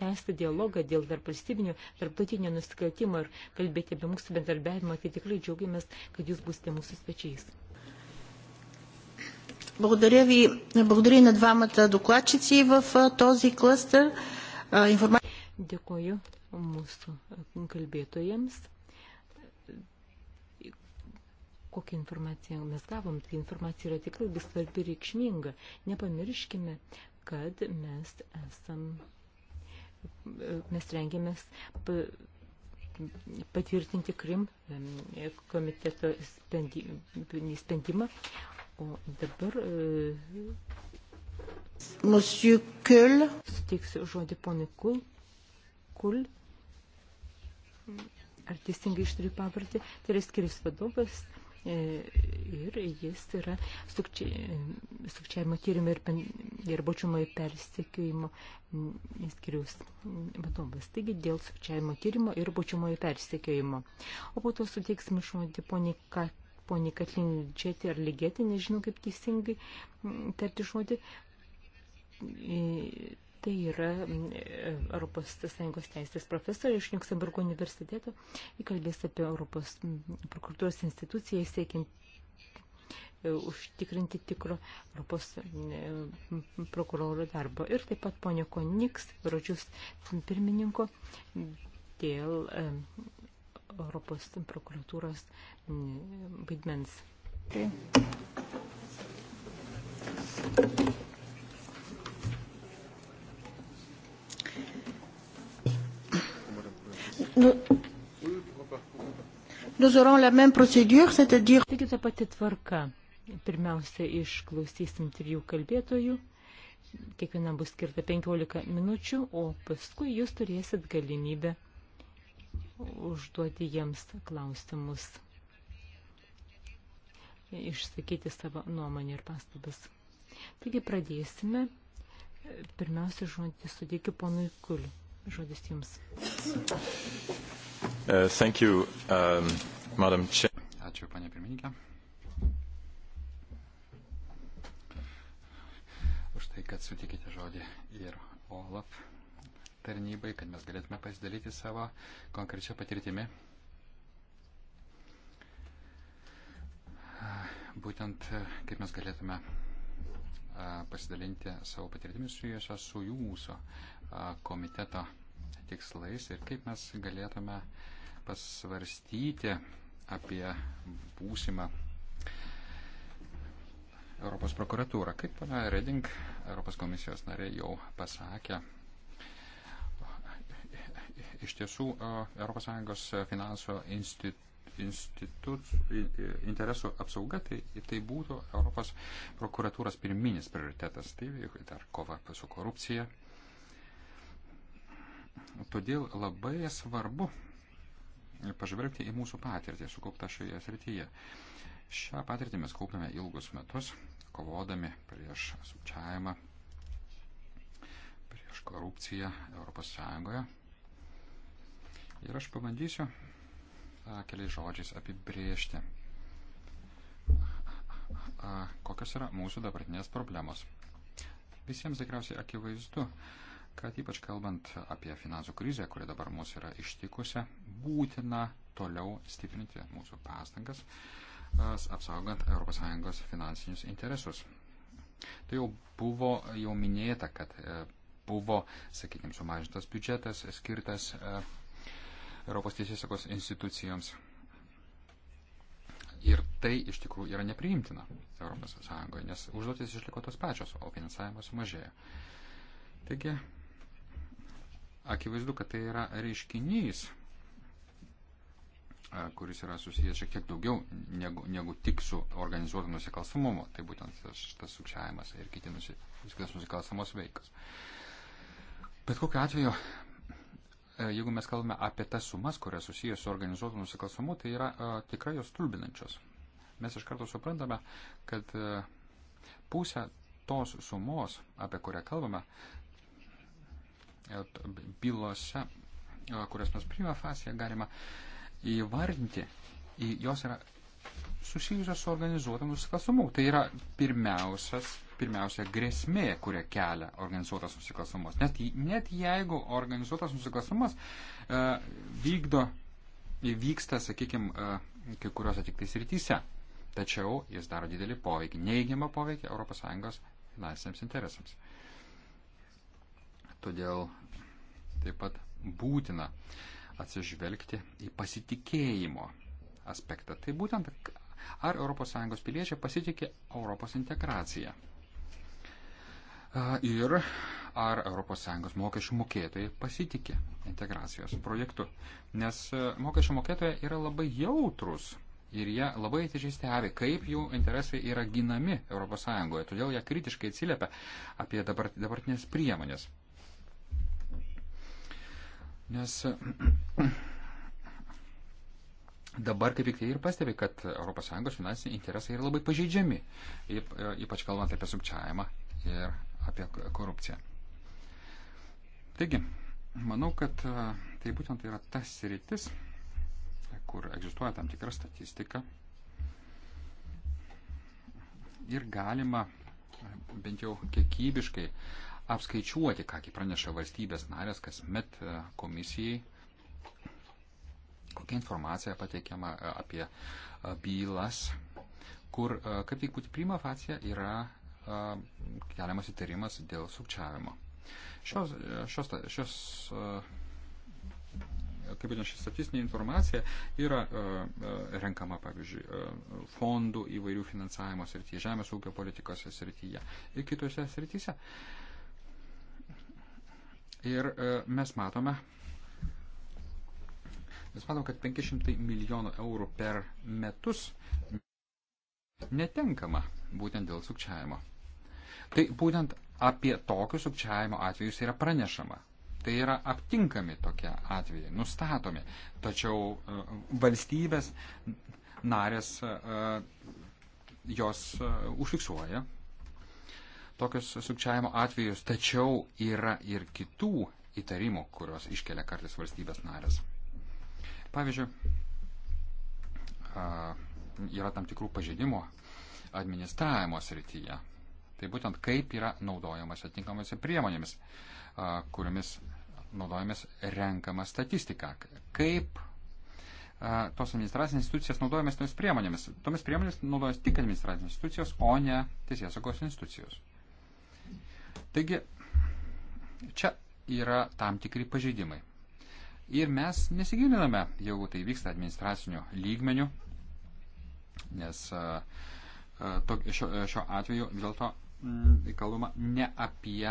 tęsti dialogą dėl tarp valstybinio, tarptautinio nusikaltimo ir kalbėti apie mūsų bendarbiavimą, tai tikrai džiaugiamės, kad jūs būsite mūsų svečiais. Благодаря ви. Благодаря на двамата докладчици в този клъстър informaciją. Dėkoju mūsų kalbėtojams. Kokią informaciją mes gavom, tai informacija yra tikrai labai svarbi ir reikšminga. Nepamirškime, kad mes esam, mes rengiamės patvirtinti Krim komiteto sprendimą, o dabar e, Monsieur Kul. Suteiksiu žodį ponui Kul. Kul. Ar teisingai ištariu pavardį? Tai yra skirius vadovas e, ir jis yra e, sukčiavimo tyrimo ir, ir baudžiamojo persekiojimo mm, skiriaus mm, vadovas. Taigi dėl sukčiavimo tyrimo ir baudžiamojo persekiojimo. O po to suteiksime žodį poniai Katlin Džetį ar Ligetį, nežinau kaip teisingai mm, tarti žodį, Tai yra Europos Sąjungos teisės profesorė iš Luxemburgo universiteto. Ji kalbės apie Europos prokuratūros instituciją siekiant e, užtikrinti tikro Europos prokuroro darbo. Ir taip pat ponio Koniks, rodžius pirmininko, dėl e, Europos prokuratūros vaidmens. Okay. Nous, nous aurons la même procédure, c'est-à-dire... Taigi ta pati tvarka. Pirmiausia, išklausysim trijų kalbėtojų. Kiekvienam bus skirta 15 minučių, o paskui jūs turėsit galimybę užduoti jiems klausimus, išsakyti savo nuomonę ir pastabas. Taigi pradėsime. Pirmiausia, žodį suteikiu ponui Kuliu. Žodis jums. Uh, thank you, um, Madam Chair. Ačiū, panė pirmininkė. Už tai, kad sutikite žodį ir OLAP tarnybai, kad mes galėtume pasidalyti savo konkrečią patirtimį. Būtent kaip mes galėtume pasidalinti savo patirtimis susijusios su jūsų komiteto tikslais ir kaip mes galėtume pasvarstyti apie būsimą Europos prokuratūrą. Kaip pana Reding, Europos komisijos narė, jau pasakė, iš tiesų ES finansų institucijų interesų apsauga, tai, tai būtų Europos prokuratūros pirminis prioritetas, tai dar kova su korupcija. Todėl labai svarbu pažvelgti į mūsų patirtį sukauptą šioje srityje. Šią patirtį mes kaupėme ilgus metus, kovodami prieš sukčiavimą, prieš korupciją ES. Ir aš pabandysiu keliais žodžiais apibriežti, kokios yra mūsų dabartinės problemos. Visiems tikriausiai akivaizdu, kad ypač kalbant apie finansų krizę, kuri dabar mūsų yra ištikusi, būtina toliau stiprinti mūsų pastangas, apsaugant ES finansinius interesus. Tai jau buvo jau minėta, kad e, buvo, sakykime, sumažintas biudžetas skirtas e, Europos teisėsakos institucijoms. Ir tai iš tikrųjų yra nepriimtina Europos Sąjungoje, nes užduotis išliko tos pačios, o finansavimas mažėja. Taigi, akivaizdu, kad tai yra reiškinys, kuris yra susijęs šiek tiek daugiau negu, negu tik su organizuotu nusikalstamumu. Tai būtent tas, tas sukčiavimas ir kiti nusi, nusikalstamos veikas. Bet kokiu atveju E, jeigu mes kalbame apie tas sumas, kurios susijęs su organizuotu nusikalstamu, tai yra e, tikrai jos tulbinančios. Mes iš karto suprantame, kad e, pusę tos sumos, apie kurią kalbame, bylose, kurias mes prima fasėje galima įvardinti, jos yra susijusios su organizuotu nusikalstamu. Tai yra pirmiausias pirmiausia grėsmė, kurią kelia organizuotas nusikalstamumas. Net, net jeigu organizuotas nusikalstamumas uh, vykdo, vyksta, sakykime, uh, kai kuriuose tik tai srityse, tačiau jis daro didelį poveikį, neįgimą poveikį ES finansiniams interesams. Todėl taip pat būtina atsižvelgti į pasitikėjimo aspektą. Tai būtent, ar ES piliečiai pasitikė Europos integraciją ir ar ES mokesčių mokėtojai pasitikė integracijos projektu. Nes e, mokesčių mokėtojai yra labai jautrus ir jie labai atidžiai stebi, kaip jų interesai yra ginami ES. Todėl jie kritiškai atsiliepia apie dabart, dabartinės priemonės. Nes e, <clears throat> dabar kaip tik tai ir pastebi, kad ES finansiniai interesai yra labai pažeidžiami, e, ypač kalbant apie sukčiavimą ir apie korupciją. Taigi, manau, kad e, tai būtent yra tas rytis, kur egzistuoja tam tikra statistika ir galima e, bent jau kiekybiškai apskaičiuoti, kągi praneša valstybės narės kasmet e, komisijai, kokia informacija pateikiama apie bylas, kur kaip tik būti prima facija yra keliamas įtarimas dėl sukčiavimo. Šios, šios, šios kaip būtent ši statistinė informacija yra renkama, pavyzdžiui, fondų įvairių finansavimo srityje, žemės ūkio politikos srityje ir kitose srityse. Ir mes matome, mes matome, kad 500 milijonų eurų per metus netenkama būtent dėl sukčiavimo. Tai būtent apie tokius sukčiavimo atvejus yra pranešama. Tai yra aptinkami tokie atvejai, nustatomi. Tačiau e, valstybės narės e, jos e, užfiksuoja tokius sukčiavimo atvejus, tačiau yra ir kitų įtarimų, kurios iškelia kartais valstybės narės. Pavyzdžiui, yra tam tikrų pažeidimų administravimo srityje. Tai būtent kaip yra naudojamas atitinkamosi priemonėmis, kuriomis naudojamas renkama statistika. Kaip tos administracinės institucijas naudojamas tomis priemonėmis. Tomis priemonėmis naudojamas tik administracinės institucijos, o ne teisės saugos institucijos. Taigi, čia yra tam tikri pažeidimai. Ir mes nesigiliname, jeigu tai vyksta administraciniu lygmeniu, nes a, to, šio, šio atveju vis dėlto Mm, tai kalbama ne apie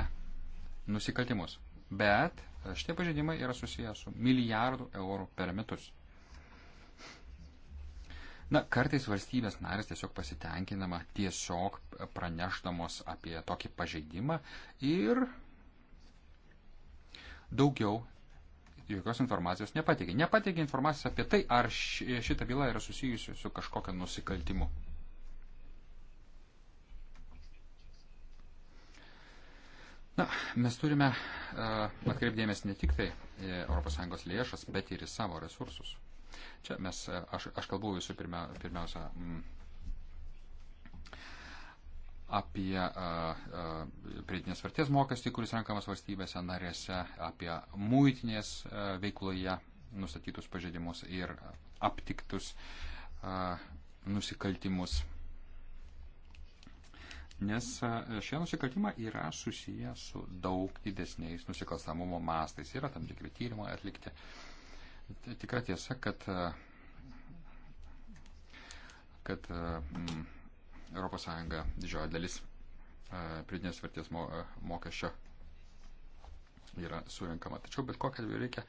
nusikaltimus, bet šitie pažeidimai yra susijęs su milijardų eurų per metus. Na, kartais valstybės narės tiesiog pasitenkinama tiesiog praneštamos apie tokį pažeidimą ir daugiau jokios informacijos nepateikė. Nepateikė informacijos apie tai, ar šita byla yra susijusi su kažkokiu nusikaltimu. Na, mes turime e, atkreipdėmės ne tik tai ES lėšas, bet ir į savo resursus. Čia mes, e, aš, aš kalbu visų pirmia, pirmiausia m, mm, apie e, pridėtinės vertės mokestį, kuris renkamas valstybėse narėse, apie muitinės a, veikloje nustatytus pažeidimus ir aptiktus a, nusikaltimus nes e, šie nusikaltimai yra susiję su daug didesniais nusikalstamumo mastais. Yra tam tikri tyrimai atlikti. Tikra tiesa, kad, e, kad mm, e, ES didžioji dalis pridinės vertės mo, mokesčio yra surinkama. Tačiau bet kokią atveju reikia,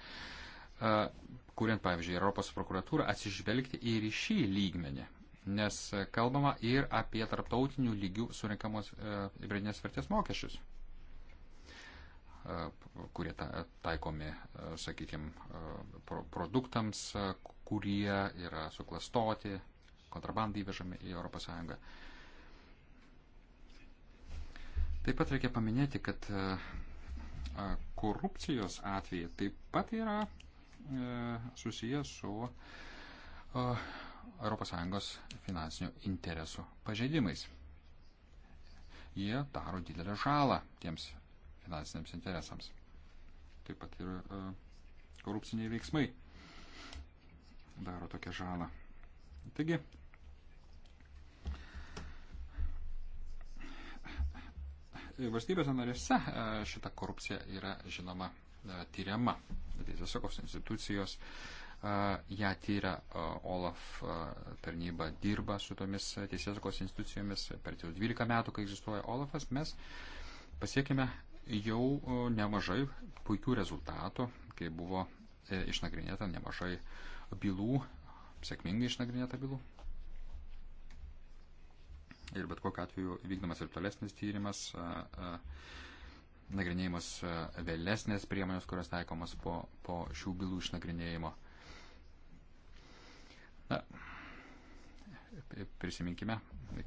kuriant, pavyzdžiui, Europos prokuratūrą, atsižvelgti ir į šį lygmenį nes kalbama ir apie tarptautinių lygių surinkamos e, hybridinės vertės mokesčius e, kurie taikomi, e, sakykime, produktams, kurie yra suklastoti, kontrabandai vežami į ES. Taip pat reikia paminėti, kad korupcijos atvejai taip pat yra susijęs su ES finansinių interesų pažeidimais. Jie daro didelę žalą tiems finansiniams interesams. Taip pat ir e, korupciniai veiksmai daro tokią žalą. Taigi, valstybėse narėse e, šita korupcija yra žinoma e, tyriama. Teisės saugos institucijos uh, ją tyra OLAF tarnyba, dirba su tomis teisėsaugos institucijomis. Per 12 metų, kai egzistuoja OLAFas, mes pasiekime jau nemažai puikių rezultatų, kai buvo e, išnagrinėta nemažai bylų, sėkmingai išnagrinėta bylų. Ir bet kokiu atveju vykdomas ir tolesnis tyrimas, nagrinėjimas vėlesnės priemonės, kurios taikomas po, po šių bylų išnagrinėjimo. Na, prisiminkime,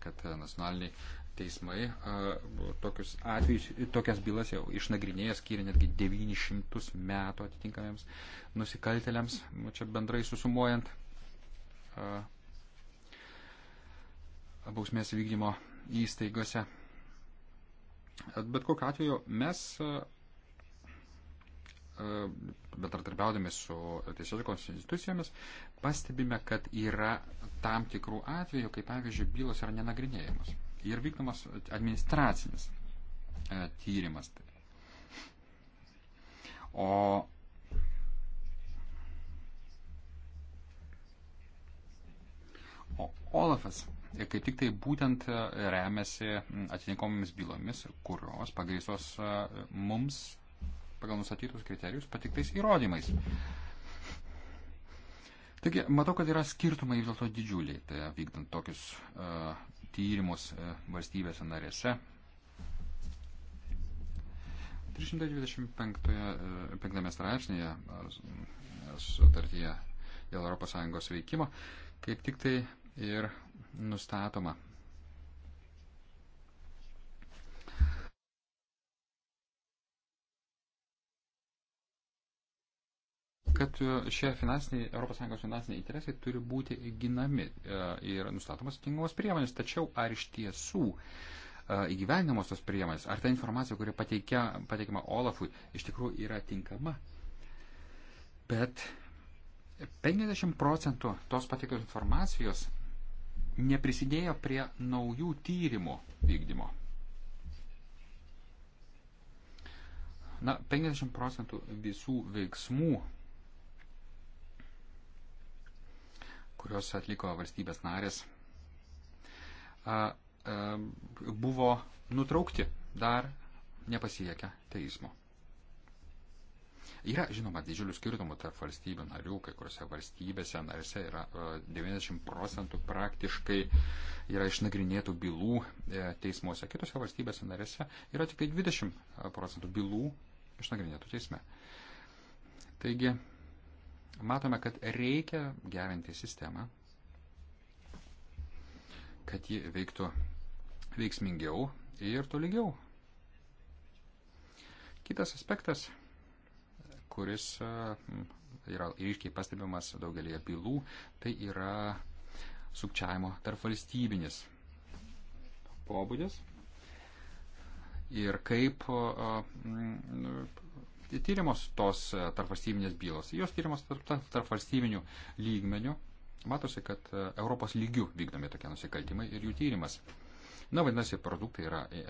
kad nacionaliniai teismai e, tokius atvejus, tokias bylas jau išnagrinėję skiria netgi 900 metų atitinkamiems nusikaltėliams, nu, čia bendrai susumuojant e, bausmės vykdymo įstaigose. Bet kokiu atveju mes E, bendratarbiaudami su teisėsaugos institucijomis, pastebime, kad yra tam tikrų atvejų, kai pavyzdžiui, bylos yra nenagrinėjimas ir vykdomas administracinis e, tyrimas. O O Olafas e, kaip tik tai būtent remiasi atitinkomomis bylomis, kurios pagrįstos mums pagal nustatytus kriterijus patiktais įrodymais. Taigi, matau, kad yra skirtumai vis dėlto didžiuliai, tai vykdant tokius uh, tyrimus uh, valstybėse narėse. 325 e, straipsnėje sutartyje dėl ES veikimo kaip tik tai ir nustatoma kad e, šie finansiniai, ES finansiniai interesai turi būti ginami e, ir nustatomas atitinkamos priemonės, tačiau ar iš tiesų e, įgyvenimos tos priemonės, ar ta informacija, kuri pateikia, pateikiama Olafui, iš tikrųjų yra tinkama. Bet 50 procentų tos pateiktos informacijos neprisidėjo prie naujų tyrimų vykdymo. Na, 50 procentų visų veiksmų kurios atliko valstybės narės, buvo nutraukti dar nepasiekę teismo. Yra, žinoma, didžiulių skirtumų tarp valstybių narių, kai kuriuose valstybėse narėse yra 90 procentų praktiškai yra išnagrinėtų bylų e, teismuose, kitose valstybėse narėse yra tik 20 procentų bylų išnagrinėtų teisme. Taigi, matome, kad reikia gerinti sistemą, kad ji veiktų veiksmingiau ir tolygiau. Kitas aspektas, kuris yra ryškiai pastebimas daugelį bylų, tai yra sukčiavimo tarp valstybinis pobūdis ir kaip tyrimos tos e, tarpvalstybinės bylos. Jos tyrimos tarpvalstybinių tarp lygmenių. Matosi, kad e, Europos lygių vykdomi tokie nusikaltimai ir jų tyrimas. Na, vadinasi, produktai yra e,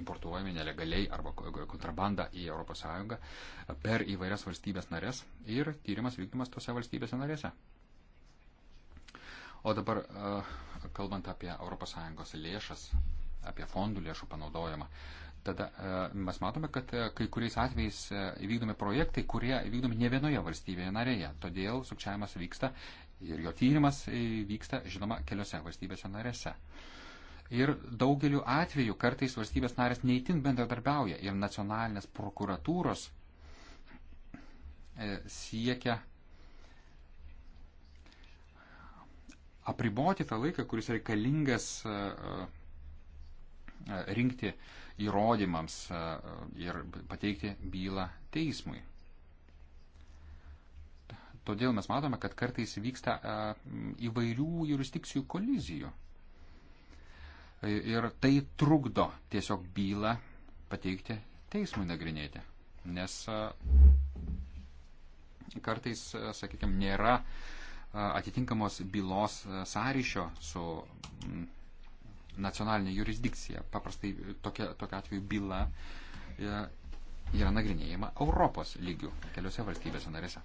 importuojami nelegaliai arba kontrabanda į ES per įvairias valstybės narės ir tyrimas vykdomas tose valstybėse narėse. O dabar, kalbant apie ES lėšas, apie fondų lėšų panaudojimą, tada e, mes matome, kad e, kai kuriais atvejais e, įvykdomi projektai, kurie vykdomi ne vienoje valstybėje narėje. Todėl sukčiavimas vyksta ir jo tyrimas vyksta, žinoma, keliose valstybėse narėse. Ir daugeliu atveju kartais valstybės narės neįtin bendradarbiauja ir nacionalinės prokuratūros siekia apriboti tą laiką, kuris reikalingas rinkti uh, įrodymams e, e, ir pateikti bylą teismui. Todėl mes matome, kad kartais vyksta e, įvairių jurisdikcijų kolizijų. Ir tai trukdo tiesiog bylą pateikti teismui nagrinėti. Nes kartais, sakykime, nėra atitinkamos bylos sąryšio su nacionalinė jurisdikcija. Paprastai tokia, tokia atveju byla e, yra nagrinėjama Europos lygių keliose valstybėse narėse.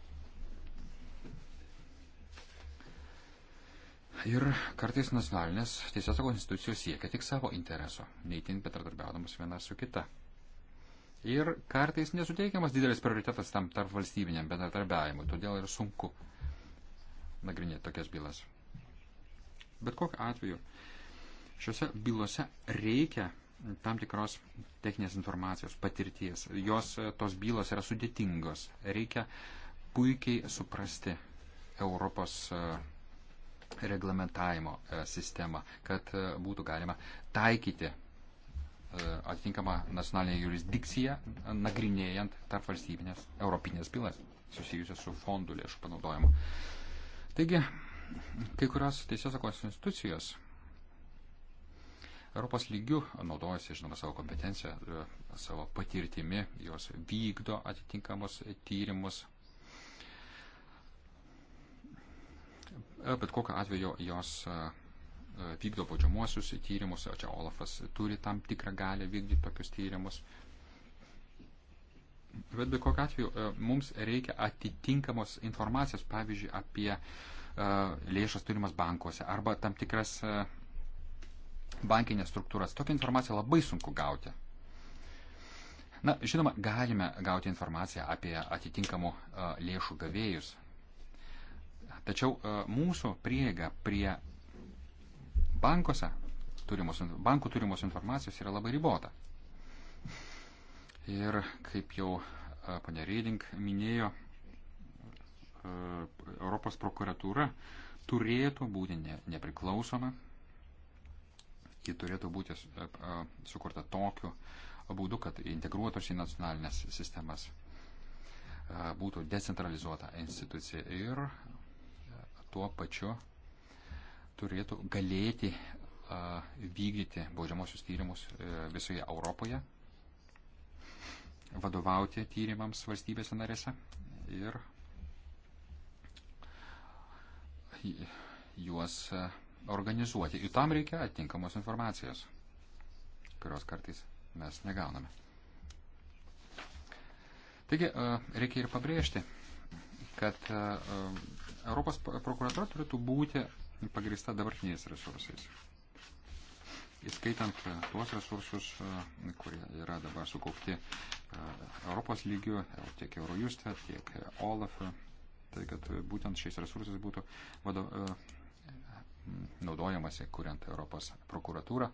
Ir kartais nacionalinės teisėsaugos institucijos siekia tik savo intereso, neįtin bendradarbiaudamas viena su kita. Ir kartais nesuteikiamas didelis prioritetas tam tarp valstybiniam bendradarbiavimui, todėl ir sunku nagrinėti tokias bylas. Bet kokiu atveju Šiuose bylose reikia tam tikros techninės informacijos, patirties. Jos, tos bylos yra sudėtingos. Reikia puikiai suprasti Europos e, reglamentavimo e, sistemą, kad e, būtų galima taikyti atitinkamą nacionalinę jurisdikciją, nagrinėjant tarp valstybinės europinės bylas susijusias su fondų lėšų panaudojimu. Taigi, kai kurios teisėsakos institucijos Europos lygių naudojasi, žinoma, savo kompetenciją, e, savo patirtimi, jos vykdo atitinkamus tyrimus. E, bet kokiu atveju jos e, vykdo baudžiamuosius tyrimus, o čia Olafas turi tam tikrą galę vykdyti tokius tyrimus. Bet bet kokiu atveju mums reikia atitinkamos informacijos, pavyzdžiui, apie lėšas turimas bankuose arba tam tikras bankinės struktūras. Tokią informaciją labai sunku gauti. Na, žinoma, galime gauti informaciją apie atitinkamų e, lėšų gavėjus. Tačiau e, mūsų prieiga prie bankose turimos, bankų turimos informacijos yra labai ribota. Ir kaip jau e, ponė Reiding minėjo, Europos prokuratūra turėtų būti ne, nepriklausoma ji turėtų būti e, sukurta tokiu būdu, kad integruotųsi į nacionalinės sistemas, būtų decentralizuota institucija ir e, tuo pačiu turėtų galėti vykdyti baudžiamosius tyrimus e, visoje Europoje, vadovauti tyrimams valstybėse narėse ir juos organizuoti. Ir tam reikia atinkamos informacijos, kurios kartais mes negauname. Taigi, e, reikia ir pabrėžti, kad e, Europos prokuratūra turėtų būti pagrįsta dabartiniais resursais. Įskaitant e, tuos resursus, kurie yra dabar sukaupti Europos lygių, tiek Eurojuste, tiek OLAF, tai kad būtent šiais resursais būtų vado, naudojamasi, kuriant Europos prokuratūrą.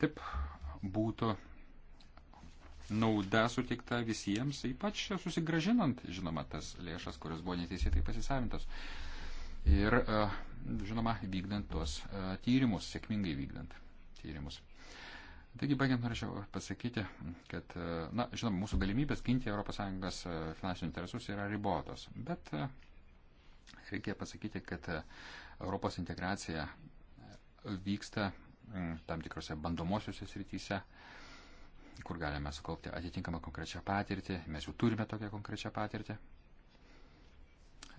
Taip būtų nauda sutikta visiems, ypač susigražinant, žinoma, tas lėšas, kurios buvo neteisėtai pasisavintos. Ir, e, žinoma, vykdant tuos e, tyrimus, sėkmingai vykdant tyrimus. Taigi, baigiant, norėčiau pasakyti, kad, e, na, žinoma, mūsų galimybės ginti ES finansinių interesus yra ribotos, bet reikia pasakyti, kad Europos integracija e, vyksta mm, tam tikrose bandomosiuose srityse, kur galime sukaupti atitinkamą konkrečią patirtį. Mes jau turime tokią konkrečią patirtį.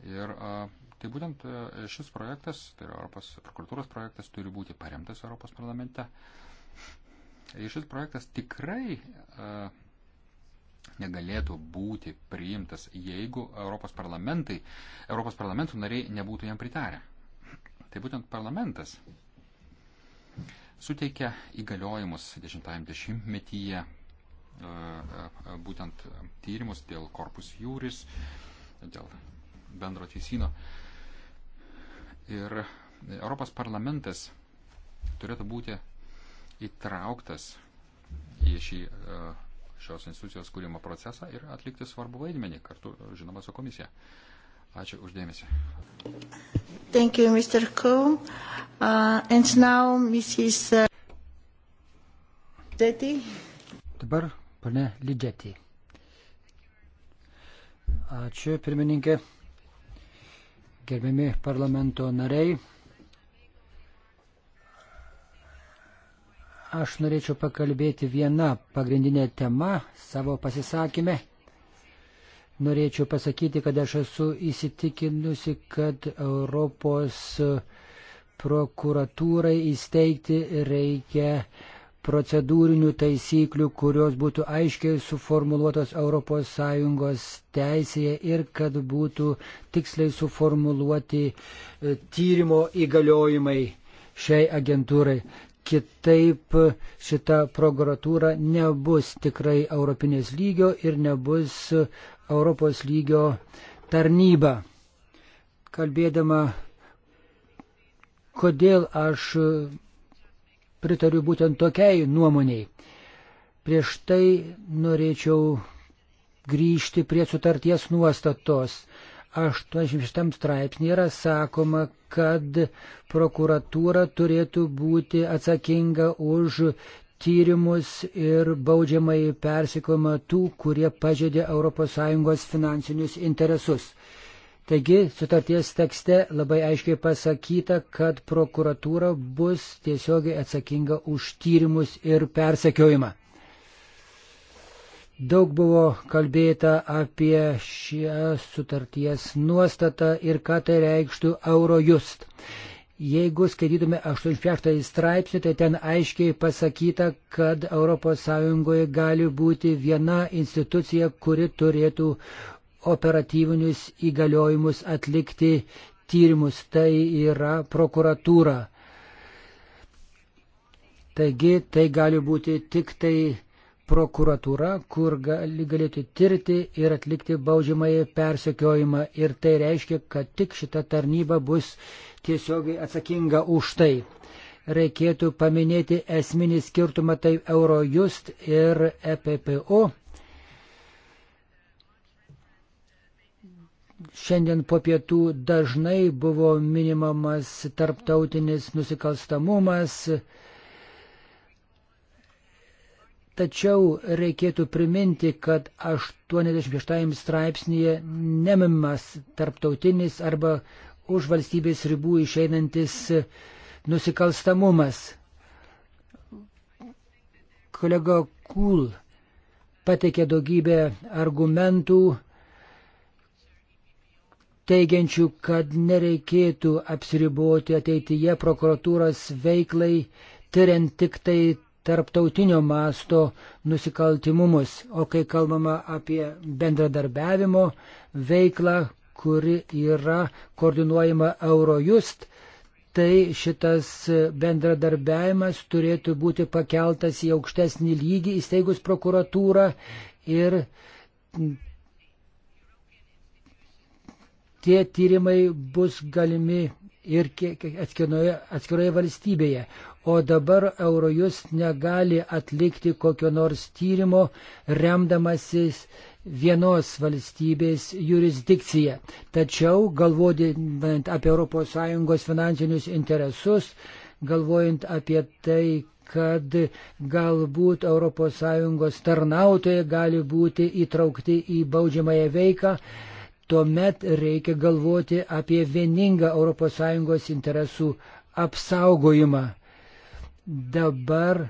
Ir a, e, tai būtent e, šis projektas, tai yra Europos prokuratūros projektas, turi būti paremtas Europos parlamente. Ir šis projektas tikrai a, negalėtų būti priimtas, jeigu Europos, Europos parlamentų nariai nebūtų jam pritarę tai būtent parlamentas suteikia įgaliojimus 10-metyje e, e, būtent tyrimus dėl korpus jūris, dėl bendro teisino. Ir Europos parlamentas turėtų būti įtrauktas į šį e, šios institucijos kūrimo procesą ir atlikti svarbų vaidmenį kartu, žinoma, su komisija. Uh, Ačiū uždėmesi. Thank you, Mr. Kuhn. Uh, and now Mrs. Uh, Lidžetį. Dabar pane Lidžetį. Ačiū, pirmininkė. Gerbiami parlamento nariai. Aš norėčiau pakalbėti vieną pagrindinę temą savo pasisakymę norėčiau pasakyti, kad aš esu įsitikinusi, kad Europos prokuratūrai įsteigti reikia procedūrinių taisyklių, kurios būtų aiškiai suformuluotos ES teisėje ir kad būtų tiksliai suformuluoti e, tyrimo įgaliojimai šiai agentūrai. Kitaip šita prokuratūra nebus tikrai europinės lygio ir nebus Europos lygio tarnybą. Kalbėdama, kodėl aš pritariu būtent tokiai nuomoniai. Prieš tai norėčiau grįžti prie sutarties nuostatos. 86 straipsnė yra sakoma, kad prokuratūra turėtų būti atsakinga už tyrimus ir baudžiamai persikojimą tų, kurie pažeidė ES finansinius interesus. Taigi sutarties tekste labai aiškiai pasakyta, kad prokuratūra bus tiesiogiai atsakinga už tyrimus ir persekiojimą. Daug buvo kalbėta apie šią sutarties nuostatą ir ką tai reikštų Eurojust. Jeigu skaitytume 86 straipsnį, tai ten aiškiai pasakyta, kad ES gali būti viena institucija, kuri turėtų operatyvinius įgaliojimus atlikti tyrimus. Tai yra prokuratūra. Taigi tai gali būti tik tai prokuratūra, kur gali, galėtų tirti ir atlikti baudžiamąjį persekiojimą. Ir tai reiškia, kad tik šita tarnyba bus tiesiogiai atsakinga už tai. Reikėtų paminėti esminį skirtumą taip Eurojust ir EPPO. Šiandien po pietų dažnai buvo minimamas tarptautinis nusikalstamumas, Tačiau reikėtų priminti, kad 86 straipsnėje nemimas tarptautinis arba už valstybės ribų išeinantis nusikalstamumas. Kolega Kūl pateikė daugybę argumentų, teigiančių, kad nereikėtų apsiriboti ateityje prokuratūros veiklai, tyriant tik tai tarptautinio masto nusikaltimumus, o kai kalbama apie bendradarbiavimo veiklą, kuri yra koordinuojama Eurojust, tai šitas bendradarbiavimas turėtų būti pakeltas į aukštesnį lygį įsteigus prokuratūrą ir tie tyrimai bus galimi ir atskiroje, atskiroje valstybėje. O dabar Eurojus negali atlikti kokio nors tyrimo remdamasis vienos valstybės jurisdikcija. Tačiau, galvodant apie ES finansinius interesus, galvojant apie tai, kad galbūt ES tarnautojai gali būti įtraukti į baudžiamąją veiką, tuomet reikia galvoti apie vieningą ES interesų apsaugojimą. Dabar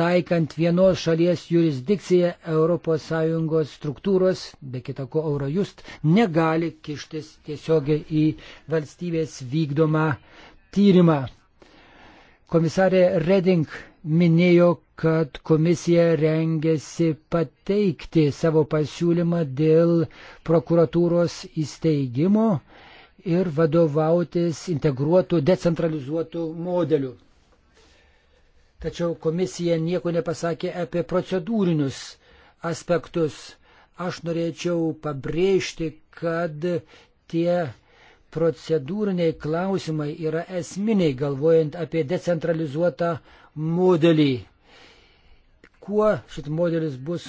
taikant vienos šalies jurisdikciją ES struktūros, be kitako Eurojust, negali kištis tiesiogiai į valstybės vykdomą tyrimą. Komisarė Reding minėjo, kad komisija rengiasi pateikti savo pasiūlymą dėl prokuratūros įsteigimo ir vadovautis integruotų, decentralizuotų modelių. Tačiau komisija nieko nepasakė apie procedūrinius aspektus. Aš norėčiau pabrėžti, kad tie procedūriniai klausimai yra esminiai, galvojant apie decentralizuotą modelį. Kuo šit modelis bus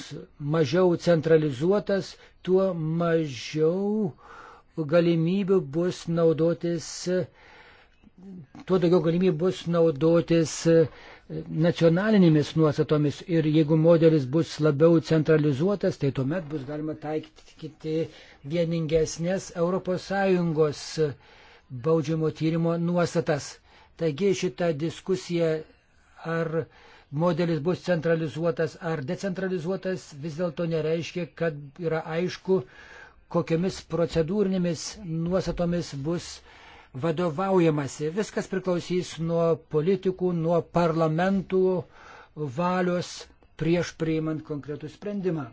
mažiau centralizuotas, tuo mažiau galimybių bus naudotis, tuo daugiau galimybių bus naudotis uh, nacionalinėmis nuostatomis ir jeigu modelis bus labiau centralizuotas, tai tuomet bus galima taikyti vieningesnės ES baudžiamo tyrimo nuostatas. Taigi šita diskusija, ar modelis bus centralizuotas ar decentralizuotas, vis dėlto nereiškia, kad yra aišku, kokiamis procedūrinėmis nuostatomis bus vadovaujamasi. Viskas priklausys nuo politikų, nuo parlamentų valios prieš priimant konkretų sprendimą.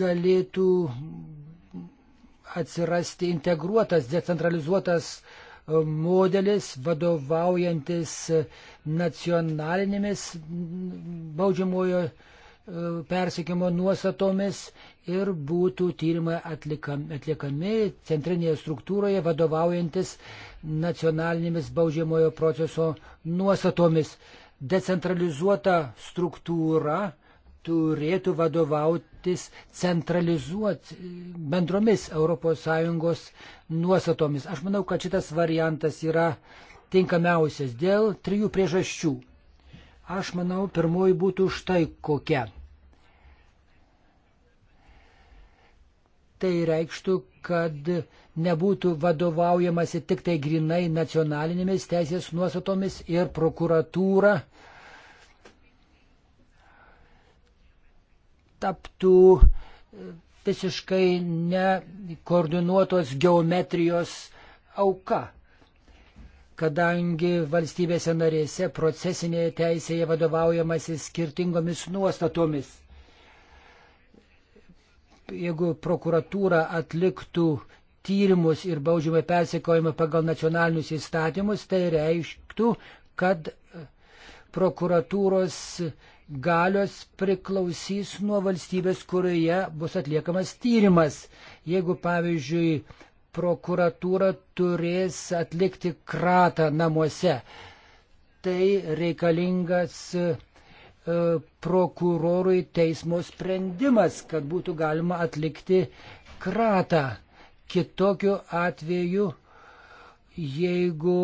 Galėtų atsirasti integruotas, decentralizuotas modelis vadovaujantis nacionalinėmis baudžiamojo E, persikimo nuostatomis ir būtų tyrimai atliekami centrinėje struktūroje vadovaujantis nacionalinėmis baudžiamojo proceso nuostatomis. Decentralizuota struktūra turėtų vadovautis centralizuoti bendromis ES nuostatomis. Aš manau, kad šitas variantas yra tinkamiausias dėl trijų priežasčių aš manau, pirmoji būtų štai kokia. Tai reikštų, kad nebūtų vadovaujamasi tik tai grinai nacionalinėmis teisės nuostatomis ir prokuratūra taptų e, visiškai nekoordinuotos geometrijos auka kadangi valstybėse narėse procesinėje teisėje vadovaujamasi skirtingomis nuostatomis. Jeigu prokuratūra atliktų tyrimus ir baudžiamą persikojimą pagal nacionalinius įstatymus, tai reikštų, kad prokuratūros galios priklausys nuo valstybės, kurioje bus atliekamas tyrimas. Jeigu, pavyzdžiui, prokuratūra turės atlikti kratą namuose. Tai reikalingas e, prokurorui teismo sprendimas, kad būtų galima atlikti kratą. Kitokiu atveju, jeigu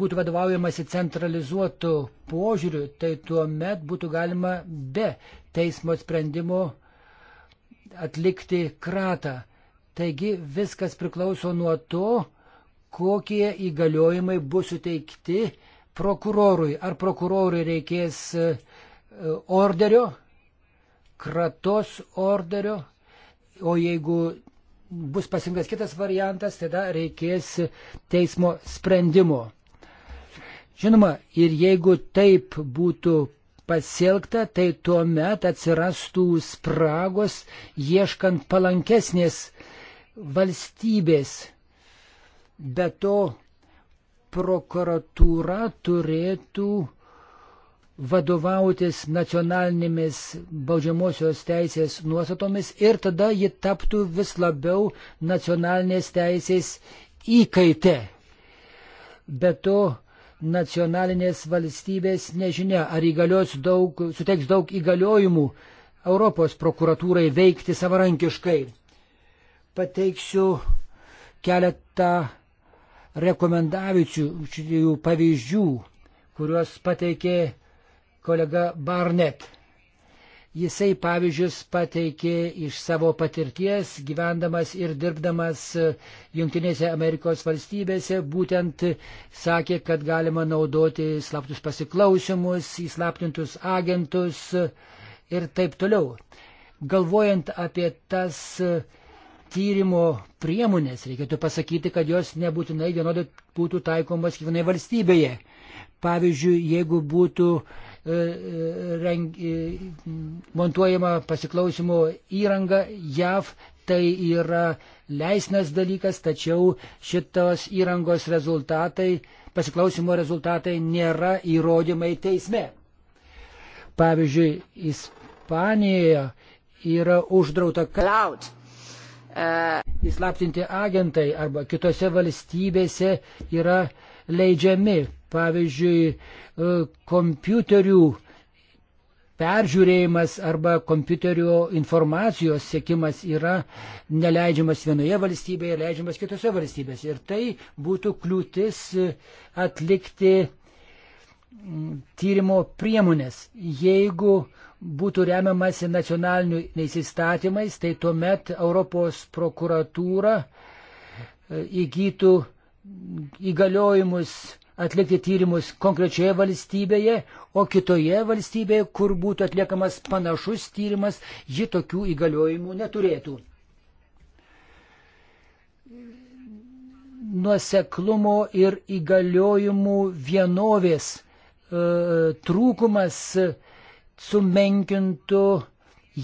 būtų vadovaujamasi centralizuotų požiūrių, tai tuo met būtų galima be teismo sprendimo atlikti kratą. Taigi viskas priklauso nuo to, kokie įgaliojimai bus suteikti prokurorui. Ar prokurorui reikės e, orderio, kratos orderio, o jeigu bus pasirinktas kitas variantas, tada reikės teismo sprendimo. Žinoma, ir jeigu taip būtų pasielgta, tai tuo met atsirastų spragos ieškant palankesnės valstybės. Be to, prokuratūra turėtų vadovautis nacionalinėmis baudžiamosios teisės nuostatomis ir tada ji taptų vis labiau nacionalinės teisės įkaite. Be to, nacionalinės valstybės nežinia, ar įgalios daug, suteiks daug įgaliojimų Europos prokuratūrai veikti savarankiškai pateiksiu keletą rekomendacijų, pavyzdžių, kuriuos pateikė kolega Barnett. Jisai pavyzdžius pateikė iš savo patirties, gyvendamas ir dirbdamas Junktinėse Amerikos valstybėse, būtent sakė, kad galima naudoti slaptus pasiklausimus, įslaptintus agentus ir taip toliau. Galvojant apie tas tyrimo priemonės, reikėtų pasakyti, kad jos nebūtinai vienodai būtų taikomas kiekvienai valstybėje. Pavyzdžiui, jeigu būtų e, e, reng, e, montuojama pasiklausimo įranga JAV, tai yra leisnas dalykas, tačiau šitos įrangos rezultatai, pasiklausimo rezultatai nėra įrodymai teisme. Pavyzdžiui, Ispanijoje yra uždrauta. Cloud Įslaptinti agentai arba kitose valstybėse yra leidžiami, pavyzdžiui, e, kompiuterių peržiūrėjimas arba kompiuterio informacijos sėkimas yra neleidžiamas vienoje valstybėje, leidžiamas kitose valstybėse. Ir tai būtų kliūtis atlikti tyrimo priemonės. Jeigu būtų remiamasi nacionaliniais įstatymais, tai tuomet Europos prokuratūra e, įgytų įgaliojimus atlikti tyrimus konkrečioje valstybėje, o kitoje valstybėje, kur būtų atliekamas panašus tyrimas, ji tokių įgaliojimų neturėtų. Nuoseklumo ir įgaliojimų vienovės e, trūkumas e, sumenkintų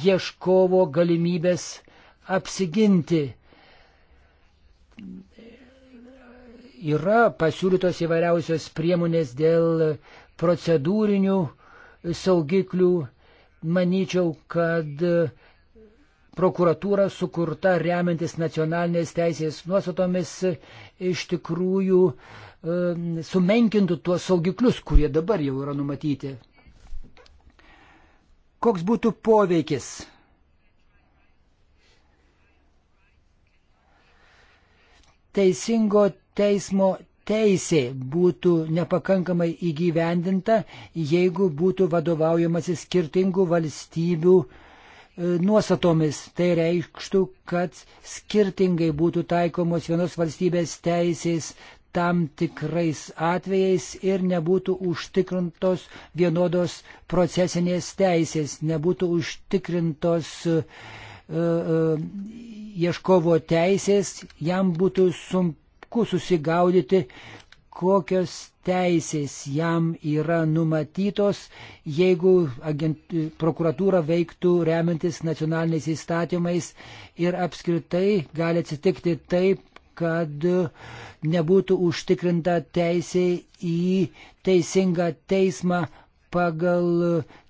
ieškovo galimybės apsiginti. Yra pasiūlytos įvairiausios priemonės dėl procedūrinių saugiklių. Manyčiau, kad prokuratūra sukurta remiantis nacionalinės teisės nuostatomis iš tikrųjų e, sumenkintų tuos saugiklius, kurie dabar jau yra numatyti koks būtų poveikis. Teisingo teismo teisė būtų nepakankamai įgyvendinta, jeigu būtų vadovaujamasi skirtingų valstybių e, nuostatomis. Tai reikštų, kad skirtingai būtų taikomos vienos valstybės teisės tam tikrais atvejais ir nebūtų užtikrintos vienodos procesinės teisės, nebūtų užtikrintos uh, uh, ieškovo teisės, jam būtų sunku susigaudyti, kokios teisės jam yra numatytos, jeigu agent, prokuratūra veiktų remiantis nacionaliniais įstatymais ir apskritai gali atsitikti taip, kad nebūtų užtikrinta teisė į teisingą teismą pagal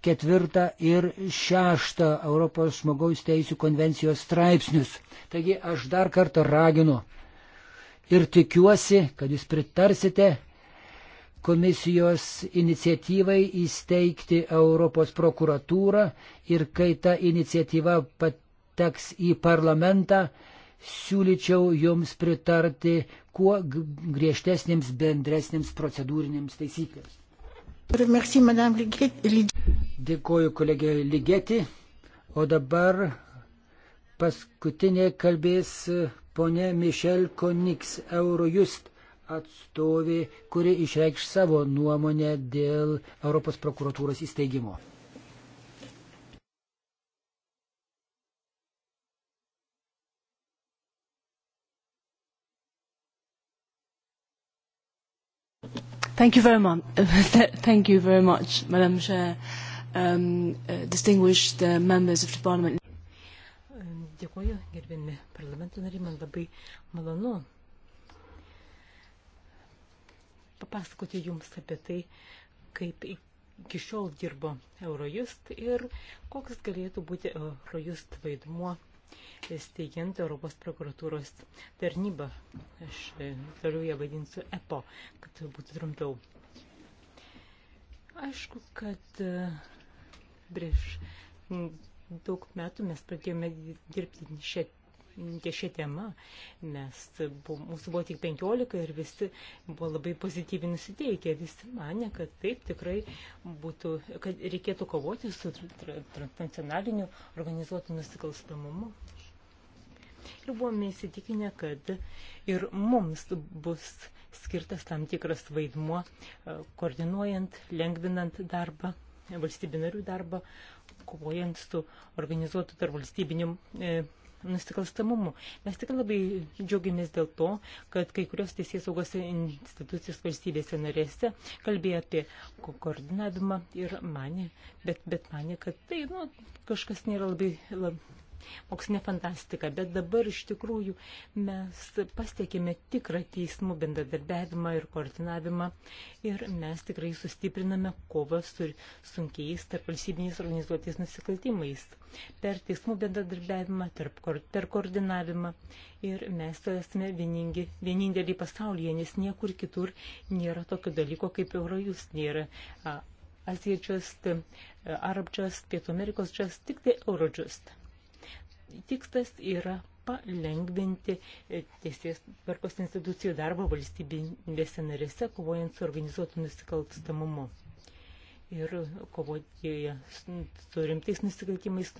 ketvirtą ir šeštą Europos žmogaus teisų konvencijos straipsnius. Taigi aš dar kartą raginu ir tikiuosi, kad jūs pritarsite komisijos iniciatyvai įsteigti Europos prokuratūrą ir kai ta iniciatyva pateks į parlamentą, siūlyčiau jums pritarti kuo griežtesnėms bendresnėms procedūrinėms taisyklėms. Dėkoju kolegė Ligeti, o dabar paskutinė kalbės ponė Mišel Koniks Eurojust atstovė, kuri išreikš savo nuomonę dėl Europos prokuratūros įsteigimo. Thank you very much. <laughs> Thank you very much, Madam Chair, um, uh, distinguished uh, members of the Parliament. Dėkuoju, gerbėmi parlamento nariai, man labai malonu papasakoti jums apie tai, kaip iki šiol dirbo Eurojust ir koks galėtų būti Eurojust vaidmuo steigiant Europos prokuratūros tarnybą. Aš e, toliau ją vadinsiu EPO, kad būtų trumpiau. Aišku, kad e, prieš daug metų mes pradėjome dirbti šią ties šią temą, nes mūsų buvo tik 15 ir visi buvo labai pozityviai nusiteikę, visi mane, kad taip tikrai būtų, kad reikėtų kovoti su transnacionaliniu organizuotu nusikalstamumu. Ir buvome įsitikinę, kad ir mums bus skirtas tam tikras vaidmuo, e, koordinuojant, lengvinant darbą, valstybinarių darbą, kovojant su organizuotu tarp valstybiniu e, nusikalstamumu. Mes tikrai labai džiaugiamės dėl to, kad kai kurios teisės saugos institucijos valstybėse narėse kalbėjo apie koordinavimą ir mane, bet, bet mane, kad tai nu, kažkas nėra labai, labai mokslinė fantastika, bet dabar iš tikrųjų mes pasiekėme tikrą teismų bendradarbiavimą ir koordinavimą ir mes tikrai sustipriname kovą su sunkiais tarp valstybiniais organizuotais nusikaltimais per teismų bendradarbiavimą, tarp, per koordinavimą ir mes esame vieningi, vieninteliai pasaulyje, nes niekur kitur nėra tokio dalyko kaip Eurojus, nėra Azija Just, Arab Just, Pietų Amerikos Just, tik tai Euro Just tikslas yra palengvinti teisės tvarkos institucijų darbą valstybėse narėse, kovojant su organizuotu nusikalstamumu ir kovoti su rimtais nusikaltimais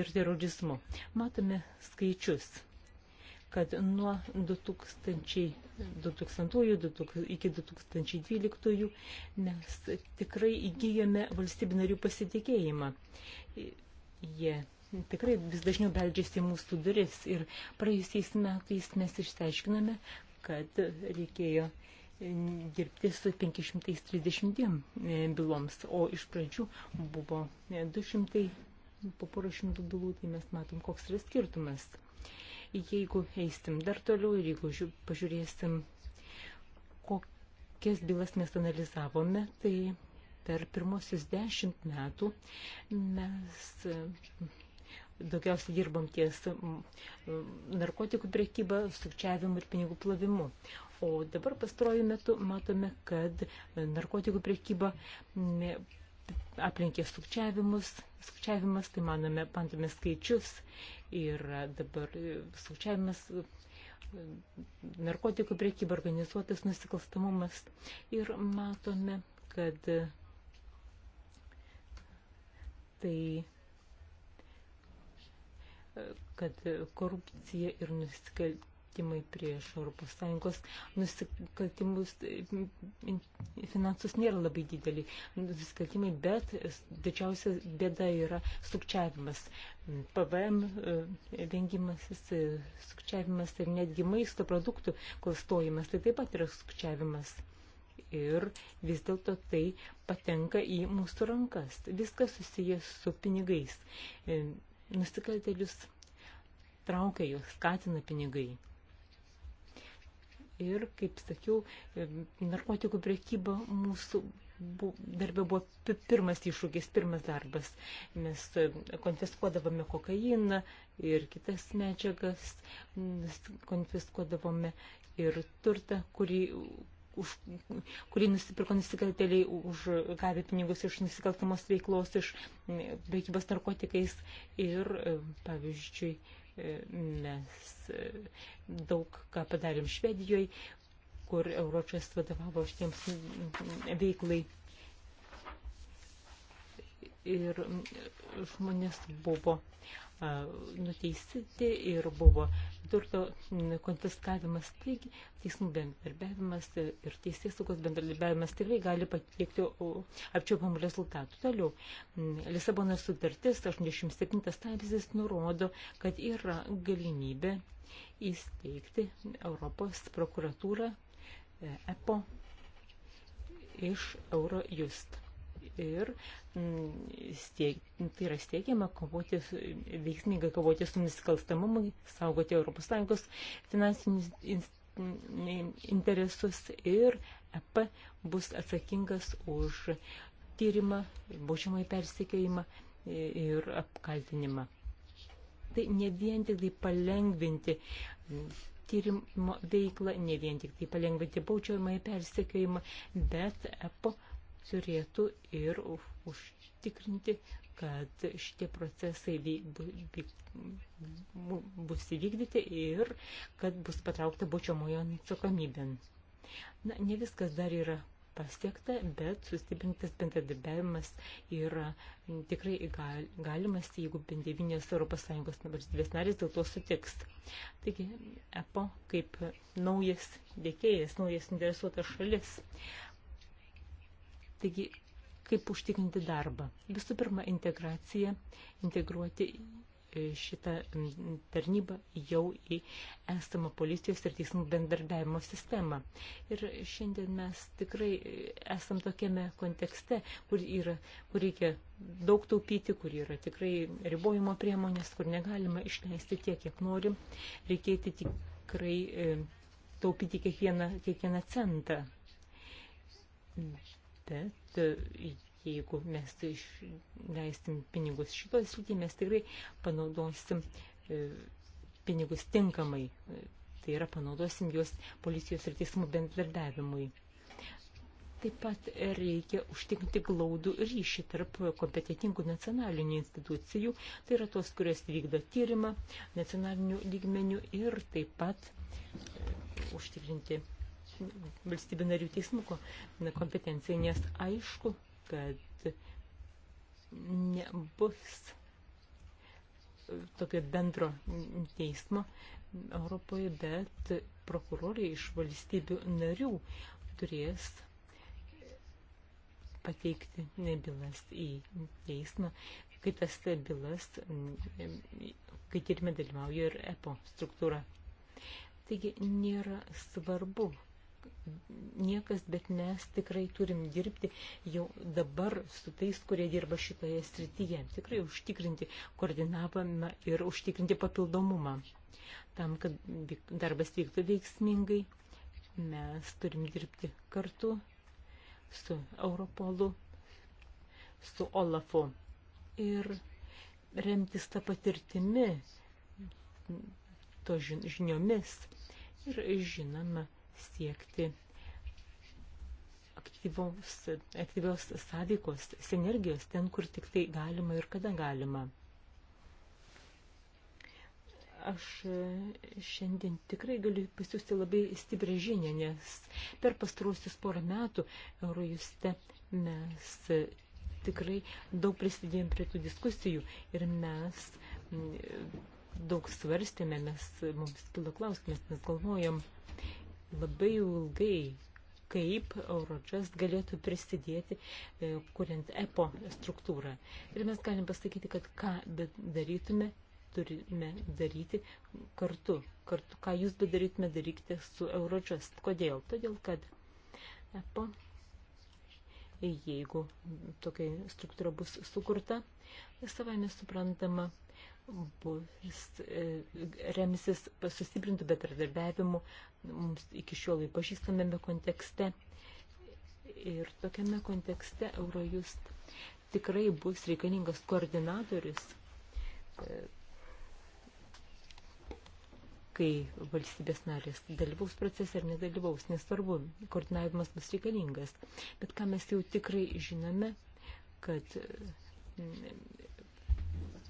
ir terorizmu. Matome skaičius, kad nuo 2000, 2000 iki 2012 mes tikrai įgyjame valstybinarių pasitikėjimą. Jie yeah tikrai vis dažniau beldžiasi mūsų duris ir praėjusiais metais mes išsiaiškiname, kad reikėjo dirbti su 532 e, byloms, o iš pradžių buvo 200, e, po porą šimtų bylų, tai mes matom, koks yra skirtumas. Jeigu eisim dar toliau ir jeigu pažiūrėsim, kokias bylas mes analizavome, tai per pirmosius dešimt metų mes daugiausiai dirbam ties narkotikų priekyba, sukčiavimu ir pinigų plovimu. O dabar pastrojų metu matome, kad narkotikų priekyba aplinkė sukčiavimus, sukčiavimas, tai manome, pantame skaičius ir dabar e, sukčiavimas e, narkotikų priekyba, organizuotas nusikalstamumas. Ir matome, kad e, tai kad korupcija ir nusikaltimai prieš ES nusikaltimus finansus nėra labai dideli nusikaltimai, bet didžiausia bėda yra sukčiavimas. PVM e, vengimas, e, sukčiavimas ir netgi maisto produktų klastojimas, tai taip pat yra sukčiavimas ir vis dėlto tai patenka į mūsų rankas. Viskas susijęs su pinigais. E, nusikaltelius traukia juos, skatina pinigai. Ir, kaip sakiau, narkotikų priekyba mūsų darbė buvo pirmas iššūkis, pirmas darbas. Mes konfiskuodavome kokainą ir kitas medžiagas, konfiskuodavome ir turtą, kurį, už, kurį nusipirko nusikaltėliai už gavę pinigus iš nusikaltamos veiklos, iš veikybos narkotikais ir, e, pavyzdžiui, e, mes e, daug ką padarėm Švedijoje, kur Euročias vadovavo šitiems veiklai. Ir žmonės buvo nuteisti ir buvo turto konfiskavimas. Taigi, teismų bendradarbiavimas ir teisės saugos bendradarbiavimas tikrai gali patiekti apčiopamų rezultatų. Toliau, Lisabonos sutartis 87 straipsnis nurodo, kad yra galimybė įsteigti Europos prokuratūrą EPO e iš Eurojust ir mm, stiek, tai yra stiekiama kovoti, veiksmingai kovoti su nusikalstamumui, saugoti ES finansinius interesus ir EP bus atsakingas už tyrimą, baudžiamą persikėjimą ir apkaltinimą. Tai ne vien tik tai palengvinti mm, tyrimo veiklą, ne vien tik tai palengvinti baudžiamąjį persekėjimą, bet EPO turėtų ir užtikrinti, kad šitie procesai bus įvykdyti ir kad bus patraukta bučiamojo atsakomybėn. Na, ne viskas dar yra pasiekta, bet sustiprintas bendradarbiavimas yra tikrai galimas, jeigu bent devynės ES valstybės narės dėl to sutiks. Taigi, EPO kaip naujas dėkėjas, naujas interesuotas šalis Taigi, kaip užtikrinti darbą? Visų pirma, integracija, integruoti e, šitą tarnybą jau į esamą policijos ir teismų bendarbiavimo sistemą. Ir šiandien mes tikrai e, esam tokiame kontekste, kur, yra, kur reikia daug taupyti, kur yra tikrai ribojimo priemonės, kur negalima išleisti tiek, kiek norim, reikėti tikrai e, taupyti kiekvieną, kiekvieną centą bet e, jeigu mes išleisim pinigus šitos srityje, mes tikrai panaudosim e, pinigus tinkamai. Tai yra panaudosim juos policijos ir teismų bendradarbiavimui. Taip pat reikia užtikrinti glaudų ryšį tarp kompetitingų nacionalinių institucijų, tai yra tos, kurios vykdo tyrimą nacionalinių lygmenių ir taip pat e, užtikrinti valstybių narių teismų kompetencija, nes aišku, kad nebus tokio bendro teismo Europoje, bet prokurorai iš valstybių narių turės pateikti bylas į teismą, kai tas bylas, kai tyrime dalyvauja ir EPO struktūra. Taigi nėra svarbu, niekas, bet mes tikrai turim dirbti jau dabar su tais, kurie dirba šitoje srityje. Tikrai užtikrinti koordinavimą ir užtikrinti papildomumą. Tam, kad darbas vyktų veiksmingai, mes turim dirbti kartu su Europolu, su Olafu ir remtis tą patirtimi, to žiniomis ir žinoma siekti aktyvaus, aktyvios sąveikos, sinergijos ten, kur tik tai galima ir kada galima. Aš šiandien tikrai galiu pasiūsti labai stiprią žinią, nes per pastaruosius porą metų Eurojuste mes tikrai daug prisidėjom prie tų diskusijų ir mes mm, daug svarstėme, mes mums kilo klausimas, mes galvojom, labai ilgai, kaip Eurodžest galėtų prisidėti, e, kuriant EPO struktūrą. Ir mes galim pasakyti, kad ką darytume, turime daryti kartu. kartu ką jūs bedarytume, darykite su Eurodžest. Kodėl? Todėl, kad EPO, jeigu tokia struktūra bus sukurta, savai nesuprantama, bus e, remsis sustiprintų betradarbiavimu mums iki šiol pažįstamame kontekste. Ir tokiame kontekste Eurojust tikrai bus reikalingas koordinatorius, e, kai valstybės narės dalyvaus procese ar nedalyvaus, nesvarbu, koordinavimas bus reikalingas. Bet ką mes jau tikrai žinome, kad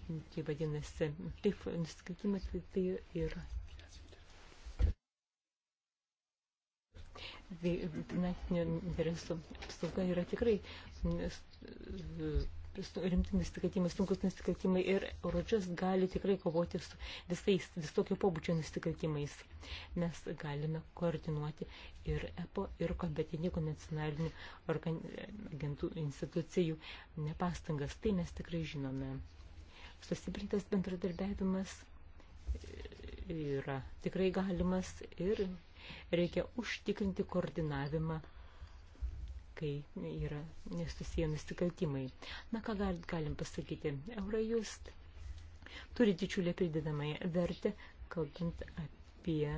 tai vadinasi, taip, nusikaltimas tai, tai yra. Finansinio interesų apsauga yra tikrai rimti nusikaltimai, sunkus nusikaltimai ir rodžias gali tikrai kovoti su visais, visokio pobūdžio nusikaltimais. Mes galime koordinuoti ir EPO, ir kompetentingų nacionalinių agentų institucijų nepastangas. Tai mes tikrai žinome sustiprintas bendradarbiavimas yra tikrai galimas ir reikia užtikrinti koordinavimą, kai yra nesusiję nusikaltimai. Na, ką gal, galim pasakyti? Eurojust turi didžiulę pridedamąją vertę, kalbant apie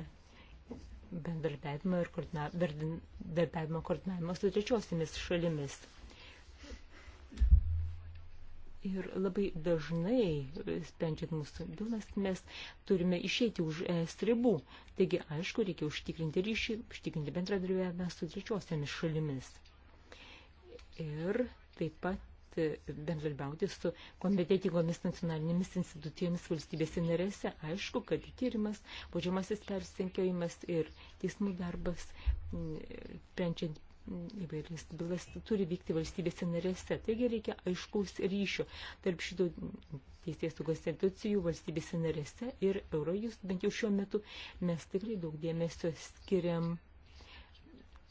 bendradarbiavimo ir koordinavimo, koordinavimo su trečiosiamis šalimis. Ir labai dažnai, sprendžiant mūsų bylas, mes turime išeiti už ES ribų. Taigi, aišku, reikia užtikrinti ryšį, užtikrinti bendradarbiavimą su trečiosiamis šalimis. Ir taip pat bendradarbiauti su kompetitingomis nacionalinėmis institucijomis valstybėse narėse. Aišku, kad tyrimas, podžiamasis persinkiojimas ir teismų darbas, sprendžiant įvairias bylas turi vykti valstybėse narėse. Taigi reikia aiškaus ryšio tarp šitų teisės saugos institucijų valstybėse narėse ir Eurojus, bent jau šiuo metu mes tikrai daug dėmesio skiriam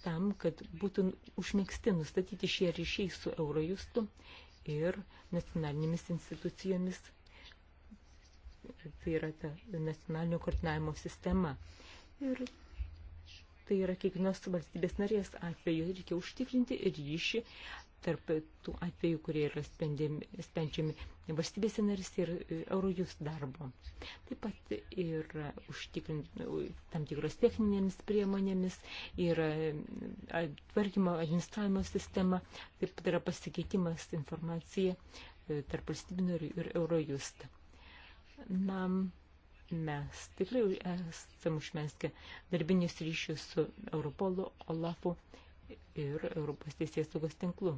tam, kad būtų užmėgsti nustatyti šie ryšiai su Eurojustu ir nacionalinėmis institucijomis. Tai yra ta nacionalinio koordinavimo sistema. Ir tai yra kiekvienos valstybės narės atveju. Reikia užtikrinti ryšį tarp tų atvejų, kurie yra sprendžiami valstybėse narys ir e, eurojus darbo. Taip pat ir užtikrinti e, tam tikros techninėmis priemonėmis, yra e, tvarkymo administravimo sistema, taip pat yra pasikeitimas informacija tarp valstybinio ir eurojust. Na, mes tikrai esam užmeskę darbinius ryšius su Europolu, Olafu ir Europos teisės saugos tinklu.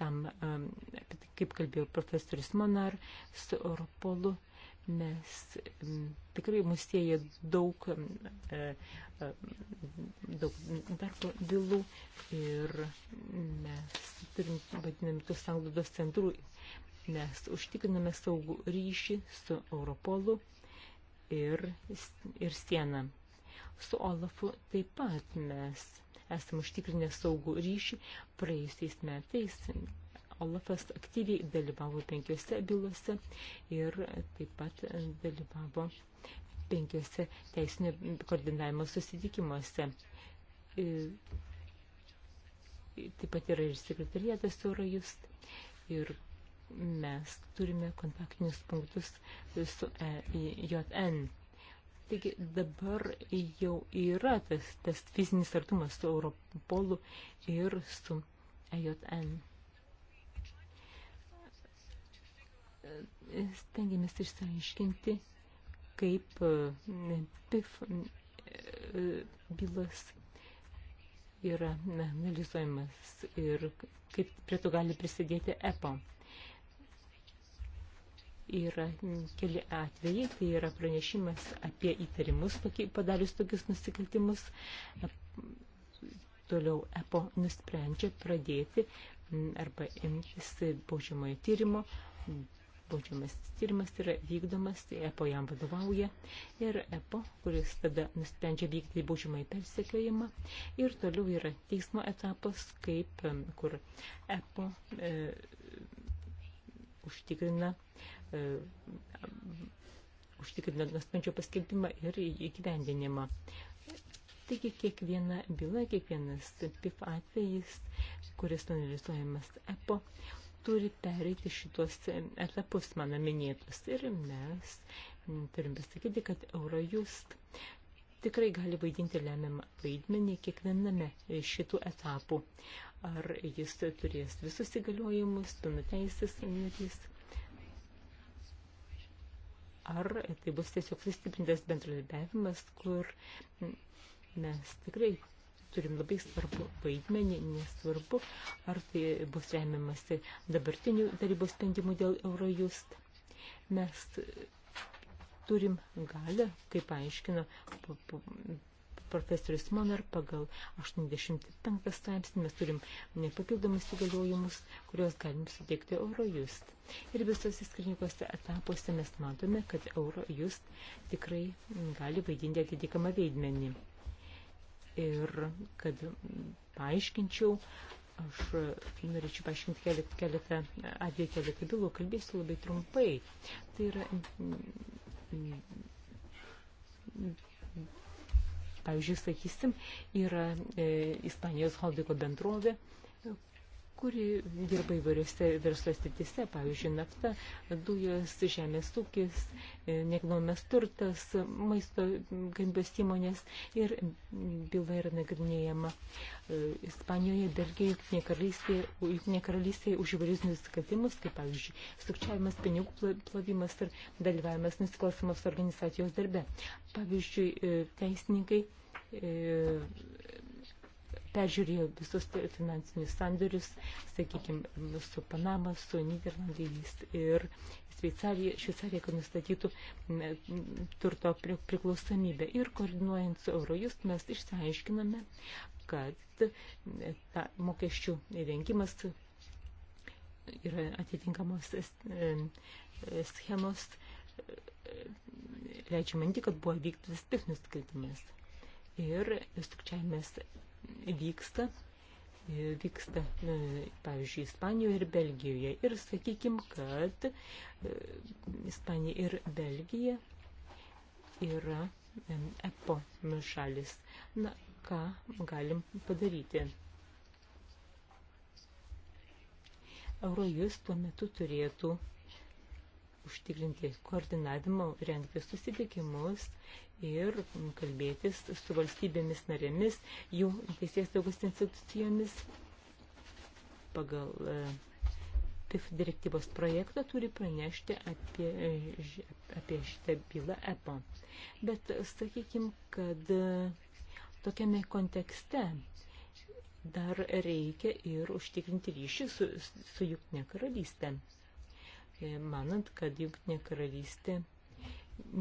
Tam, tai, kaip kalbėjo profesorius Monar, su Europolu mes tikrai mus sieja daug, e, e, daug darbo bylų ir mes turim, vadinam, tų sanglaudos centrų Mes užtikriname saugų ryšį su Europolu ir, ir siena. Su Olafu taip pat mes esame užtikrinę saugų ryšį praėjusiais metais. Olafas aktyviai dalyvavo penkiose bylose ir taip pat dalyvavo penkiose teisinio koordinavimo susitikimuose. E, taip pat yra ir sekretariatas Eurojust ir mes turime kontaktinius punktus su EIJN. Taigi dabar jau yra tas, tas fizinis artumas su Europolu ir su EJN. Stengiamės išsiaiškinti, kaip e, PIF e, bylas yra analizuojamas ir kaip prie to gali prisidėti EPO yra keli atvejai, tai yra pranešimas apie įtarimus padarius tokius nusikaltimus. Toliau EPO nusprendžia pradėti arba imtis baudžiamojo tyrimo. Baudžiamas tyrimas yra vykdomas, tai EPO jam vadovauja ir EPO, kuris tada nusprendžia vykdyti baudžiamąjį persekiojimą. Ir toliau yra teismo etapas, kaip, kur EPO. E, užtikrina e, užtikrina nuosprendžio paskelbimą ir įgyvendinimą. Taigi kiekviena byla, kiekvienas PIF atvejis, kuris analizuojamas EPO, turi pereiti šitos etapus mano minėtus. Ir mes turim pasakyti, kad Eurojust tikrai gali vaidinti lemiamą vaidmenį kiekviename šitų etapų. Ar jis turės visus įgaliojimus, pilnu teisės narys, ar tai bus tiesiog sustiprintas bendradarbiavimas, kur mes tikrai turim labai svarbu vaidmenį, nesvarbu, ar tai bus remiamasi dabartinių darybos sprendimų dėl Eurojust. Mes turim galę, kaip aiškino profesorius Monar, pagal 85 straipsnį mes turim nepapildomus įgaliojimus, kuriuos galim suteikti Eurojust. Ir visose skirtingose etapuose mes matome, kad Eurojust tikrai gali vaidinti atitinkamą vaidmenį. Ir kad paaiškinčiau, aš norėčiau paaiškinti keletą, keletą atvejų, keletą bylų, kalbėsiu labai trumpai. Tai yra Pavyzdžiui, sakysim, yra e, Ispanijos holdiko bendrovė, e, kuri dirba įvairiose verslo statise, pavyzdžiui, nafta, dujos, žemės ūkis, e, nekilnojamas turtas, maisto gamybos įmonės ir byla yra nagrinėjama e, Ispanijoje, Belgijoje, Junktinėje karalystėje, Junktinėje karalystėje už įvairius nusikaltimus, kaip pavyzdžiui, sukčiavimas, pinigų plavimas ir dalyvavimas nusikalstamos organizacijos darbe. Pavyzdžiui, e, teisininkai peržiūrėjo visus finansinius sandorius, sakykime, su Panama, su Niderlandais ir Šveicarija, Šveicarija kad nustatytų turto priklausomybę. Ir koordinuojant su Eurojust mes išsiaiškiname, kad ta mokesčių vengimas yra atitinkamos schemos leidžia manyti, kad buvo vykdytas techninis nusikaltimas ir sukčiavimas vyksta, vyksta, e, pavyzdžiui, Ispanijoje ir Belgijoje. Ir sakykim, kad e, Ispanija ir Belgija yra e, EPO šalis. Na, ką galim padaryti? Eurojus tuo metu turėtų užtikrinti koordinavimą, rengti susitikimus ir kalbėtis su valstybėmis narėmis, jų teisės saugos institucijomis pagal PIF e, direktyvos projektą turi pranešti apie, apie šitą bylą EPO. Bet sakykime, kad e, tokiame kontekste dar reikia ir užtikrinti ryšį su, su jukne karalystė. E, manant, kad Junktinė karalystė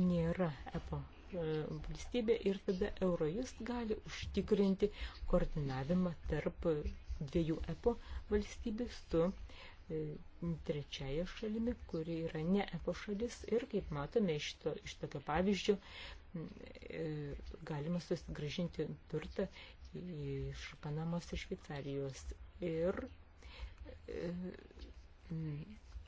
nėra EPO e, valstybė ir tada Eurojust gali užtikrinti koordinavimą tarp dviejų EPO valstybių su e, trečiaja šalimi, kuri yra ne EPO šalis ir kaip matome iš, to, iš tokio pavyzdžio galima susigražinti turtą iš Panamos ir Šveicarijos ir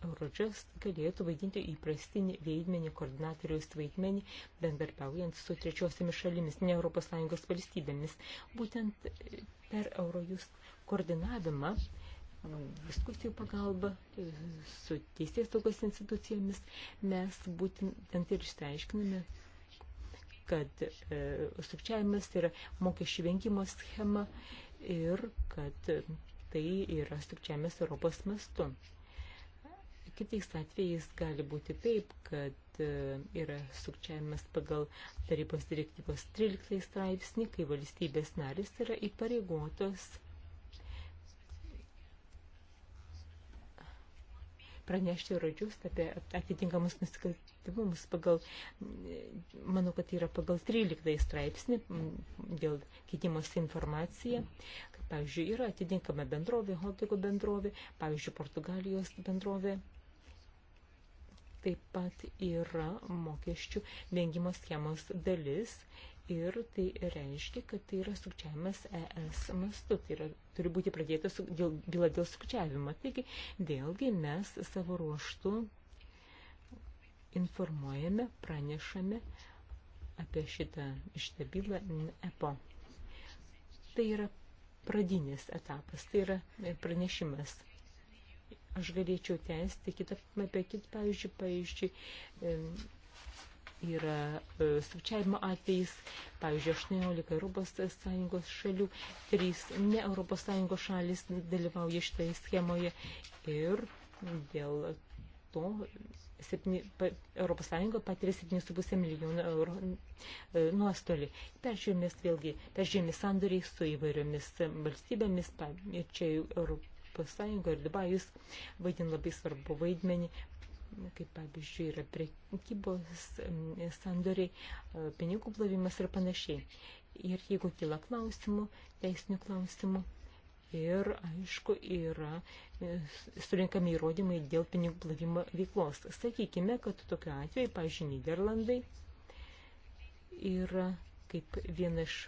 Eurojust galėtų vaidinti įprastinį veidmenį, koordinatoriaus vaidmenį, bendarbiaujant su trečiosiamis šalimis, ne ES valstybėmis. Būtent e, per Eurojust koordinavimą diskusijų pagalba e, su teisės saugos institucijomis mes būtent ir išsiaiškiname, kad e, sukčiavimas yra mokesčių vengimo schema ir kad e, tai yra sukčiavimas Europos mastu. Kitais atvejais gali būti taip, kad e, yra sukčiavimas pagal tarybos direktyvos 13 straipsnį, kai valstybės narys yra įpareigotos pranešti rodžius apie atitinkamus nusikaltimus pagal, manau, kad yra pagal 13 straipsnį dėl keitimosi informacija. Pavyzdžiui, yra atitinkama bendrovė, holdingo bendrovė, pavyzdžiui, Portugalijos bendrovė taip pat yra mokesčių vengimo schemos dalis ir tai reiškia, kad tai yra sukčiavimas ES mastu, tai yra, turi būti pradėta su, dėl, byla dėl sukčiavimo. Taigi, vėlgi mes savo ruoštų informuojame, pranešame apie šitą, šitą bylą EPO. Tai yra pradinis etapas, tai yra pranešimas aš galėčiau tęsti kitą apie kitą, pavyzdžiui, pavyzdžiui, yra e, sukčiavimo atvejais, pavyzdžiui, 18 Europos Sąjungos šalių, 3 ne Europos Sąjungos šalis dalyvauja šitoje schemoje ir dėl to 7, Europos Sąjunga patiria 7,5 milijonų eurų nuostolį. Peržiūrėmis vėlgi, peržiūrėmis sandoriai su įvairiomis valstybėmis, čia Europos Europos Sąjunga ir Dubajus vaidina labai svarbu vaidmenį, kaip pavyzdžiui yra prekybos sandoriai, e, pinigų plavimas ir panašiai. Ir jeigu kyla klausimų, teisinių klausimų, ir, aišku, yra e, surinkami įrodymai dėl pinigų plovimo veiklos. Sakykime, kad tokiu atveju, pažiūrėjau, Niderlandai yra kaip viena iš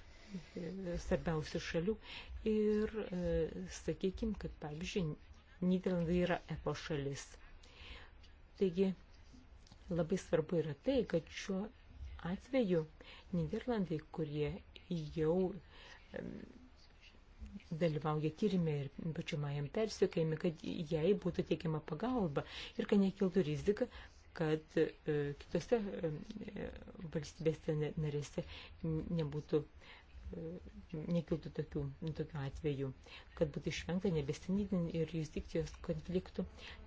E, svarbiausių šalių ir e, sakykim, kad pavyzdžiui, Niderlandai yra EPO šalis. Taigi labai svarbu yra tai, kad šiuo atveju Niderlandai, kurie jau dalyvauja tyrimė ir pačiamajam persiekėjimui, kad jai būtų teikiama pagalba ir kad nekiltų rizika, kad e, kitose valstybėse narėse nebūtų nekiltų tokių, tokių atvejų, kad būtų išvengta nebestinydin ir jurisdikcijos konfliktų.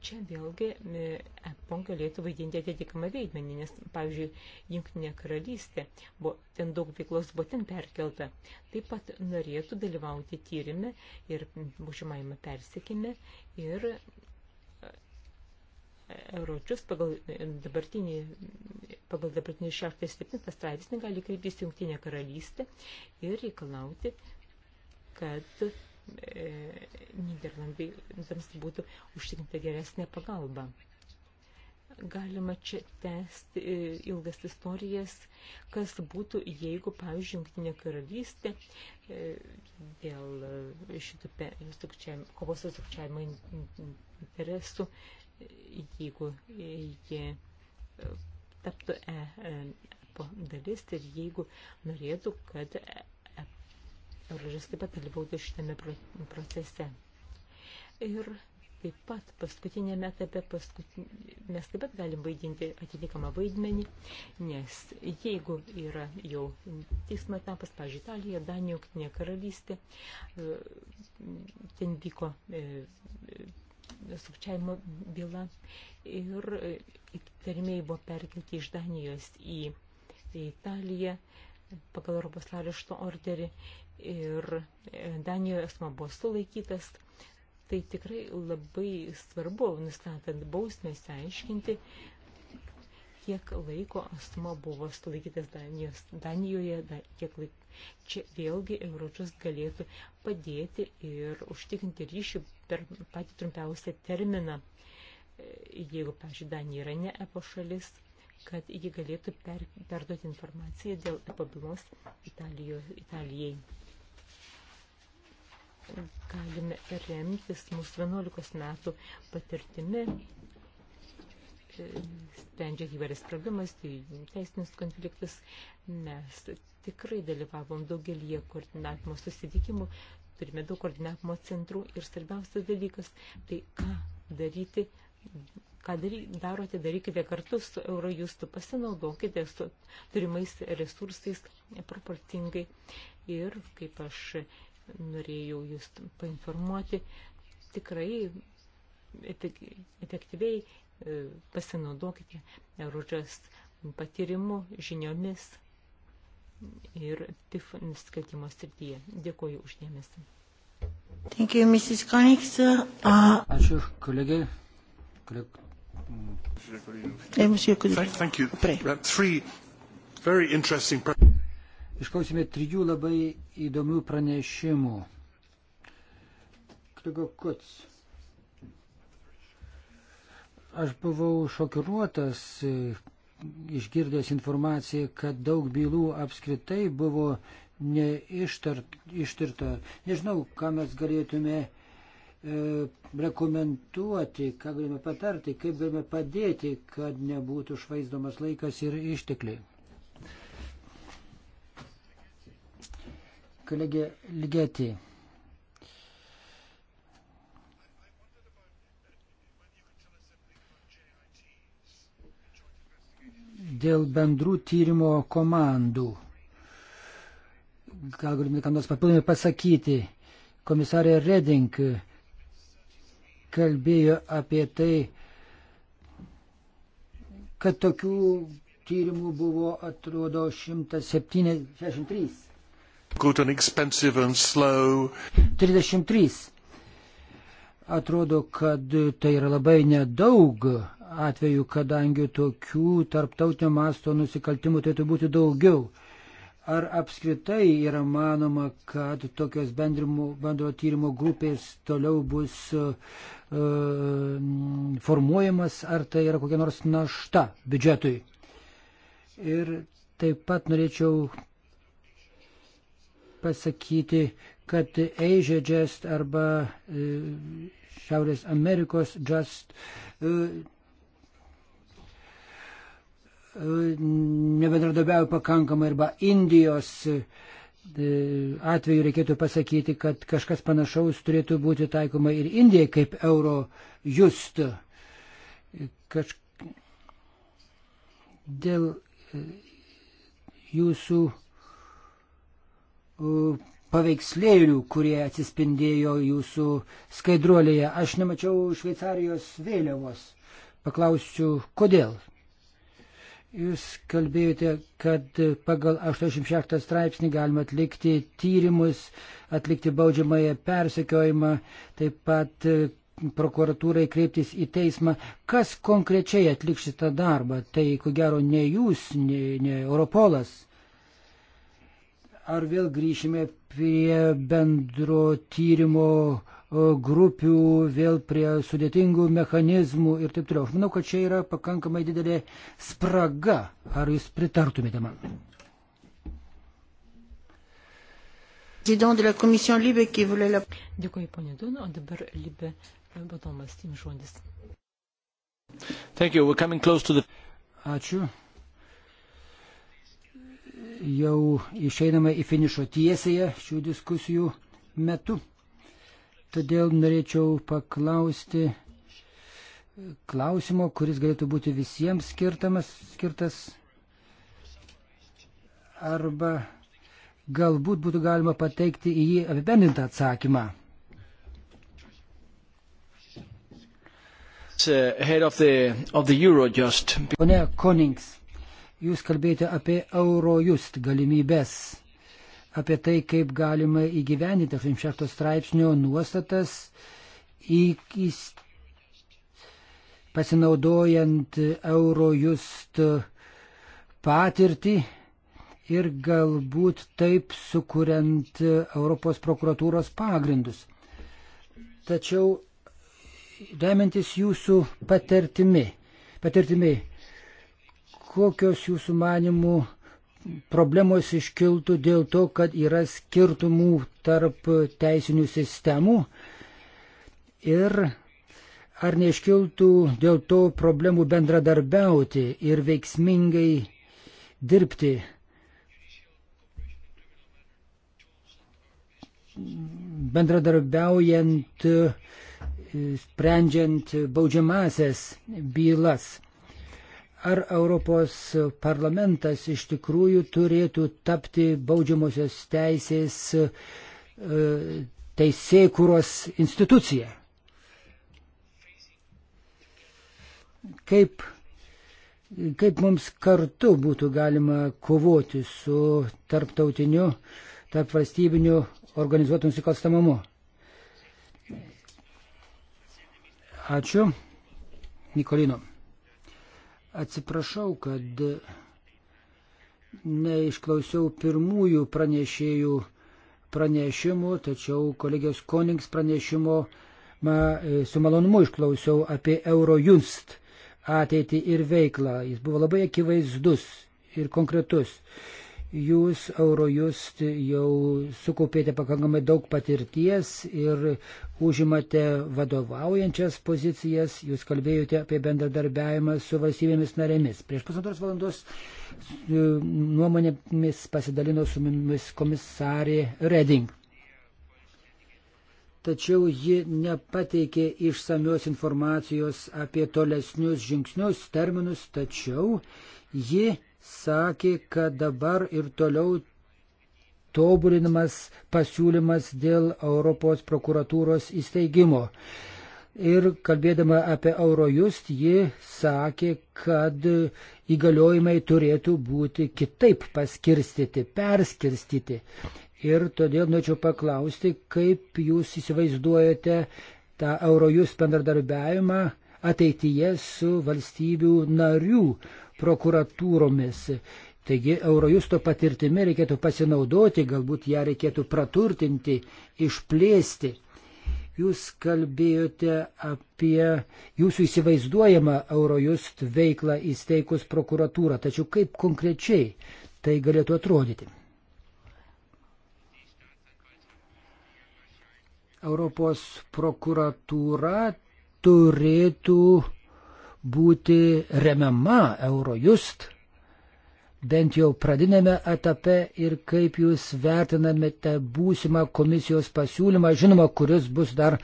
Čia vėlgi e, EPON galėtų vaidinti atitikamą veidmenį, nes, pavyzdžiui, Junktinė karalystė, buvo, ten daug veiklos buvo ten perkelta, taip pat norėtų dalyvauti tyrimė ir būžimajame persekime ir Euročius pagal dabartinį, pagal dabartinį 67 straipsnį gali kreiptis Jungtinė karalystė ir reikalauti, kad e, Niderlandams būtų užtikrinta geresnė pagalba. Galima čia tęsti e, ilgas istorijas, kas būtų, jeigu, pavyzdžiui, Junktinė karalystė e, dėl e, šitų pe, sukčiavimo, kovos su sukčiavimo interesų e, jeigu jie e, taptų EPO e, dalis ir jeigu norėtų, kad Eurazijas e, taip pat dalyvautų šitame procese. Ir taip pat paskutinėme etape paskutin... mes taip pat galim vaidinti atitinkamą vaidmenį, nes jeigu yra jau teismo etapas, pavyzdžiui, Italija, Danija, Jungtinė karalystė, ten vyko sukčiavimo byla ir e, įtarimiai buvo perkelti iš Danijos į, į Italiją pagal Europos arešto orderį ir e, Danijoje asmo buvo sulaikytas. Tai tikrai labai svarbu, nustatant bausmės, aiškinti, kiek laiko asmo buvo sulaikytas Danijos, Danijoje, da, kiek laiko. Čia vėlgi Euročius galėtų padėti ir užtikrinti ryšį per patį trumpiausią terminą, e, jeigu, pažiūrėjau, Danija yra ne EPO šalis, kad ji galėtų per, perduoti informaciją dėl EPO bylos Italijai galime remtis mūsų 11 metų patirtimi sprendžia įvairias problemas, tai teisinius konfliktus. Mes tikrai dalyvavom daugelį koordinavimo susitikimų, turime daug koordinavimo centrų ir svarbiausias dalykas, tai ką daryti, ką dary, darote, darykite kartu su Eurojustu, pasinaudokite su turimais resursais proporcingai ir kaip aš norėjau jūs painformuoti, tikrai efektyviai E, pasinaudokite Eružas patyrimu, žiniomis ir TIF nusikaltimo srityje. Dėkuoju uždėmesi. Thank you, Mrs. Konings. Uh, Ačiū, kolegė. Koleg... Thank you. Uh, three very interesting... Išklausime trijų labai įdomių pranešimų. Kolega Kuts. Aš buvau šokiruotas e, išgirdęs informaciją, kad daug bylų apskritai buvo neištirta. Nežinau, ką mes galėtume e, rekomenduoti, ką galime patarti, kaip galime padėti, kad nebūtų švaizdomas laikas ir ištekliai. Kolegė Ligetė. dėl bendrų tyrimo komandų. Gal galime kam nors papildomai pasakyti. Komisarė Reding kalbėjo apie tai, kad tokių tyrimų buvo, atrodo, 163. Good and expensive and slow. 33. Atrodo, kad tai yra labai nedaug atveju, kadangi tokių tarptautinio masto nusikaltimų turėtų tai būti daugiau. Ar apskritai yra manoma, kad tokios bendrimo, bendro tyrimo grupės toliau bus uh, formuojamas, ar tai yra kokia nors našta biudžetui? Ir taip pat norėčiau pasakyti, kad Asia Just arba e, Šiaurės Amerikos Just nebendradarbiauja pakankamai arba Indijos e, atveju reikėtų pasakyti, kad kažkas panašaus turėtų būti taikoma ir Indijai kaip euro just. Kaž... Dėl e, jūsų e, paveikslėlių, kurie atsispindėjo jūsų skaidruolėje, aš nemačiau Šveicarijos vėliavos. Paklausiu, kodėl? Jūs kalbėjote, kad pagal 86 straipsnį galima atlikti tyrimus, atlikti baudžiamąją persekiojimą, taip pat e, prokuratūrai kreiptis į teismą. Kas konkrečiai atliks šitą darbą? Tai ko gero ne jūs, ne, ne Europolas. Ar vėl grįšime prie bendro tyrimo uh, E, grupių, vėl prie sudėtingų mechanizmų ir taip toliau. Aš manau, kad čia yra pakankamai didelė spraga. Ar jūs pritartumėte man? Dėkui, ponė Dun, o dabar Libė Batomas, e, tim žodis. The... Ačiū. Jau išeiname į finišo tiesėje šių diskusijų metu. Todėl norėčiau paklausti klausimo, kuris galėtų būti visiems skirtamas, skirtas arba galbūt būtų galima pateikti į jį apibendrintą atsakymą. Uh, of the, of the Pone Konings, jūs kalbėjote apie Eurojust galimybės apie tai, kaip galima įgyveninti 86 straipsnio nuostatas, įkist, pasinaudojant Eurojust patirtį ir galbūt taip sukuriant Europos prokuratūros pagrindus. Tačiau remiantis jūsų patirtimi, patirtimi kokios jūsų manimų problemos iškiltų dėl to, kad yra skirtumų tarp teisinių sistemų ir ar neiškiltų dėl to problemų bendradarbiauti ir veiksmingai dirbti. Bendradarbiaujant, sprendžiant baudžiamasias bylas ar Europos parlamentas iš tikrųjų turėtų tapti baudžiamosios teisės e, teisėkuros institucija. Kaip, kaip mums kartu būtų galima kovoti su tarptautiniu, tarpvalstybiniu organizuotų nusikalstamumu? Ačiū. Nikolino. Atsiprašau, kad neišklausiau pirmųjų pranešėjų pranešimų, tačiau kolegijos Konings pranešimo ma, e, su malonumu išklausiau apie Eurojust ateitį ir veiklą. Jis buvo labai akivaizdus ir konkretus. Jūs Eurojust jau sukaupėte pakankamai daug patirties ir užimate vadovaujančias pozicijas, jūs kalbėjote apie bendradarbiavimą su valstybėmis narėmis. Prieš pusantros valandos e, nuomonėmis pasidalino su mumis komisarė Reding. Tačiau ji nepateikė išsamios informacijos apie tolesnius žingsnius, terminus, tačiau ji sakė, kad dabar ir toliau tobulinamas pasiūlymas dėl Europos prokuratūros įsteigimo. Ir kalbėdama apie Eurojust, ji sakė, kad įgaliojimai turėtų būti kitaip paskirstyti, perskirstyti. Ir todėl norėčiau paklausti, kaip jūs įsivaizduojate tą Eurojust bendradarbiavimą ateityje su valstybių narių prokuratūromis. Taigi Eurojusto patirtimi reikėtų pasinaudoti, galbūt ją reikėtų praturtinti, išplėsti. Jūs kalbėjote apie jūsų įsivaizduojamą Eurojust veiklą įsteigus prokuratūrą, tačiau kaip konkrečiai tai galėtų atrodyti? Europos prokuratūra turėtų būti remiama Eurojust, bent jau pradinėme etape ir kaip jūs vertinamėte būsimą komisijos pasiūlymą, žinoma, kuris bus dar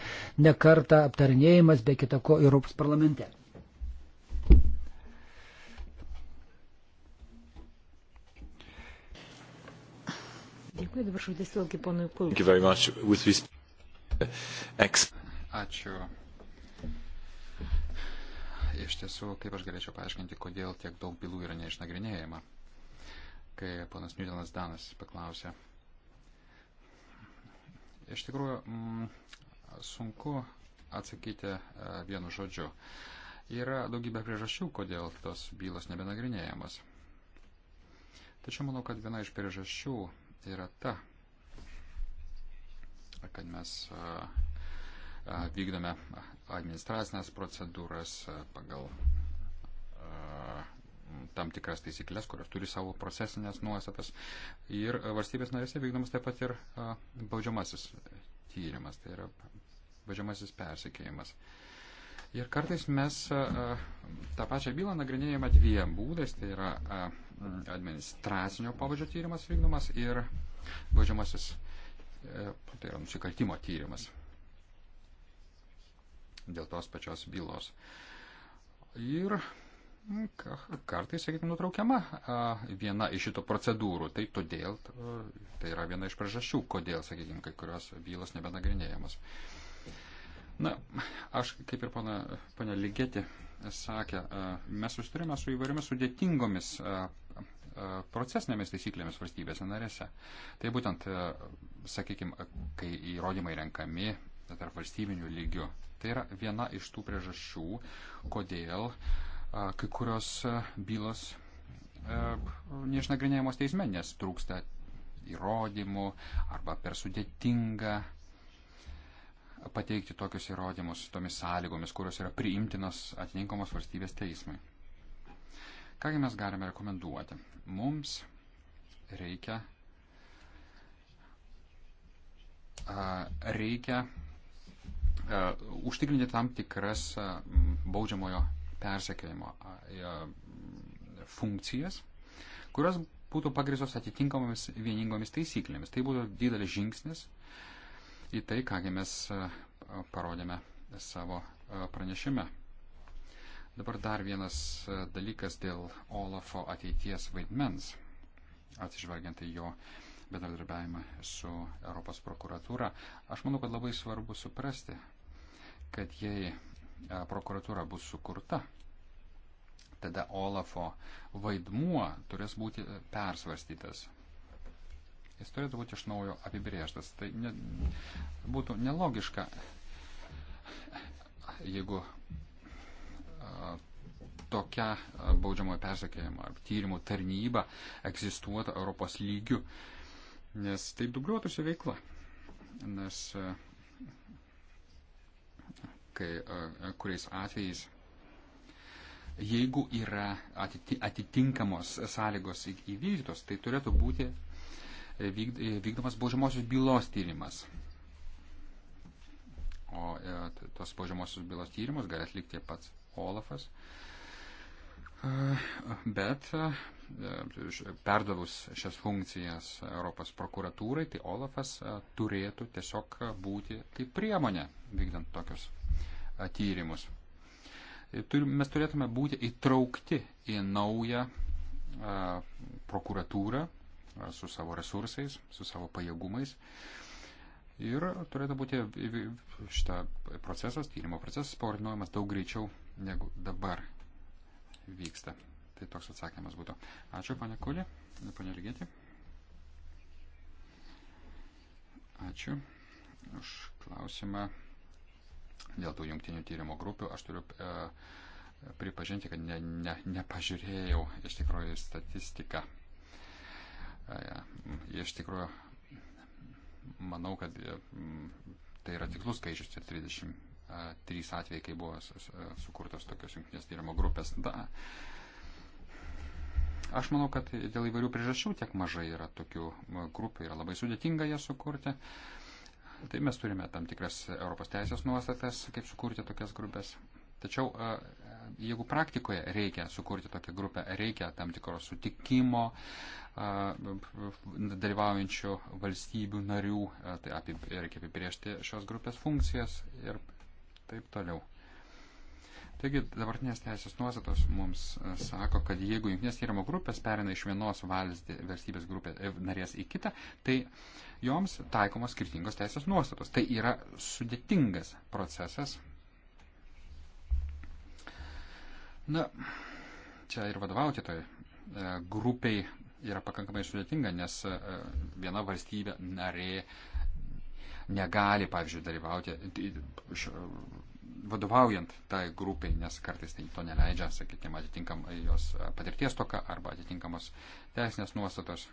nekarta aptarnėjimas be kitako Europos parlamente. Dėkui, dabar šodės vėlgi ponui Kulkui. Ačiū Iš tiesų, kaip aš galėčiau paaiškinti, kodėl tiek daug bylų yra neišnagrinėjama. Kai ponas Newtonas Danas paklausė. Iš tikrųjų, m, mm, sunku atsakyti e, vienu žodžiu. Yra daugybė priežasčių, kodėl tos bylos nebenagrinėjamos. Tačiau manau, kad viena iš priežasčių yra ta, kad mes e, vykdome administracinės procedūras pagal tam tikras taisyklės, kurios turi savo procesinės nuostatas. Ir valstybės narėse vykdomas taip pat ir baudžiamasis tyrimas, tai yra baudžiamasis persikėjimas. Ir kartais mes tą pačią bylą nagrinėjame dviem būdais, tai yra administracinio pavadžio tyrimas vykdomas ir baudžiamasis, e, tai yra nusikaltimo tyrimas dėl tos pačios bylos. Ir kartais, sakykime, nutraukiama viena iš šito procedūrų. Tai todėl, tai yra viena iš priežasčių, kodėl, sakykime, kai kurios bylos nebenagrinėjamos. Na, aš, kaip ir pana, pana Ligeti sakė, mes susiturime su įvairiomis sudėtingomis procesinėmis taisyklėmis valstybėse narėse. Tai būtent, sakykime, kai įrodymai renkami tarp valstybinių lygių, Tai yra viena iš tų priežasčių, kodėl kai kurios bylos neišnagrinėjamos teisme, nes trūksta įrodymų arba per sudėtinga pateikti tokius įrodymus tomis sąlygomis, kurios yra priimtinos atitinkamos valstybės teismui. Kągi mes galime rekomenduoti? Mums reikia, reikia E, užtikrinti tam tikras e, baudžiamojo persekėjimo e, funkcijas, kurios būtų pagrįstos atitinkamomis vieningomis taisyklėmis. Tai būtų didelis žingsnis į tai, kągi mes parodėme savo pranešime. Dabar dar vienas dalykas dėl Olafo ateities vaidmens, atsižvelgiant į jo bendradarbiavimą su Europos prokuratūra. Aš manau, kad labai svarbu suprasti, kad jei e, prokuratūra bus sukurta, tada Olafo vaidmuo turės būti e, persvarstytas. Jis turėtų būti iš naujo apibrėžtas. Tai ne, būtų nelogiška, jeigu a, e, tokia baudžiamojo persekėjimo ar tyrimų tarnyba egzistuotų Europos lygių, nes tai dubliuotųsi veikla. Nes a, kai, kuriais atvejais, jeigu yra atitinkamos sąlygos įvykdytos, tai turėtų būti e, e, vykdomas baudžiamosios bylos tyrimas. O e, tos baudžiamosios bylos tyrimus gali atlikti pats Olafas. Bet perdavus šias funkcijas Europos prokuratūrai, tai Olafas turėtų tiesiog būti kaip priemonė vykdant tokius tyrimus. E, mes turėtume būti įtraukti į naują e, prokuratūrą e, su savo resursais, su savo pajėgumais. Ir turėtų būti šitą procesas, tyrimo procesas koordinuojamas daug greičiau negu dabar vyksta. Tai toks atsakymas būtų. Ačiū, pane Kulė, pane Ligėti. Ačiū už klausimą dėl tų jungtinių tyrimo grupių, aš turiu e, pripažinti, kad ne, ne, nepažiūrėjau iš tikrųjų statistiką. E, iš tikrųjų, manau, kad e, tai yra tikslus skaičius, tai 33 atvejai, kai buvo sukurtos tokios jungtinės tyrimo grupės. Da. Aš manau, kad dėl įvairių priežasčių tiek mažai yra tokių grupių, yra labai sudėtinga jas sukurti. E, Tai mes turime tam tikras Europos teisės nuostatas, kaip sukurti tokias grupės. Tačiau jeigu praktikoje reikia sukurti tokią grupę, reikia tam tikro sutikimo dalyvaujančių valstybių narių, tai apie, reikia apibriežti šios grupės funkcijas ir taip toliau. Taigi dabartinės teisės nuostatos mums e, sako, kad jeigu jungtinės tyrimo grupės perina iš vienos valstybės, valstybės grupės e, narės į kitą, tai joms taikomos skirtingos teisės nuostatos. Tai yra sudėtingas procesas. Na, čia ir vadovauti toj e, grupiai yra pakankamai sudėtinga, nes viena valstybė narė negali, pavyzdžiui, dalyvauti vadovaujant tai grupiai, nes kartais tai to neleidžia, sakykime, atitinkama jos patirties toka arba atitinkamos teisinės nuostatos.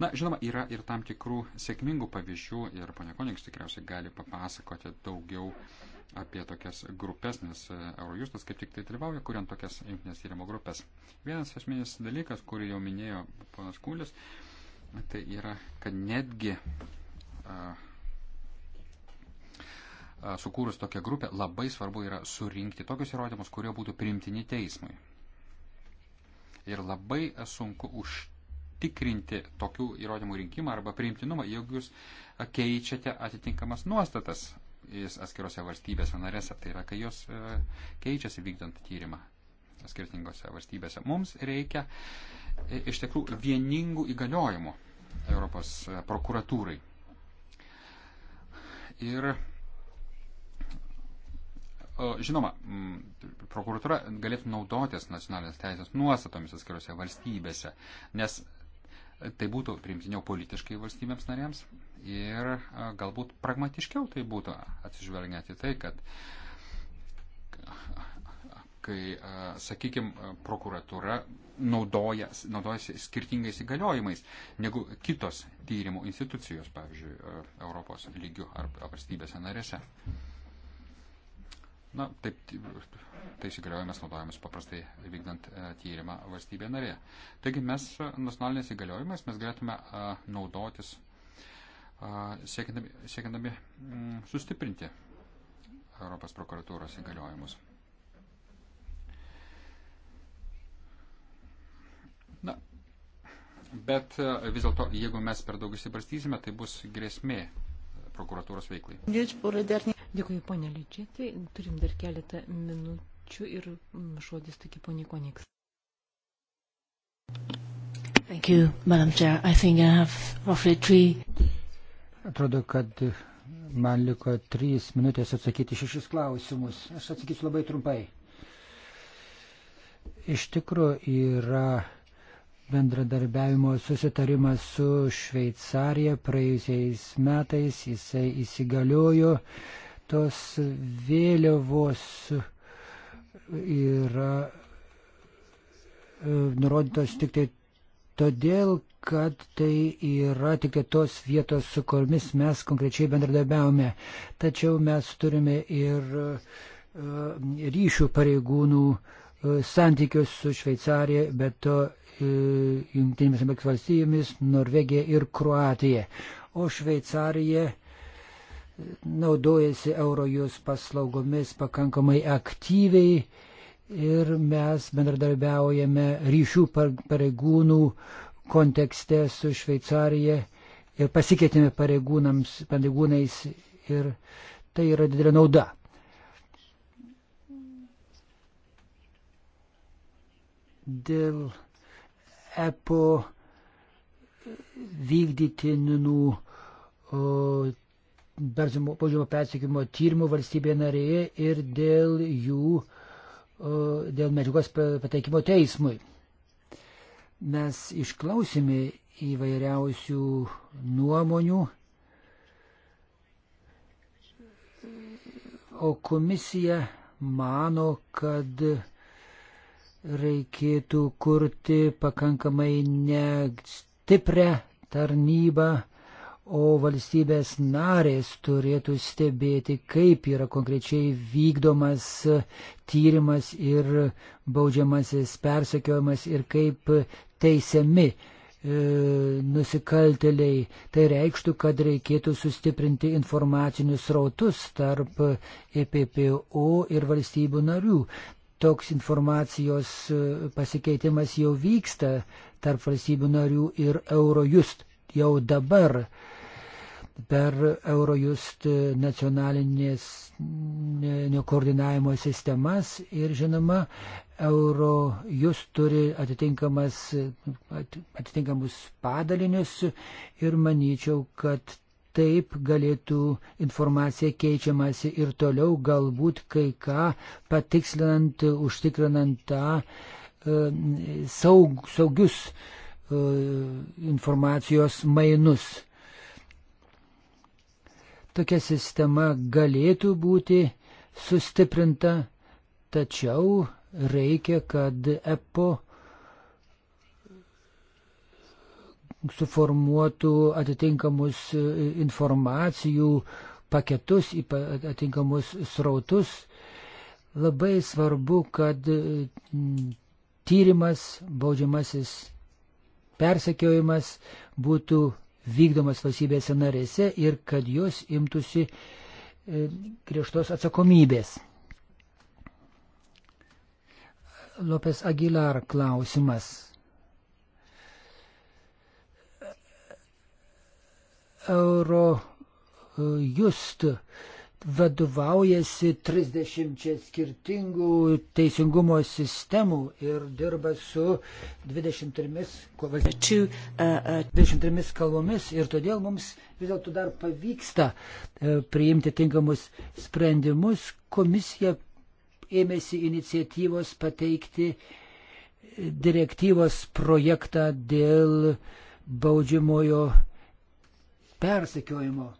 Na, žinoma, yra ir tam tikrų sėkmingų pavyzdžių ir ponia Koniks tikriausiai gali papasakoti daugiau apie tokias grupės, nes e, Eurojustas kaip tik tai dalyvauja, kuriant tokias jungtinės tyrimo grupės. Vienas esminis dalykas, kurį jau minėjo ponas Kūlis, tai yra, kad netgi uh, sukūrus tokią grupę, labai svarbu yra surinkti tokius įrodymus, kurie būtų priimtini teismui. Ir labai sunku užtikrinti tokių įrodymų rinkimą arba priimtinumą, jeigu jūs keičiate atitinkamas nuostatas atskirose valstybėse narėse, tai yra, kai jos e, keičiasi vykdant tyrimą skirtingose valstybėse. Mums reikia e, iš tikrųjų vieningų įgaliojimų Europos e, prokuratūrai. Ir Žinoma, prokuratūra galėtų naudotis nacionalinės teisės nuostatomis atskiriuose valstybėse, nes tai būtų priimtiniau politiškai valstybėms narėms ir galbūt pragmatiškiau tai būtų atsižvelgiant į tai, kad kai, sakykime, prokuratūra naudoja, naudojasi skirtingais įgaliojimais negu kitos tyrimų institucijos, pavyzdžiui, Europos lygių ar valstybėse narėse. Na, taip, tais įgaliojimas naudojamas paprastai vykdant e, tyrimą valstybė narė. Taigi mes e, nacionalinės įgaliojimas mes galėtume e, naudotis siekindami, siekindami sustiprinti Europos prokuratūros įgaliojimus. Na, bet vis dėlto, jeigu mes per daug įsibrastysime, tai bus grėsmė prokuratūros veiklai. Dėkui, ponė Liučetė. Turim dar keletą minučių ir mm, žodis tokį ponį Koniks. Thank you, Madam Chair. I think I have roughly three. Atrodo, kad man liko trys minutės atsakyti šešis klausimus. Aš atsakysiu labai trumpai. Iš tikrųjų yra bendradarbiavimo susitarimas su Šveicarija praėjusiais metais, jisai įsigaliojo, tos vėliavos yra e, nurodytos tik tai todėl, kad tai yra tik tai tos vietos, su kuriomis mes konkrečiai bendradarbiavome. Tačiau mes turime ir e, ryšių pareigūnų e, santykius su Šveicarija, bet to Junktinėmis Amerikos valstybėmis, Norvegija ir Kroatija. O Šveicarija naudojasi Eurojus paslaugomis pakankamai aktyviai ir mes bendradarbiaujame ryšių pareigūnų kontekste su Šveicarija ir pasikeitėme pareigūnais ir tai yra didelė nauda. Dėl EPO vykdytinų baudžiamo persikimo tyrimų valstybėje narėje ir dėl jų, e, dėl medžiagos pateikimo teismui. Mes išklausėme įvairiausių nuomonių, o komisija mano, kad reikėtų kurti pakankamai nestiprią tarnybą, o valstybės narės turėtų stebėti, kaip yra konkrečiai vykdomas tyrimas ir baudžiamasis persekiojimas ir kaip teisiami e, nusikalteliai. Tai reikštų, kad reikėtų sustiprinti informacinius rautus tarp EPPO ir valstybių narių. Toks informacijos e, pasikeitimas jau vyksta tarp valstybių narių ir Eurojust jau dabar. E, per Eurojust nacionalinės koordinavimo sistemas ir žinoma, Eurojust turi atitinkamas, atitinkamus padalinius ir manyčiau, kad taip galėtų informacija keičiamasi ir toliau galbūt kai ką patikslinant, užtikrinant tą e, saug, saugius e, informacijos mainus tokia sistema galėtų būti sustiprinta, tačiau reikia, kad EPO suformuotų atitinkamus e, informacijų paketus, atitinkamus srautus. Labai svarbu, kad e, tyrimas, baudžiamasis persekiojimas būtų vykdomas valstybėse narėse ir kad jos imtųsi e, griežtos atsakomybės. Lopes Aguilar klausimas. Euro just vadovaujasi 30 skirtingų teisingumo sistemų ir dirba su 23, 23 uh, uh, kalbomis ir todėl mums vis dėlto dar pavyksta e, priimti tinkamus sprendimus. Komisija ėmėsi iniciatyvos pateikti e, direktyvos projektą dėl baudžiamojo persekiojimo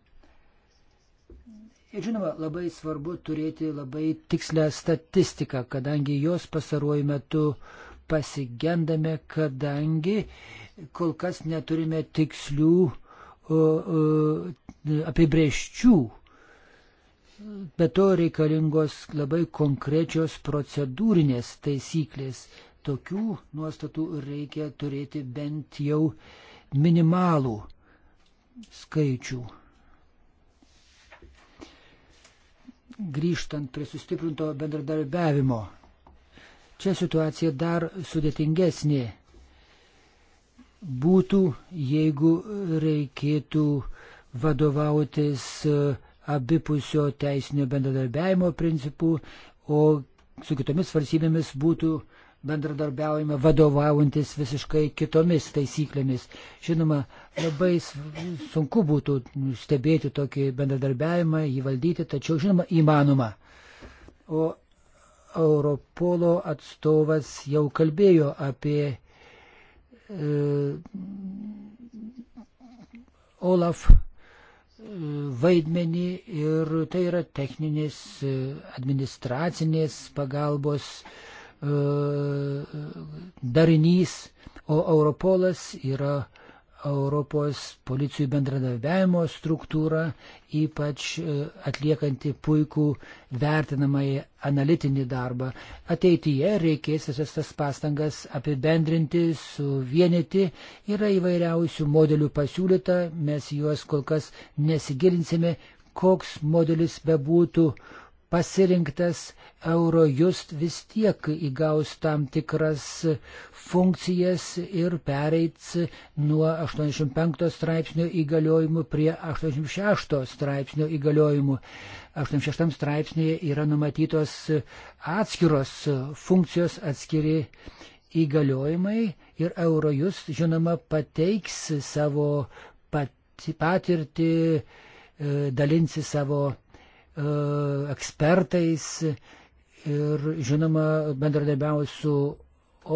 Ir žinoma, labai svarbu turėti labai tikslę statistiką, kadangi jos pasaruoju metu pasigendame, kadangi kol kas neturime tikslių o, o, apibrieščių. Be to reikalingos labai konkrečios procedūrinės taisyklės. Tokių nuostatų reikia turėti bent jau minimalų skaičių. grįžtant prie sustiprinto bendradarbiavimo. Čia situacija dar sudėtingesnė būtų, jeigu reikėtų vadovautis e, abipusio teisinio bendradarbiavimo principų, o su kitomis valstybėmis būtų uh, bendradarbiaujame vadovaujantis visiškai kitomis taisyklėmis. Žinoma, labai sunku būtų stebėti tokį bendradarbiavimą, jį valdyti, tačiau, žinoma, įmanoma. O Europolo atstovas jau kalbėjo apie e, Olaf e, vaidmenį ir tai yra techninės e, administracinės pagalbos e, E, darinys, o Europolas yra Europos policijų bendradarbiavimo struktūra, ypač e, atliekanti puikų vertinamąjį analitinį darbą. Ateityje reikės visas tas pastangas apibendrinti, suvienyti. Yra įvairiausių modelių pasiūlyta, mes juos kol kas nesigilinsime, koks modelis bebūtų pasirinktas Eurojust vis tiek įgaus tam tikras funkcijas ir pereits nuo 85 straipsnio įgaliojimų prie 86 straipsnio įgaliojimų. 86 straipsnėje yra numatytos atskiros funkcijos atskiri įgaliojimai ir Eurojust žinoma pateiks savo patirtį, e, dalinsi savo E, ekspertais ir, žinoma, bendradarbiauju su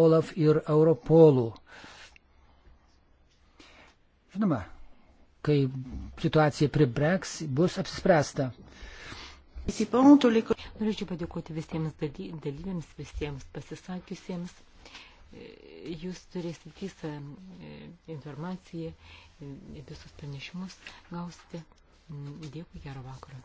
OLAF ir Europolu. Žinoma, kai situacija pribreks, bus apsispręsta. Norėčiau padėkoti visiems dalyviams, visiems pasisakiusiems. E, jūs turėsit visą e, informaciją, visus pranešimus gausite. Dėkui, gerą vakarą.